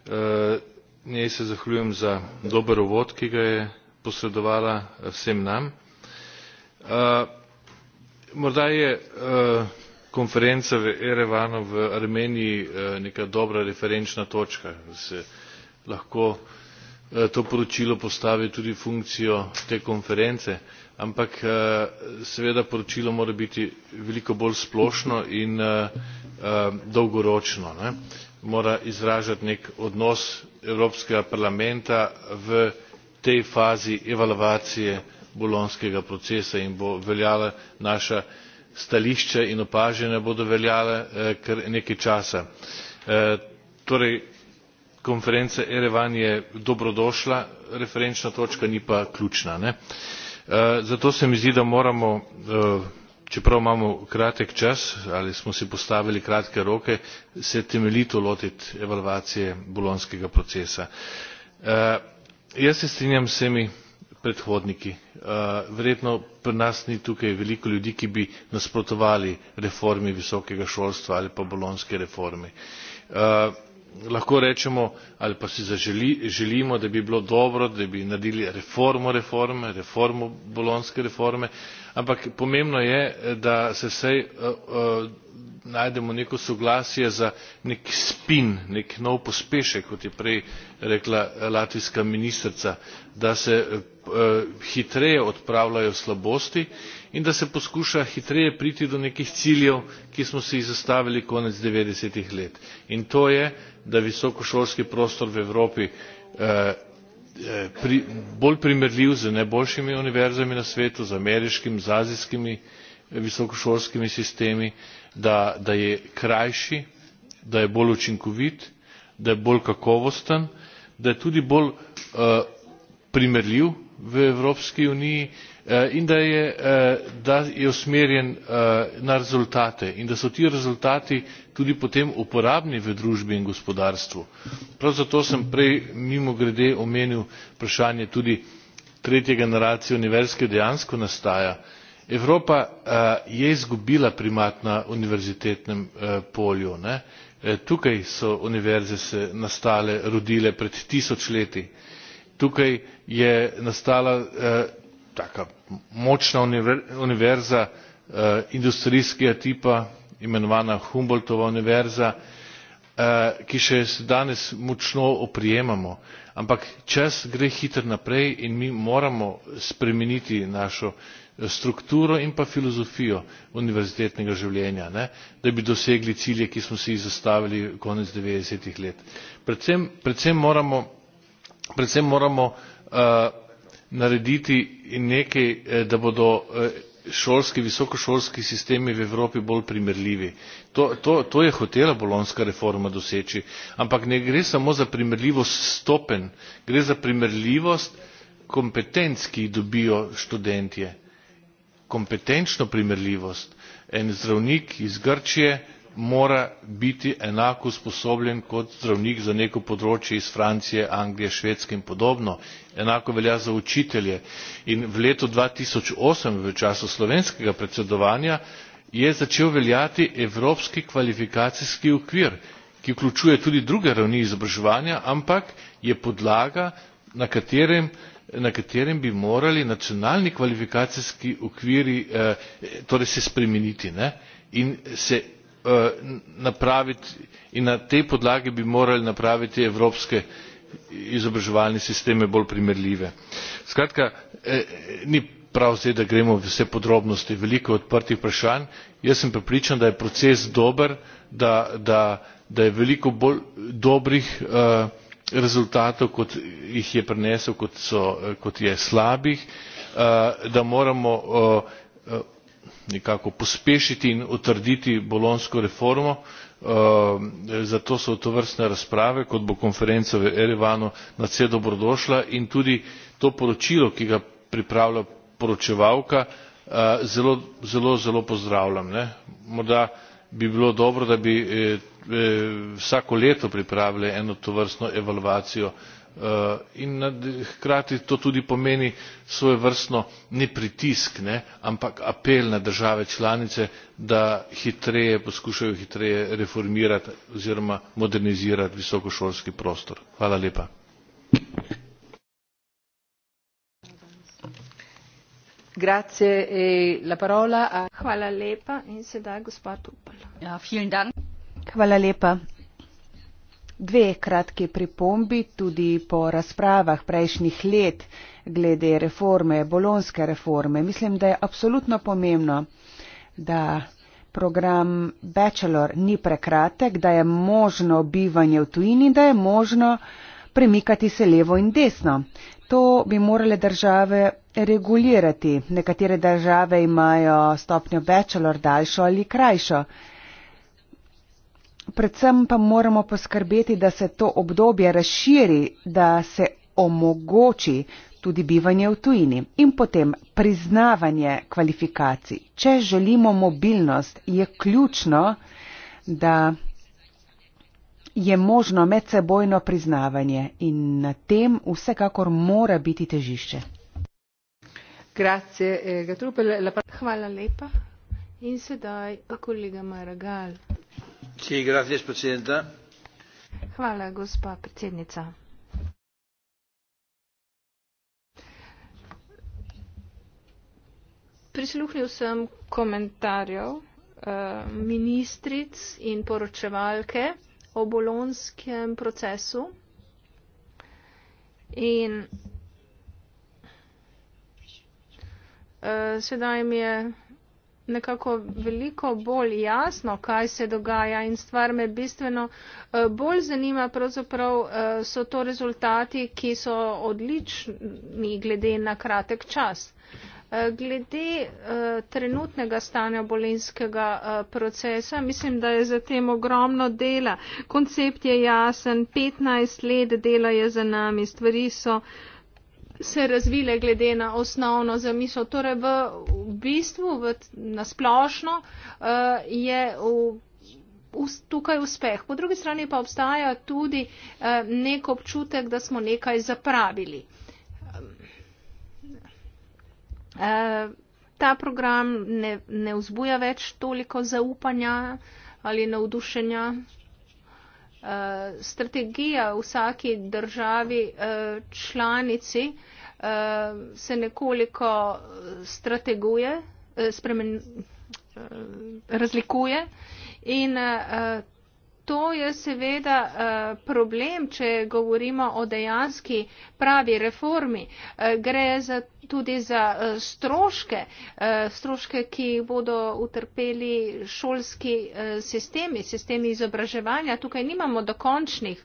D: Eh, njej se zahvaljujem za dober uvod ki ga je posredovala eh, vsem nam. Eh, morda je eh, konferenca v erevanu v armeniji neka dobra referenčna točka da se lahko to poročilo postavi tudi v funkcijo te konference ampak seveda poročilo mora biti veliko bolj splošno in dolgoročno mora izražati nek odnos evropskega parlamenta v tej fazi evalvacije bolonjskega procesa in bo veljala naša stališča in opažanja bodo veljala eh, kar nekaj časa. Eh, torej konferenca erevan je dobrodošla referenčna točka ni pa ključna. Eh, zato se mi zdi da moramo čeprav imamo kratek čas ali smo si postavili kratke roke se temeljito lotiti evalvacije bolonjskega procesa. Eh, jaz se strinjam z vsemi predhodniki eh, verjetno pri nas ni tukaj veliko ljudi ki bi nasprotovali reformi visokega šolstva ali pa bolonjski reformi. Eh, lahko rečemo ali pa si želimo da bi bilo dobro da bi naredili reformo reforme reformo bolonjske reforme ampak pomembno je da se vsaj dogovorimo o tem kaj bi lahko naredili najdemo neko soglasje za nek spin nek nov pospešek kot je prej rekla eh, latvijska ministrica da se eh, eh, hitreje odpravljajo slabosti in da se poskuša hitreje priti do nekih ciljev ki smo si jih zastavili konec devetdeset let in to je da visokošolski prostor v evropi bolj primerljiv z najboljšimi univerzami na svetu z ameriškimi z azijskimi visokošolskimi sistemi da je krajši da je bolj učinkovit da je bolj kakovosten da je tudi bolj eh, primerljiv v evropski uniji eh, in da je eh, usmerjen na rezultate in da so ti rezultati tudi potem uporabni v družbi in gospodarstvu. prav zato sem prej mimogrede omenil vprašanje tudi tretje generacije univerz ki dejansko nastaja evropa eh, je izgubila primat na univerzitetnem eh, polju eh, tukaj so univerze se nastale rodile pred tisoč leti tukaj je nastala taka močna univerza industrijskega tipa imenovana humboldtova univerza ki še se danes močno oprijemamo ampak čas gre hitro naprej in mi moramo spremeniti našo strukturo in pa filozofijo univerzitetnega življenja da bi dosegli cilje ki smo si jih zastavili konec devetdeset ih let. predvsem moramo eh, narediti nekaj eh, da bodo eh, šolski visokošolski sistemi v evropi bolj primerljivi. to je hotela bolonjska reforma doseči ampak ne gre samo za primerljivost stopenj gre za primerljivost kompetenc ki jih dobijo študentje kompetenčno primerljivost en zdravnik iz grčije mora biti enako usposobljen kot zdravnik za neko področje iz francije anglije švedske in podobno enako velja za učitelje in v letu dva tisoč osem v času slovenskega predsedovanja je začel veljati evropski kvalifikacijski okvir ki vključuje tudi druge ravni izobraževanja ampak je podlaga na katerem na katerem bi morali nacionalni kvalifikacijski okviri eh, torej se spremeniti in se eh, napraviti in na tej podlagi bi morali napraviti evropske izobraževalne sisteme bolj primerljive. skratka eh, ni prav zdaj da gremo v vse podrobnosti veliko je odprtih vprašanj jaz sem prepričan da je proces dober da da je veliko bolj dobrih rezultatov kot jih je prinesel kot eh, je slabih eh, da moramo eh, nekako pospešiti in utrditi bolonjsko reformo zato so tovrstne razprave kot bo konferenca v erevanu nadvse dobrodošla in tudi to poročilo ki ga pripravlja poročevalka zelo zelo zelo pozdravljam. morda bi bilo dobro da bi eh, eh, vsako leto pripravili eno tovrstno evalvacijo eh, in hkrati to tudi pomeni svojevrstno ne pritisk ampak apel na države članice da hitreje poskušajo hitreje reformirati oziroma modernizirati visokošolski prostor.
B: E ja, dve kratki pripombi tudi po razpravah prejšnjih let glede reforme bolonske reforme mislim da je absolutno pomembno da program bachelor ni prekratek da je možno bivanje v tujini da je možno premikati se levo in desno. To bi morale države regulirati. Nekatere države imajo stopnjo bachelor daljšo ali krajšo. Predvsem pa moramo poskrbeti, da se to obdobje razširi, da se omogoči tudi bivanje v tujini in potem priznavanje kvalifikacij. Če želimo mobilnost, je ključno, da je možno medsebojno priznavanje in na tem vsekakor mora biti težišče.
A: Grazie, eh, Gatrupel, la... Hvala lepa. In sedaj kolega Maragal.
D: Sì, grazie,
A: Hvala, gospa predsednica. Prisluhnil sem komentarjev eh, ministric in poročevalke o bolonskem procesu in eh, sedaj mi je nekako veliko bolj jasno, kaj se dogaja in stvar me bistveno eh, bolj zanima, pravzaprav eh, so to rezultati, ki so odlični glede na kratek čas. Eh, glede eh, trenutnega stanja bolenskega eh, procesa, mislim, da je za tem ogromno dela. Koncept je jasen, 15 let dela je za nami, stvari so se razvile glede na osnovno zamisel. Torej v, v bistvu, v, na splošno je v. Tukaj uspeh. Po drugi strani pa obstaja tudi nek občutek, da smo nekaj zapravili. Eh, ta program ne, ne vzbuja več toliko zaupanja ali navdušenja. Uh, strategija vsaki državi uh, članici uh, se nekoliko strateguje, uh, spremen, uh, razlikuje in uh, to je seveda eh, problem, če govorimo o dejanski pravi reformi. Eh, gre za, tudi za eh, stroške, stroške, ki bodo utrpeli šolski sistemi, sistemi izobraževanja. Tukaj nimamo dokončnih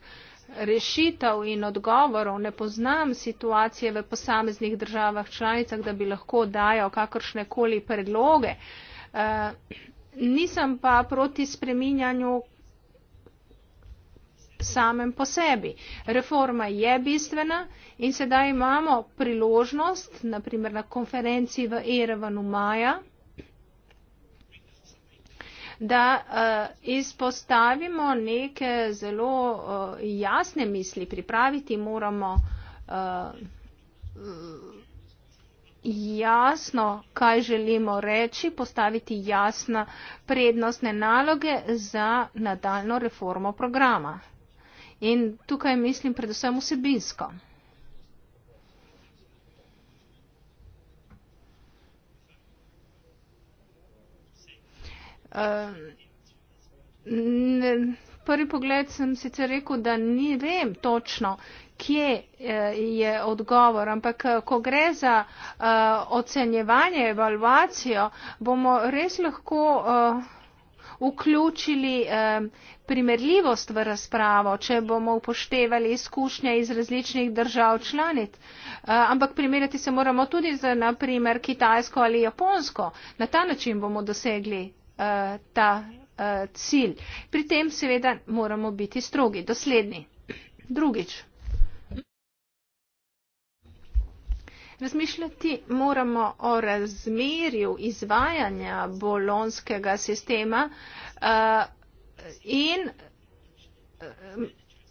A: rešitev in odgovorov. Ne poznam situacije v posameznih državah članicah, da bi lahko dajal kakršne koli predloge. Nisem pa proti spreminjanju samem po sebi. Reforma je bistvena in sedaj imamo priložnost, naprimer na konferenciji v Erevanu maja, da eh, izpostavimo neke zelo eh, jasne misli, pripraviti moramo eh, jasno, kaj želimo reči, postaviti jasna prednostne naloge za nadaljno reformo programa. In tukaj mislim predvsem vsebinsko. Ehm, prvi pogled sem sicer rekel, da ni vem točno, kje eh, je odgovor, ampak eh, ko gre za eh, ocenjevanje, evalvacijo, bomo res lahko vključili primerljivost v razpravo, če bomo upoštevali izkušnje iz različnih držav članic, eh, ampak primerjati se moramo tudi z naprimer Kitajsko ali Japonsko. Na ta način bomo dosegli eh, ta eh, cilj. Pri tem seveda moramo biti strogi, dosledni. Drugič. Razmišljati moramo o razmerju izvajanja bolonskega sistema in,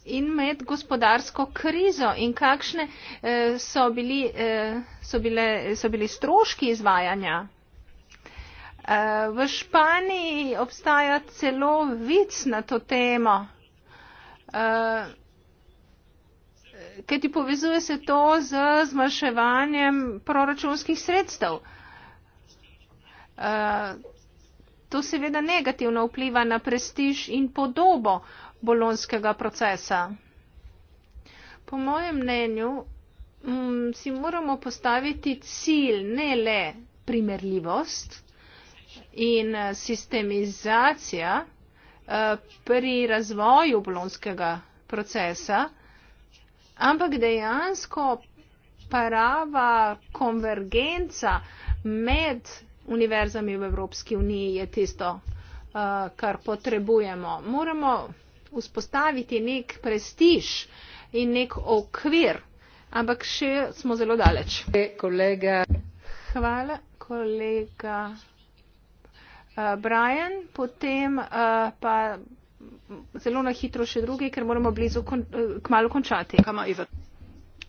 A: in med gospodarsko krizo in kakšne eh, so bili, eh, so bile, so bili stroški izvajanja. Eh, v Španiji obstaja celo vic na to temo, ker ti povezuje se to z zmanjševanjem proračunskih sredstev. To seveda negativno vpliva na prestiž in podobo bolonskega procesa. Po mojem mnenju m, mm, si moramo postaviti cilj ne le primerljivost in eh, sistemizacija eh, pri razvoju bolonskega procesa, ampak dejansko parava konvergenca med univerzami v Evropski uniji je tisto, uh, kar potrebujemo. Moramo vzpostaviti nek prestiž in nek okvir, ampak še smo zelo daleč. Hvala, kolega uh, Brian. Potem uh, pa zelo na hitro še drugi, ker moramo blizu kmalo končati.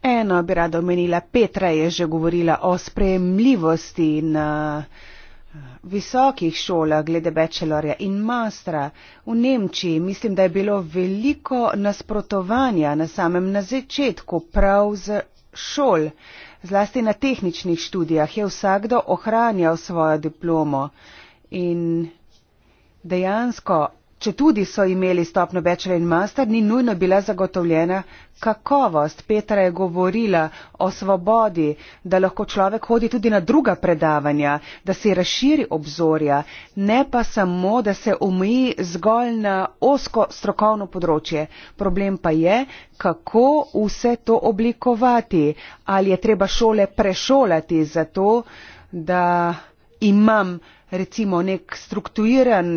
B: Eno bi rada omenila, Petra je že govorila o sprejemljivosti na eh, visokih šolah glede bachelorja in mastra. V Nemčiji mislim, da je bilo veliko nasprotovanja na samem na začetku prav z šol. Zlasti na tehničnih študijah je vsakdo ohranjal svojo diplomo in dejansko če tudi so imeli stopno bachelor in master, ni nujno bila zagotovljena kakovost. Petra je govorila o svobodi, da lahko človek hodi tudi na druga predavanja, da se razširi obzorja, ne pa samo, da se omeji zgolj na osko strokovno področje. Problem pa je, kako vse to oblikovati, ali je treba šole prešolati za to, da imam recimo nek strukturiran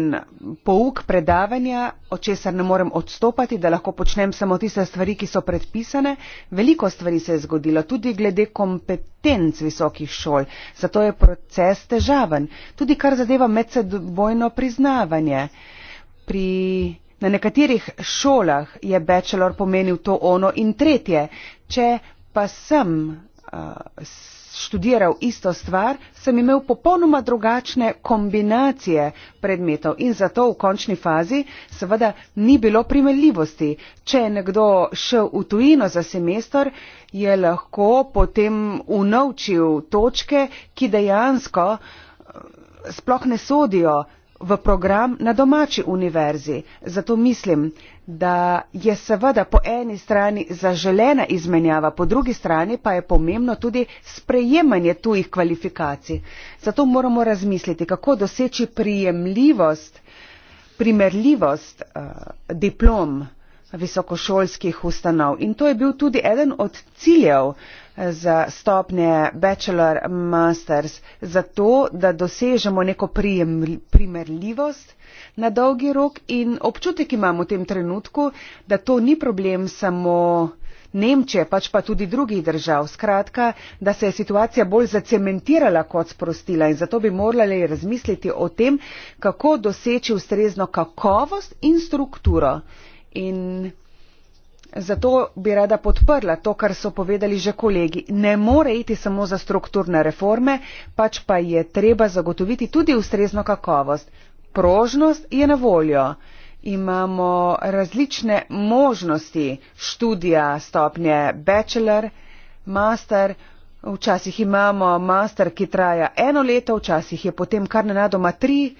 B: pouk predavanja, od česar ne morem odstopati, da lahko počnem samo tiste stvari, ki so predpisane. Veliko stvari se je zgodilo, tudi glede kompetenc visokih šol, zato je proces težaven, tudi kar zadeva medsebojno priznavanje. Pri Na nekaterih šolah je bachelor pomenil to ono in tretje. Če pa sem uh, študiral isto stvar, sem imel popolnoma drugačne kombinacije predmetov in zato v končni fazi seveda ni bilo primeljivosti. Če je nekdo šel v tujino za semester, je lahko potem unovčil točke, ki dejansko eh, sploh ne sodijo v program na domači univerzi. Zato mislim, da je seveda po eni strani zaželena izmenjava, po drugi strani pa je pomembno tudi sprejemanje tujih kvalifikacij. Zato moramo razmisliti, kako doseči prijemljivost, primerljivost eh, diplom visokošolskih ustanov. In to je bil tudi eden od ciljev eh, za stopnje bachelor, masters, zato da dosežemo neko prijeml, primerljivost na dolgi rok in občutek imam v tem trenutku, da to ni problem samo Nemče, pač pa tudi drugih držav. Skratka, da se je situacija bolj zacementirala kot sprostila in zato bi morali razmisliti o tem, kako doseči ustrezno kakovost in strukturo. In zato bi rada podprla to kar so povedali že kolegi ne more iti samo za strukturne reforme pač pa je treba zagotoviti tudi ustrezno kakovost prožnost je na voljo imamo različne možnosti študija stopnje bachelor master včasih imamo master ki traja eno leto včasih je potem kar nenadoma tri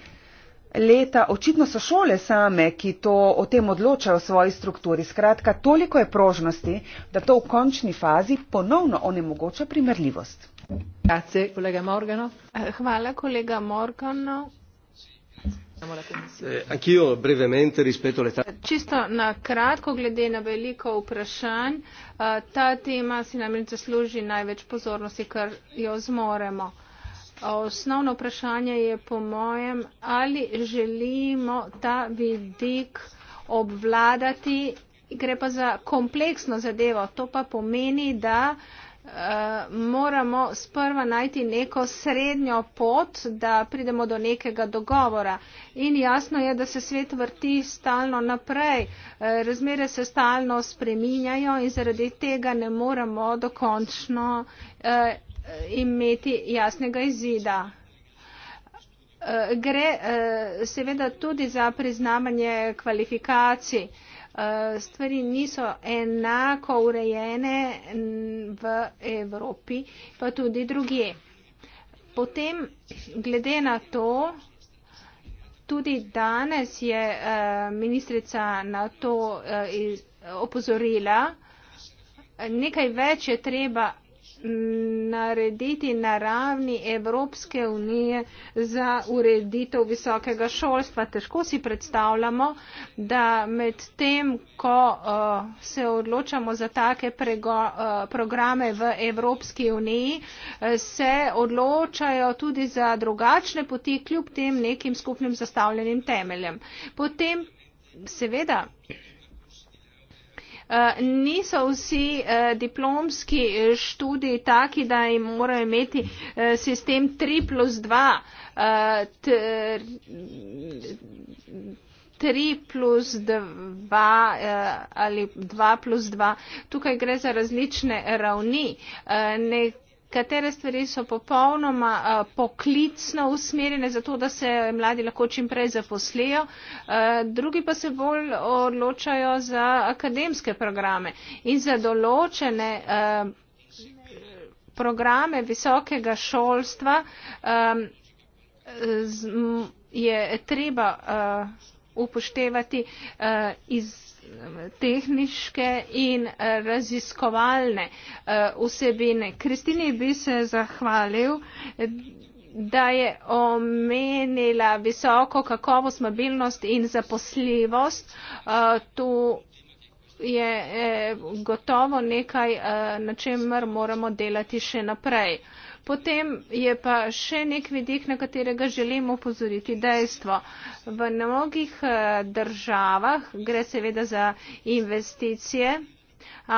B: leta, očitno so šole same, ki to, o tem odločajo v svoji strukturi. Skratka, toliko je prožnosti, da to v končni fazi ponovno onemogoča primerljivost.
A: Grazie, kolega Morgano. Eh, hvala, kolega Morgano. Eh, Čisto na kratko, glede na veliko vprašanj, eh, ta tema si nam zasluži največ pozornosti, kar jo zmoremo. Osnovno vprašanje je po mojem, ali želimo ta vidik obvladati. Gre pa za kompleksno zadevo. To pa pomeni, da eh, moramo sprva najti neko srednjo pot, da pridemo do nekega dogovora. In jasno je, da se svet vrti stalno naprej, eh, razmere se stalno spreminjajo in zaradi tega ne moremo dokončno eh, imeti jasnega izida. Eh, gre eh, seveda tudi za priznavanje kvalifikacij. Eh, stvari niso enako urejene v Evropi, pa tudi druge. Potem, glede na to, tudi danes je ministrica na to opozorila, nekaj več je treba narediti na ravni Evropske unije za ureditev visokega šolstva. Težko si predstavljamo, da med tem, ko uh, se odločamo za take prego, uh, programe v Evropski uniji, uh, se odločajo tudi za drugačne poti kljub tem nekim skupnim zastavljenim temeljem. Potem, seveda, Eh, niso vsi eh, diplomski študiji taki, da jim morajo imeti eh, sistem 3 plus 2, 3 plus 2 ali 2 plus 2. Tukaj gre za različne ravni. Nek katere stvari so popolnoma eh, poklicno usmerjene za to, da se mladi lahko čim prej zaposlijo, eh, drugi pa se bolj odločajo za akademske programe in za določene eh, programe visokega šolstva je treba upoštevati iz tehniške in eh, raziskovalne eh, vsebine. Kristini bi se zahvalil, da je omenila visoko kakovost, mobilnost in zaposljivost. Eh, tu je gotovo nekaj, na čemer moramo delati še naprej. Potem je pa še nek vidik, na katerega želimo upozoriti dejstvo. V mnogih eh, državah gre seveda za investicije,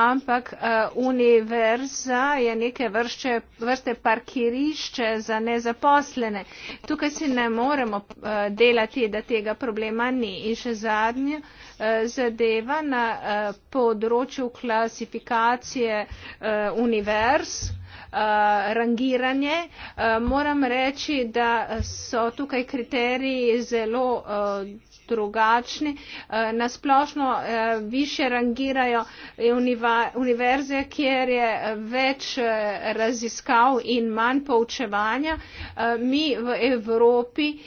A: ampak eh, univerza je neke vrste, vrste parkirišče za nezaposlene. Tukaj si ne moremo eh, delati, da tega problema ni. In še zadnja zadeva na področju klasifikacije univerz Eh, rangiranje. Eh, moram reči, da so tukaj kriteriji zelo eh, drugačni. Eh, Nasplošno eh, više rangirajo univerze, kjer je eh, več raziskav in manj poučevanja. Mi v Evropi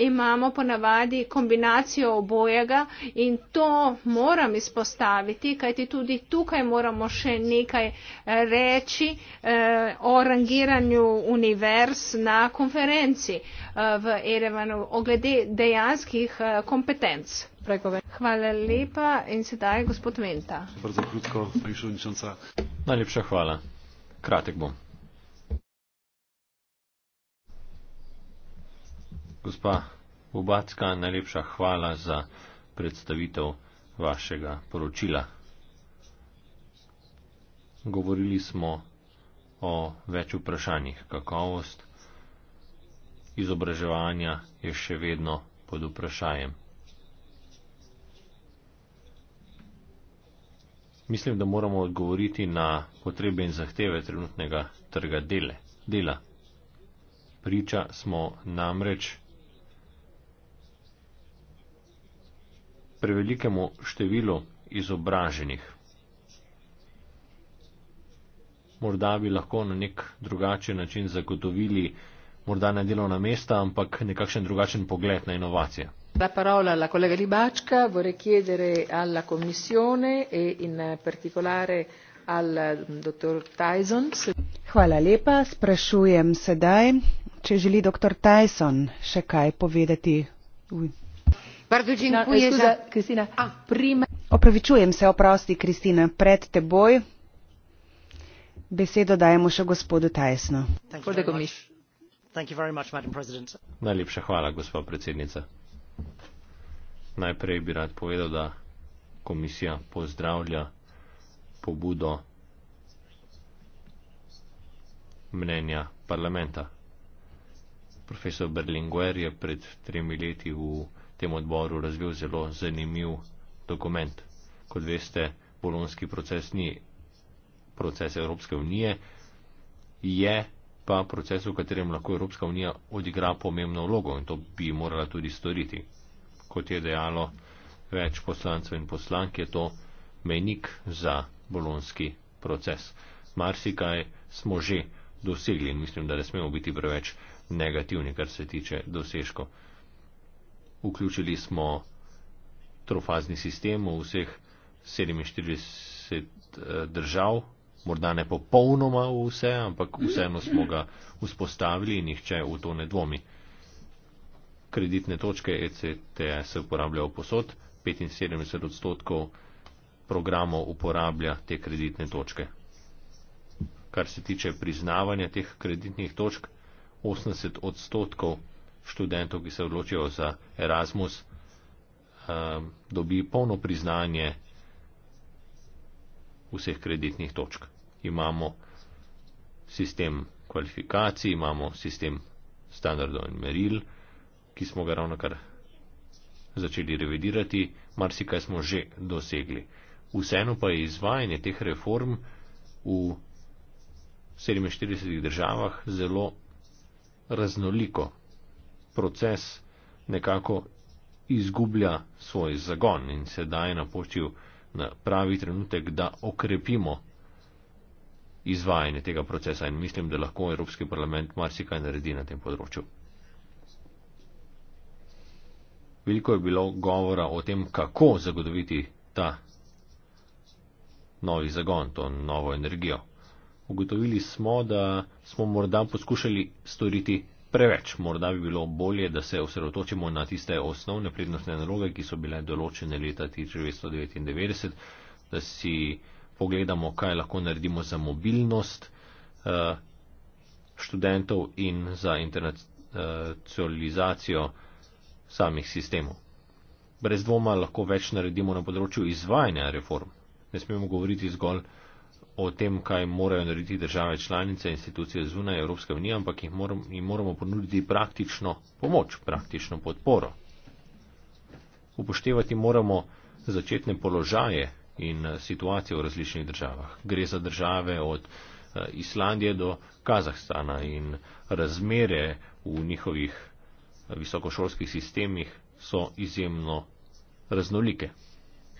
A: imamo ponavadi kombinacijo obojega in to moram izpostaviti, kajti tudi tukaj moramo še nekaj reči o rangiranju univerz na konferenciji. Eh, v Erevanu oglede dejanskih eh, kompetenc. Hvala lepa in sedaj gospod Venta.
C: Najlepša hvala. Kratek bom. Gospa Bubacka, najlepša hvala za predstavitev vašega poročila. Govorili smo o več vprašanjih kakovost, izobraževanja je še vedno pod vprašanjem. Mislim, da moramo odgovoriti na potrebe in zahteve trenutnega trga dele, dela. Priča smo namreč prevelikemu številu izobraženih. Morda bi lahko na nek drugačen način zagotovili, da morda ne delovna mesta, ampak nekakšen drugačen pogled na inovacije.
A: La parola alla collega Di Bacca, vorrei chiedere alla Commissione e in particolare al mm, dottor Tyson. Hvala
B: lepa, sprašujem sedaj, če želi dr. Tyson še kaj povedati. No, Opravičujem se, oprosti, Kristina, pred teboj. Besedo dajemo še gospodu Tysonu. Hvala lepa.
C: Najlepša hvala, gospod predsednica. Najprej bi rad povedal, da komisija pozdravlja pobudo mnenja parlamenta. Profesor Berlinguer je pred tremi leti v tem odboru razvil zelo zanimiv dokument. Kot veste, bolonski proces ni proces Evropske unije, je pa proces, v katerem lahko Evropska unija odigra pomembno vlogo in to bi morala tudi storiti. Kot je dejalo več poslancev in poslank, je to menik za bolonski proces. Marsikaj smo že dosegli in mislim, da ne smemo biti preveč negativni, kar se tiče dosežko. Vključili smo trofazni sistem v vseh 47 eh, držav morda ne popolnoma v vse, ampak vseeno smo ga vzpostavili in nihče v to ne dvomi. Kreditne točke ECTS se uporabljajo posod, 75 odstotkov programov uporablja te kreditne točke. Kar se tiče priznavanja teh kreditnih točk, 80 odstotkov študentov, ki se odločijo za Erasmus, ehm, dobi polno priznanje vseh kreditnih točk imamo sistem kvalifikacij, imamo sistem standardov in meril, ki smo ga ravno kar začeli revidirati, marsikaj smo že dosegli. Vseeno pa je izvajanje teh reform v 47 državah zelo raznoliko. Proces nekako izgublja svoj zagon in se daje napočil na pravi trenutek, da okrepimo izvajanje tega procesa in mislim, da lahko Evropski parlament marsikaj naredi na tem področju. Veliko je bilo govora o tem, kako zagotoviti ta novi zagon, to novo energijo. Ugotovili smo, da smo morda poskušali storiti preveč. Morda bi bilo bolje, da se osredotočimo na tiste osnovne prednostne naloge, ki so bile določene leta 1999, da si pogledamo, kaj lahko naredimo za mobilnost eh, študentov in za internacionalizacijo samih sistemov. Brez dvoma lahko več naredimo na področju izvajanja reform. Ne smemo govoriti zgolj o tem, kaj morajo narediti države članice, institucije zunaj Evropske unije, ampak jih moramo, jim moramo ponuditi praktično pomoč, praktično podporo. Upoštevati moramo začetne položaje in eh, situacijo v različnih državah. Gre za države od eh, Islandije do Kazahstana in razmere v njihovih eh, visokošolskih sistemih so izjemno raznolike.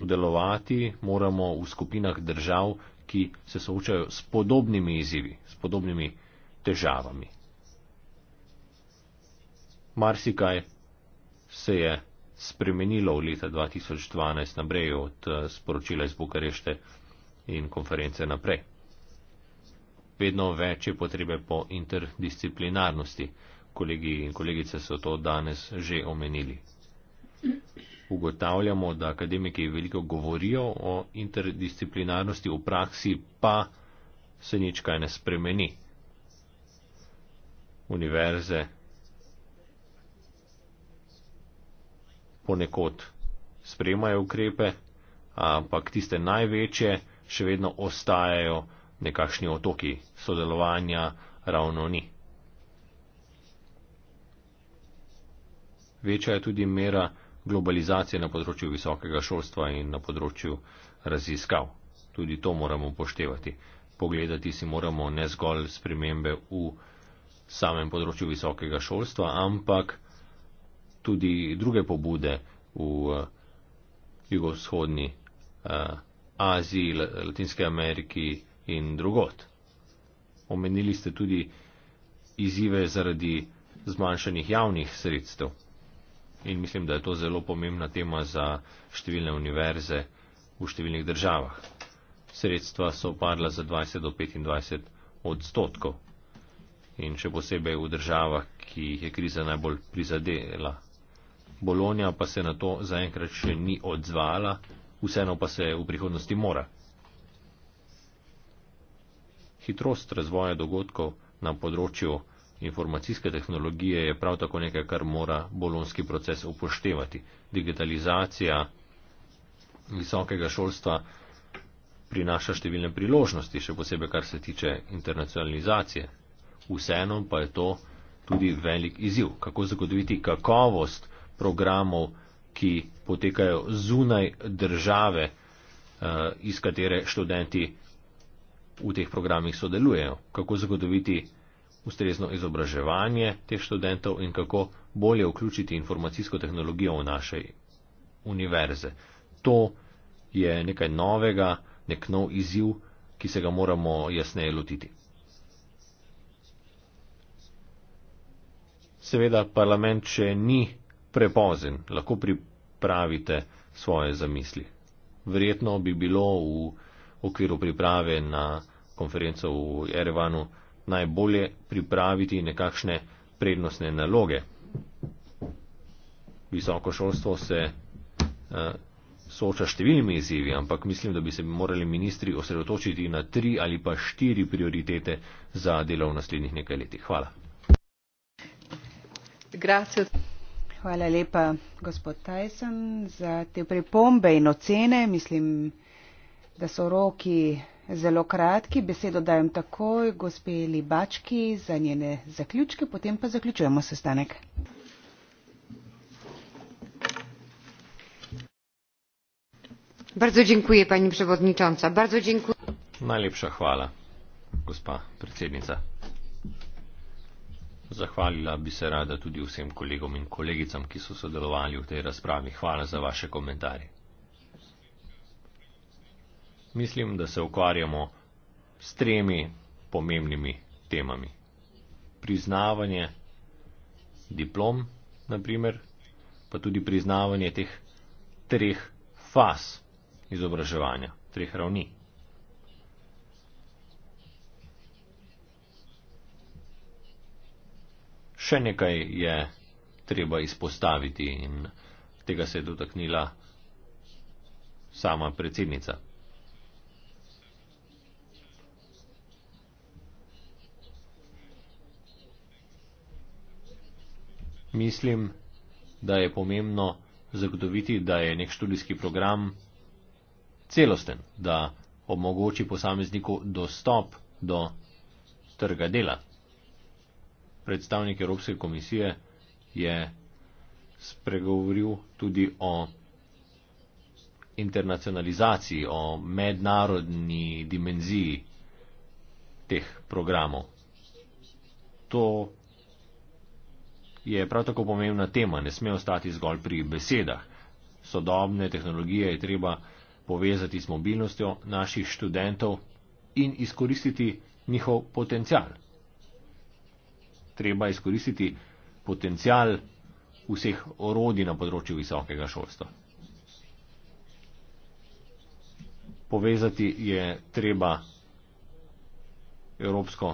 C: Delovati moramo v skupinah držav, ki se soočajo s podobnimi izzivi, s podobnimi težavami. Marsikaj se je spremenilo v leta 2012 na breju od eh, sporočila iz Bukarešte in konference naprej. Vedno več je potrebe po interdisciplinarnosti. Kolegi in kolegice so to danes že omenili. Ugotavljamo, da akademiki veliko govorijo o interdisciplinarnosti, v praksi pa se nič kaj ne spremeni. Univerze, ponekod spremajo ukrepe, ampak tiste največje še vedno ostajajo nekakšni otoki sodelovanja ravno ni. Večja je tudi mera globalizacije na področju visokega šolstva in na področju raziskav. Tudi to moramo poštevati. Pogledati si moramo ne zgolj spremembe v samem področju visokega šolstva, ampak tudi druge pobude v eh, jugovzhodni eh, Aziji, Latinske Ameriki in drugot. Omenili ste tudi izzive zaradi zmanjšanih javnih sredstev. In mislim, da je to zelo pomembna tema za številne univerze v številnih državah. Sredstva so padla za 20 do 25 odstotkov. In še posebej v državah, ki jih je kriza najbolj prizadela, Bolonja pa se na to zaenkrat še ni odzvala, vseeno pa se v prihodnosti mora. Hitrost razvoja dogodkov na področju informacijske tehnologije je prav tako nekaj, kar mora bolonski proces upoštevati. Digitalizacija visokega šolstva prinaša številne priložnosti, še posebej kar se tiče internacionalizacije. Vseeno pa je to tudi velik izziv, kako zagotoviti kakovost, programov, ki potekajo zunaj države, eh, iz katere študenti v teh programih sodelujejo. Kako zagotoviti ustrezno izobraževanje teh študentov in kako bolje vključiti informacijsko tehnologijo v naše univerze. To je nekaj novega, nek nov izziv, ki se ga moramo jasneje lotiti. Seveda parlament še ni prepozen, lahko pripravite svoje zamisli. Verjetno bi bilo v okviru priprave na konferenco v Erevanu najbolje pripraviti nekakšne prednostne naloge. Visoko šolstvo se uh, sooča številnimi izzivi, ampak mislim, da bi se morali ministri osredotočiti na tri ali pa štiri prioritete za delo v naslednjih nekaj letih. Hvala.
B: Grazie. Hvala lepa, gospod Tyson, za te pripombe in ocene. Mislim, da so roki zelo kratki. Besedo dajem takoj gospe Libački za njene zaključke, potem pa zaključujemo sestanek.
C: Najlepša hvala, gospa predsednica. Zahvalila bi se rada tudi vsem kolegom in kolegicam, ki so sodelovali v tej razpravi. Hvala za vaše komentarje. Mislim, da se ukvarjamo s tremi pomembnimi temami. Priznavanje diplom, naprimer, pa tudi priznavanje teh treh faz izobraževanja, treh ravni. Še nekaj je treba izpostaviti in tega se je dotaknila sama predsednica. Mislim, da je pomembno zagotoviti, da je nek študijski program celosten, da omogoči posamezniku dostop do trga dela predstavnik Evropske komisije je spregovoril tudi o internacionalizaciji, o mednarodni dimenziji teh programov. To je prav tako pomembna tema, ne sme ostati zgolj pri besedah. Sodobne tehnologije je treba povezati s mobilnostjo naših študentov in izkoristiti njihov potencial treba izkoristiti potencial vseh orodij na področju visokega šolstva. Povezati je treba evropsko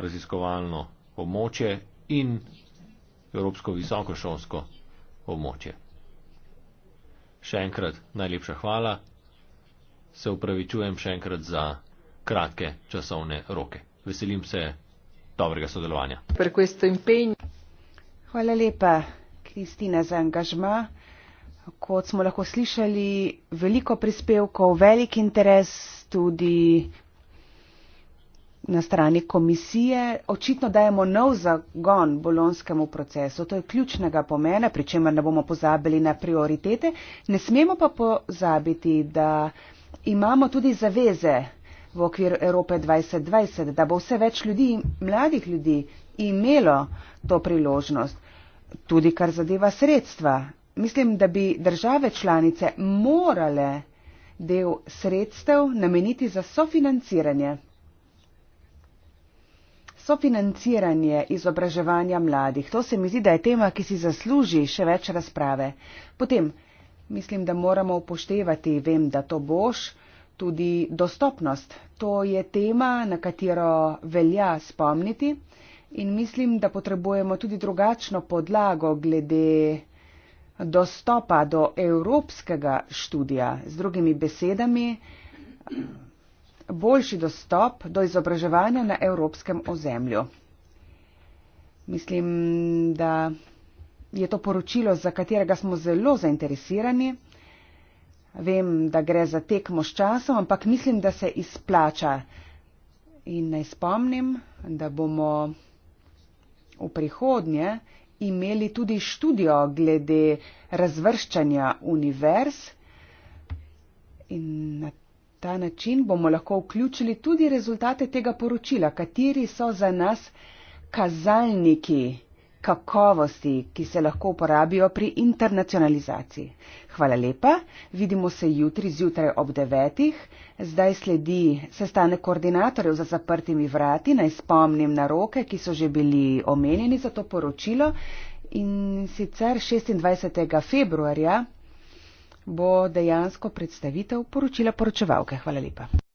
C: raziskovalno območje in evropsko visokošolsko območje. Še enkrat najlepša hvala. Se upravičujem še enkrat za kratke časovne roke. Veselim se dobrega sodelovanja.
B: Hvala lepa, Kristina, za angažma. Kot smo lahko slišali, veliko prispevkov, velik interes tudi na strani komisije. Očitno dajemo nov zagon bolonskemu procesu. To je ključnega pomena, pri čemer ne bomo pozabili na prioritete. Ne smemo pa pozabiti, da imamo tudi zaveze v okvir Evrope 2020, da bo vse več ljudi, mladih ljudi, imelo to priložnost, tudi kar zadeva sredstva. Mislim, da bi države članice morale del sredstev nameniti za sofinanciranje. Sofinanciranje izobraževanja mladih. To se mi zdi, da je tema, ki si zasluži še več razprave. Potem, mislim, da moramo upoštevati, vem, da to boš, tudi dostopnost. To je tema, na katero velja spomniti in mislim, da potrebujemo tudi drugačno podlago glede dostopa do evropskega študija. Z drugimi besedami, boljši dostop do izobraževanja na evropskem ozemlju. Mislim, da je to poročilo, za katerega smo zelo zainteresirani. Vem, da gre za tekmo s časom, ampak mislim, da se izplača. In naj spomnim, da bomo v prihodnje imeli tudi študijo glede razvrščanja univerz in na ta način bomo lahko vključili tudi rezultate tega poročila, kateri so za nas kazalniki kakovosti, ki se lahko uporabijo pri internacionalizaciji. Hvala lepa, vidimo se jutri zjutraj ob devetih. Zdaj sledi sestanek koordinatorjev za zaprtimi vrati, naj spomnim na roke, ki so že bili omenjeni za to poročilo. In sicer 26. februarja bo dejansko predstavitev poročila poročevalke. Hvala lepa.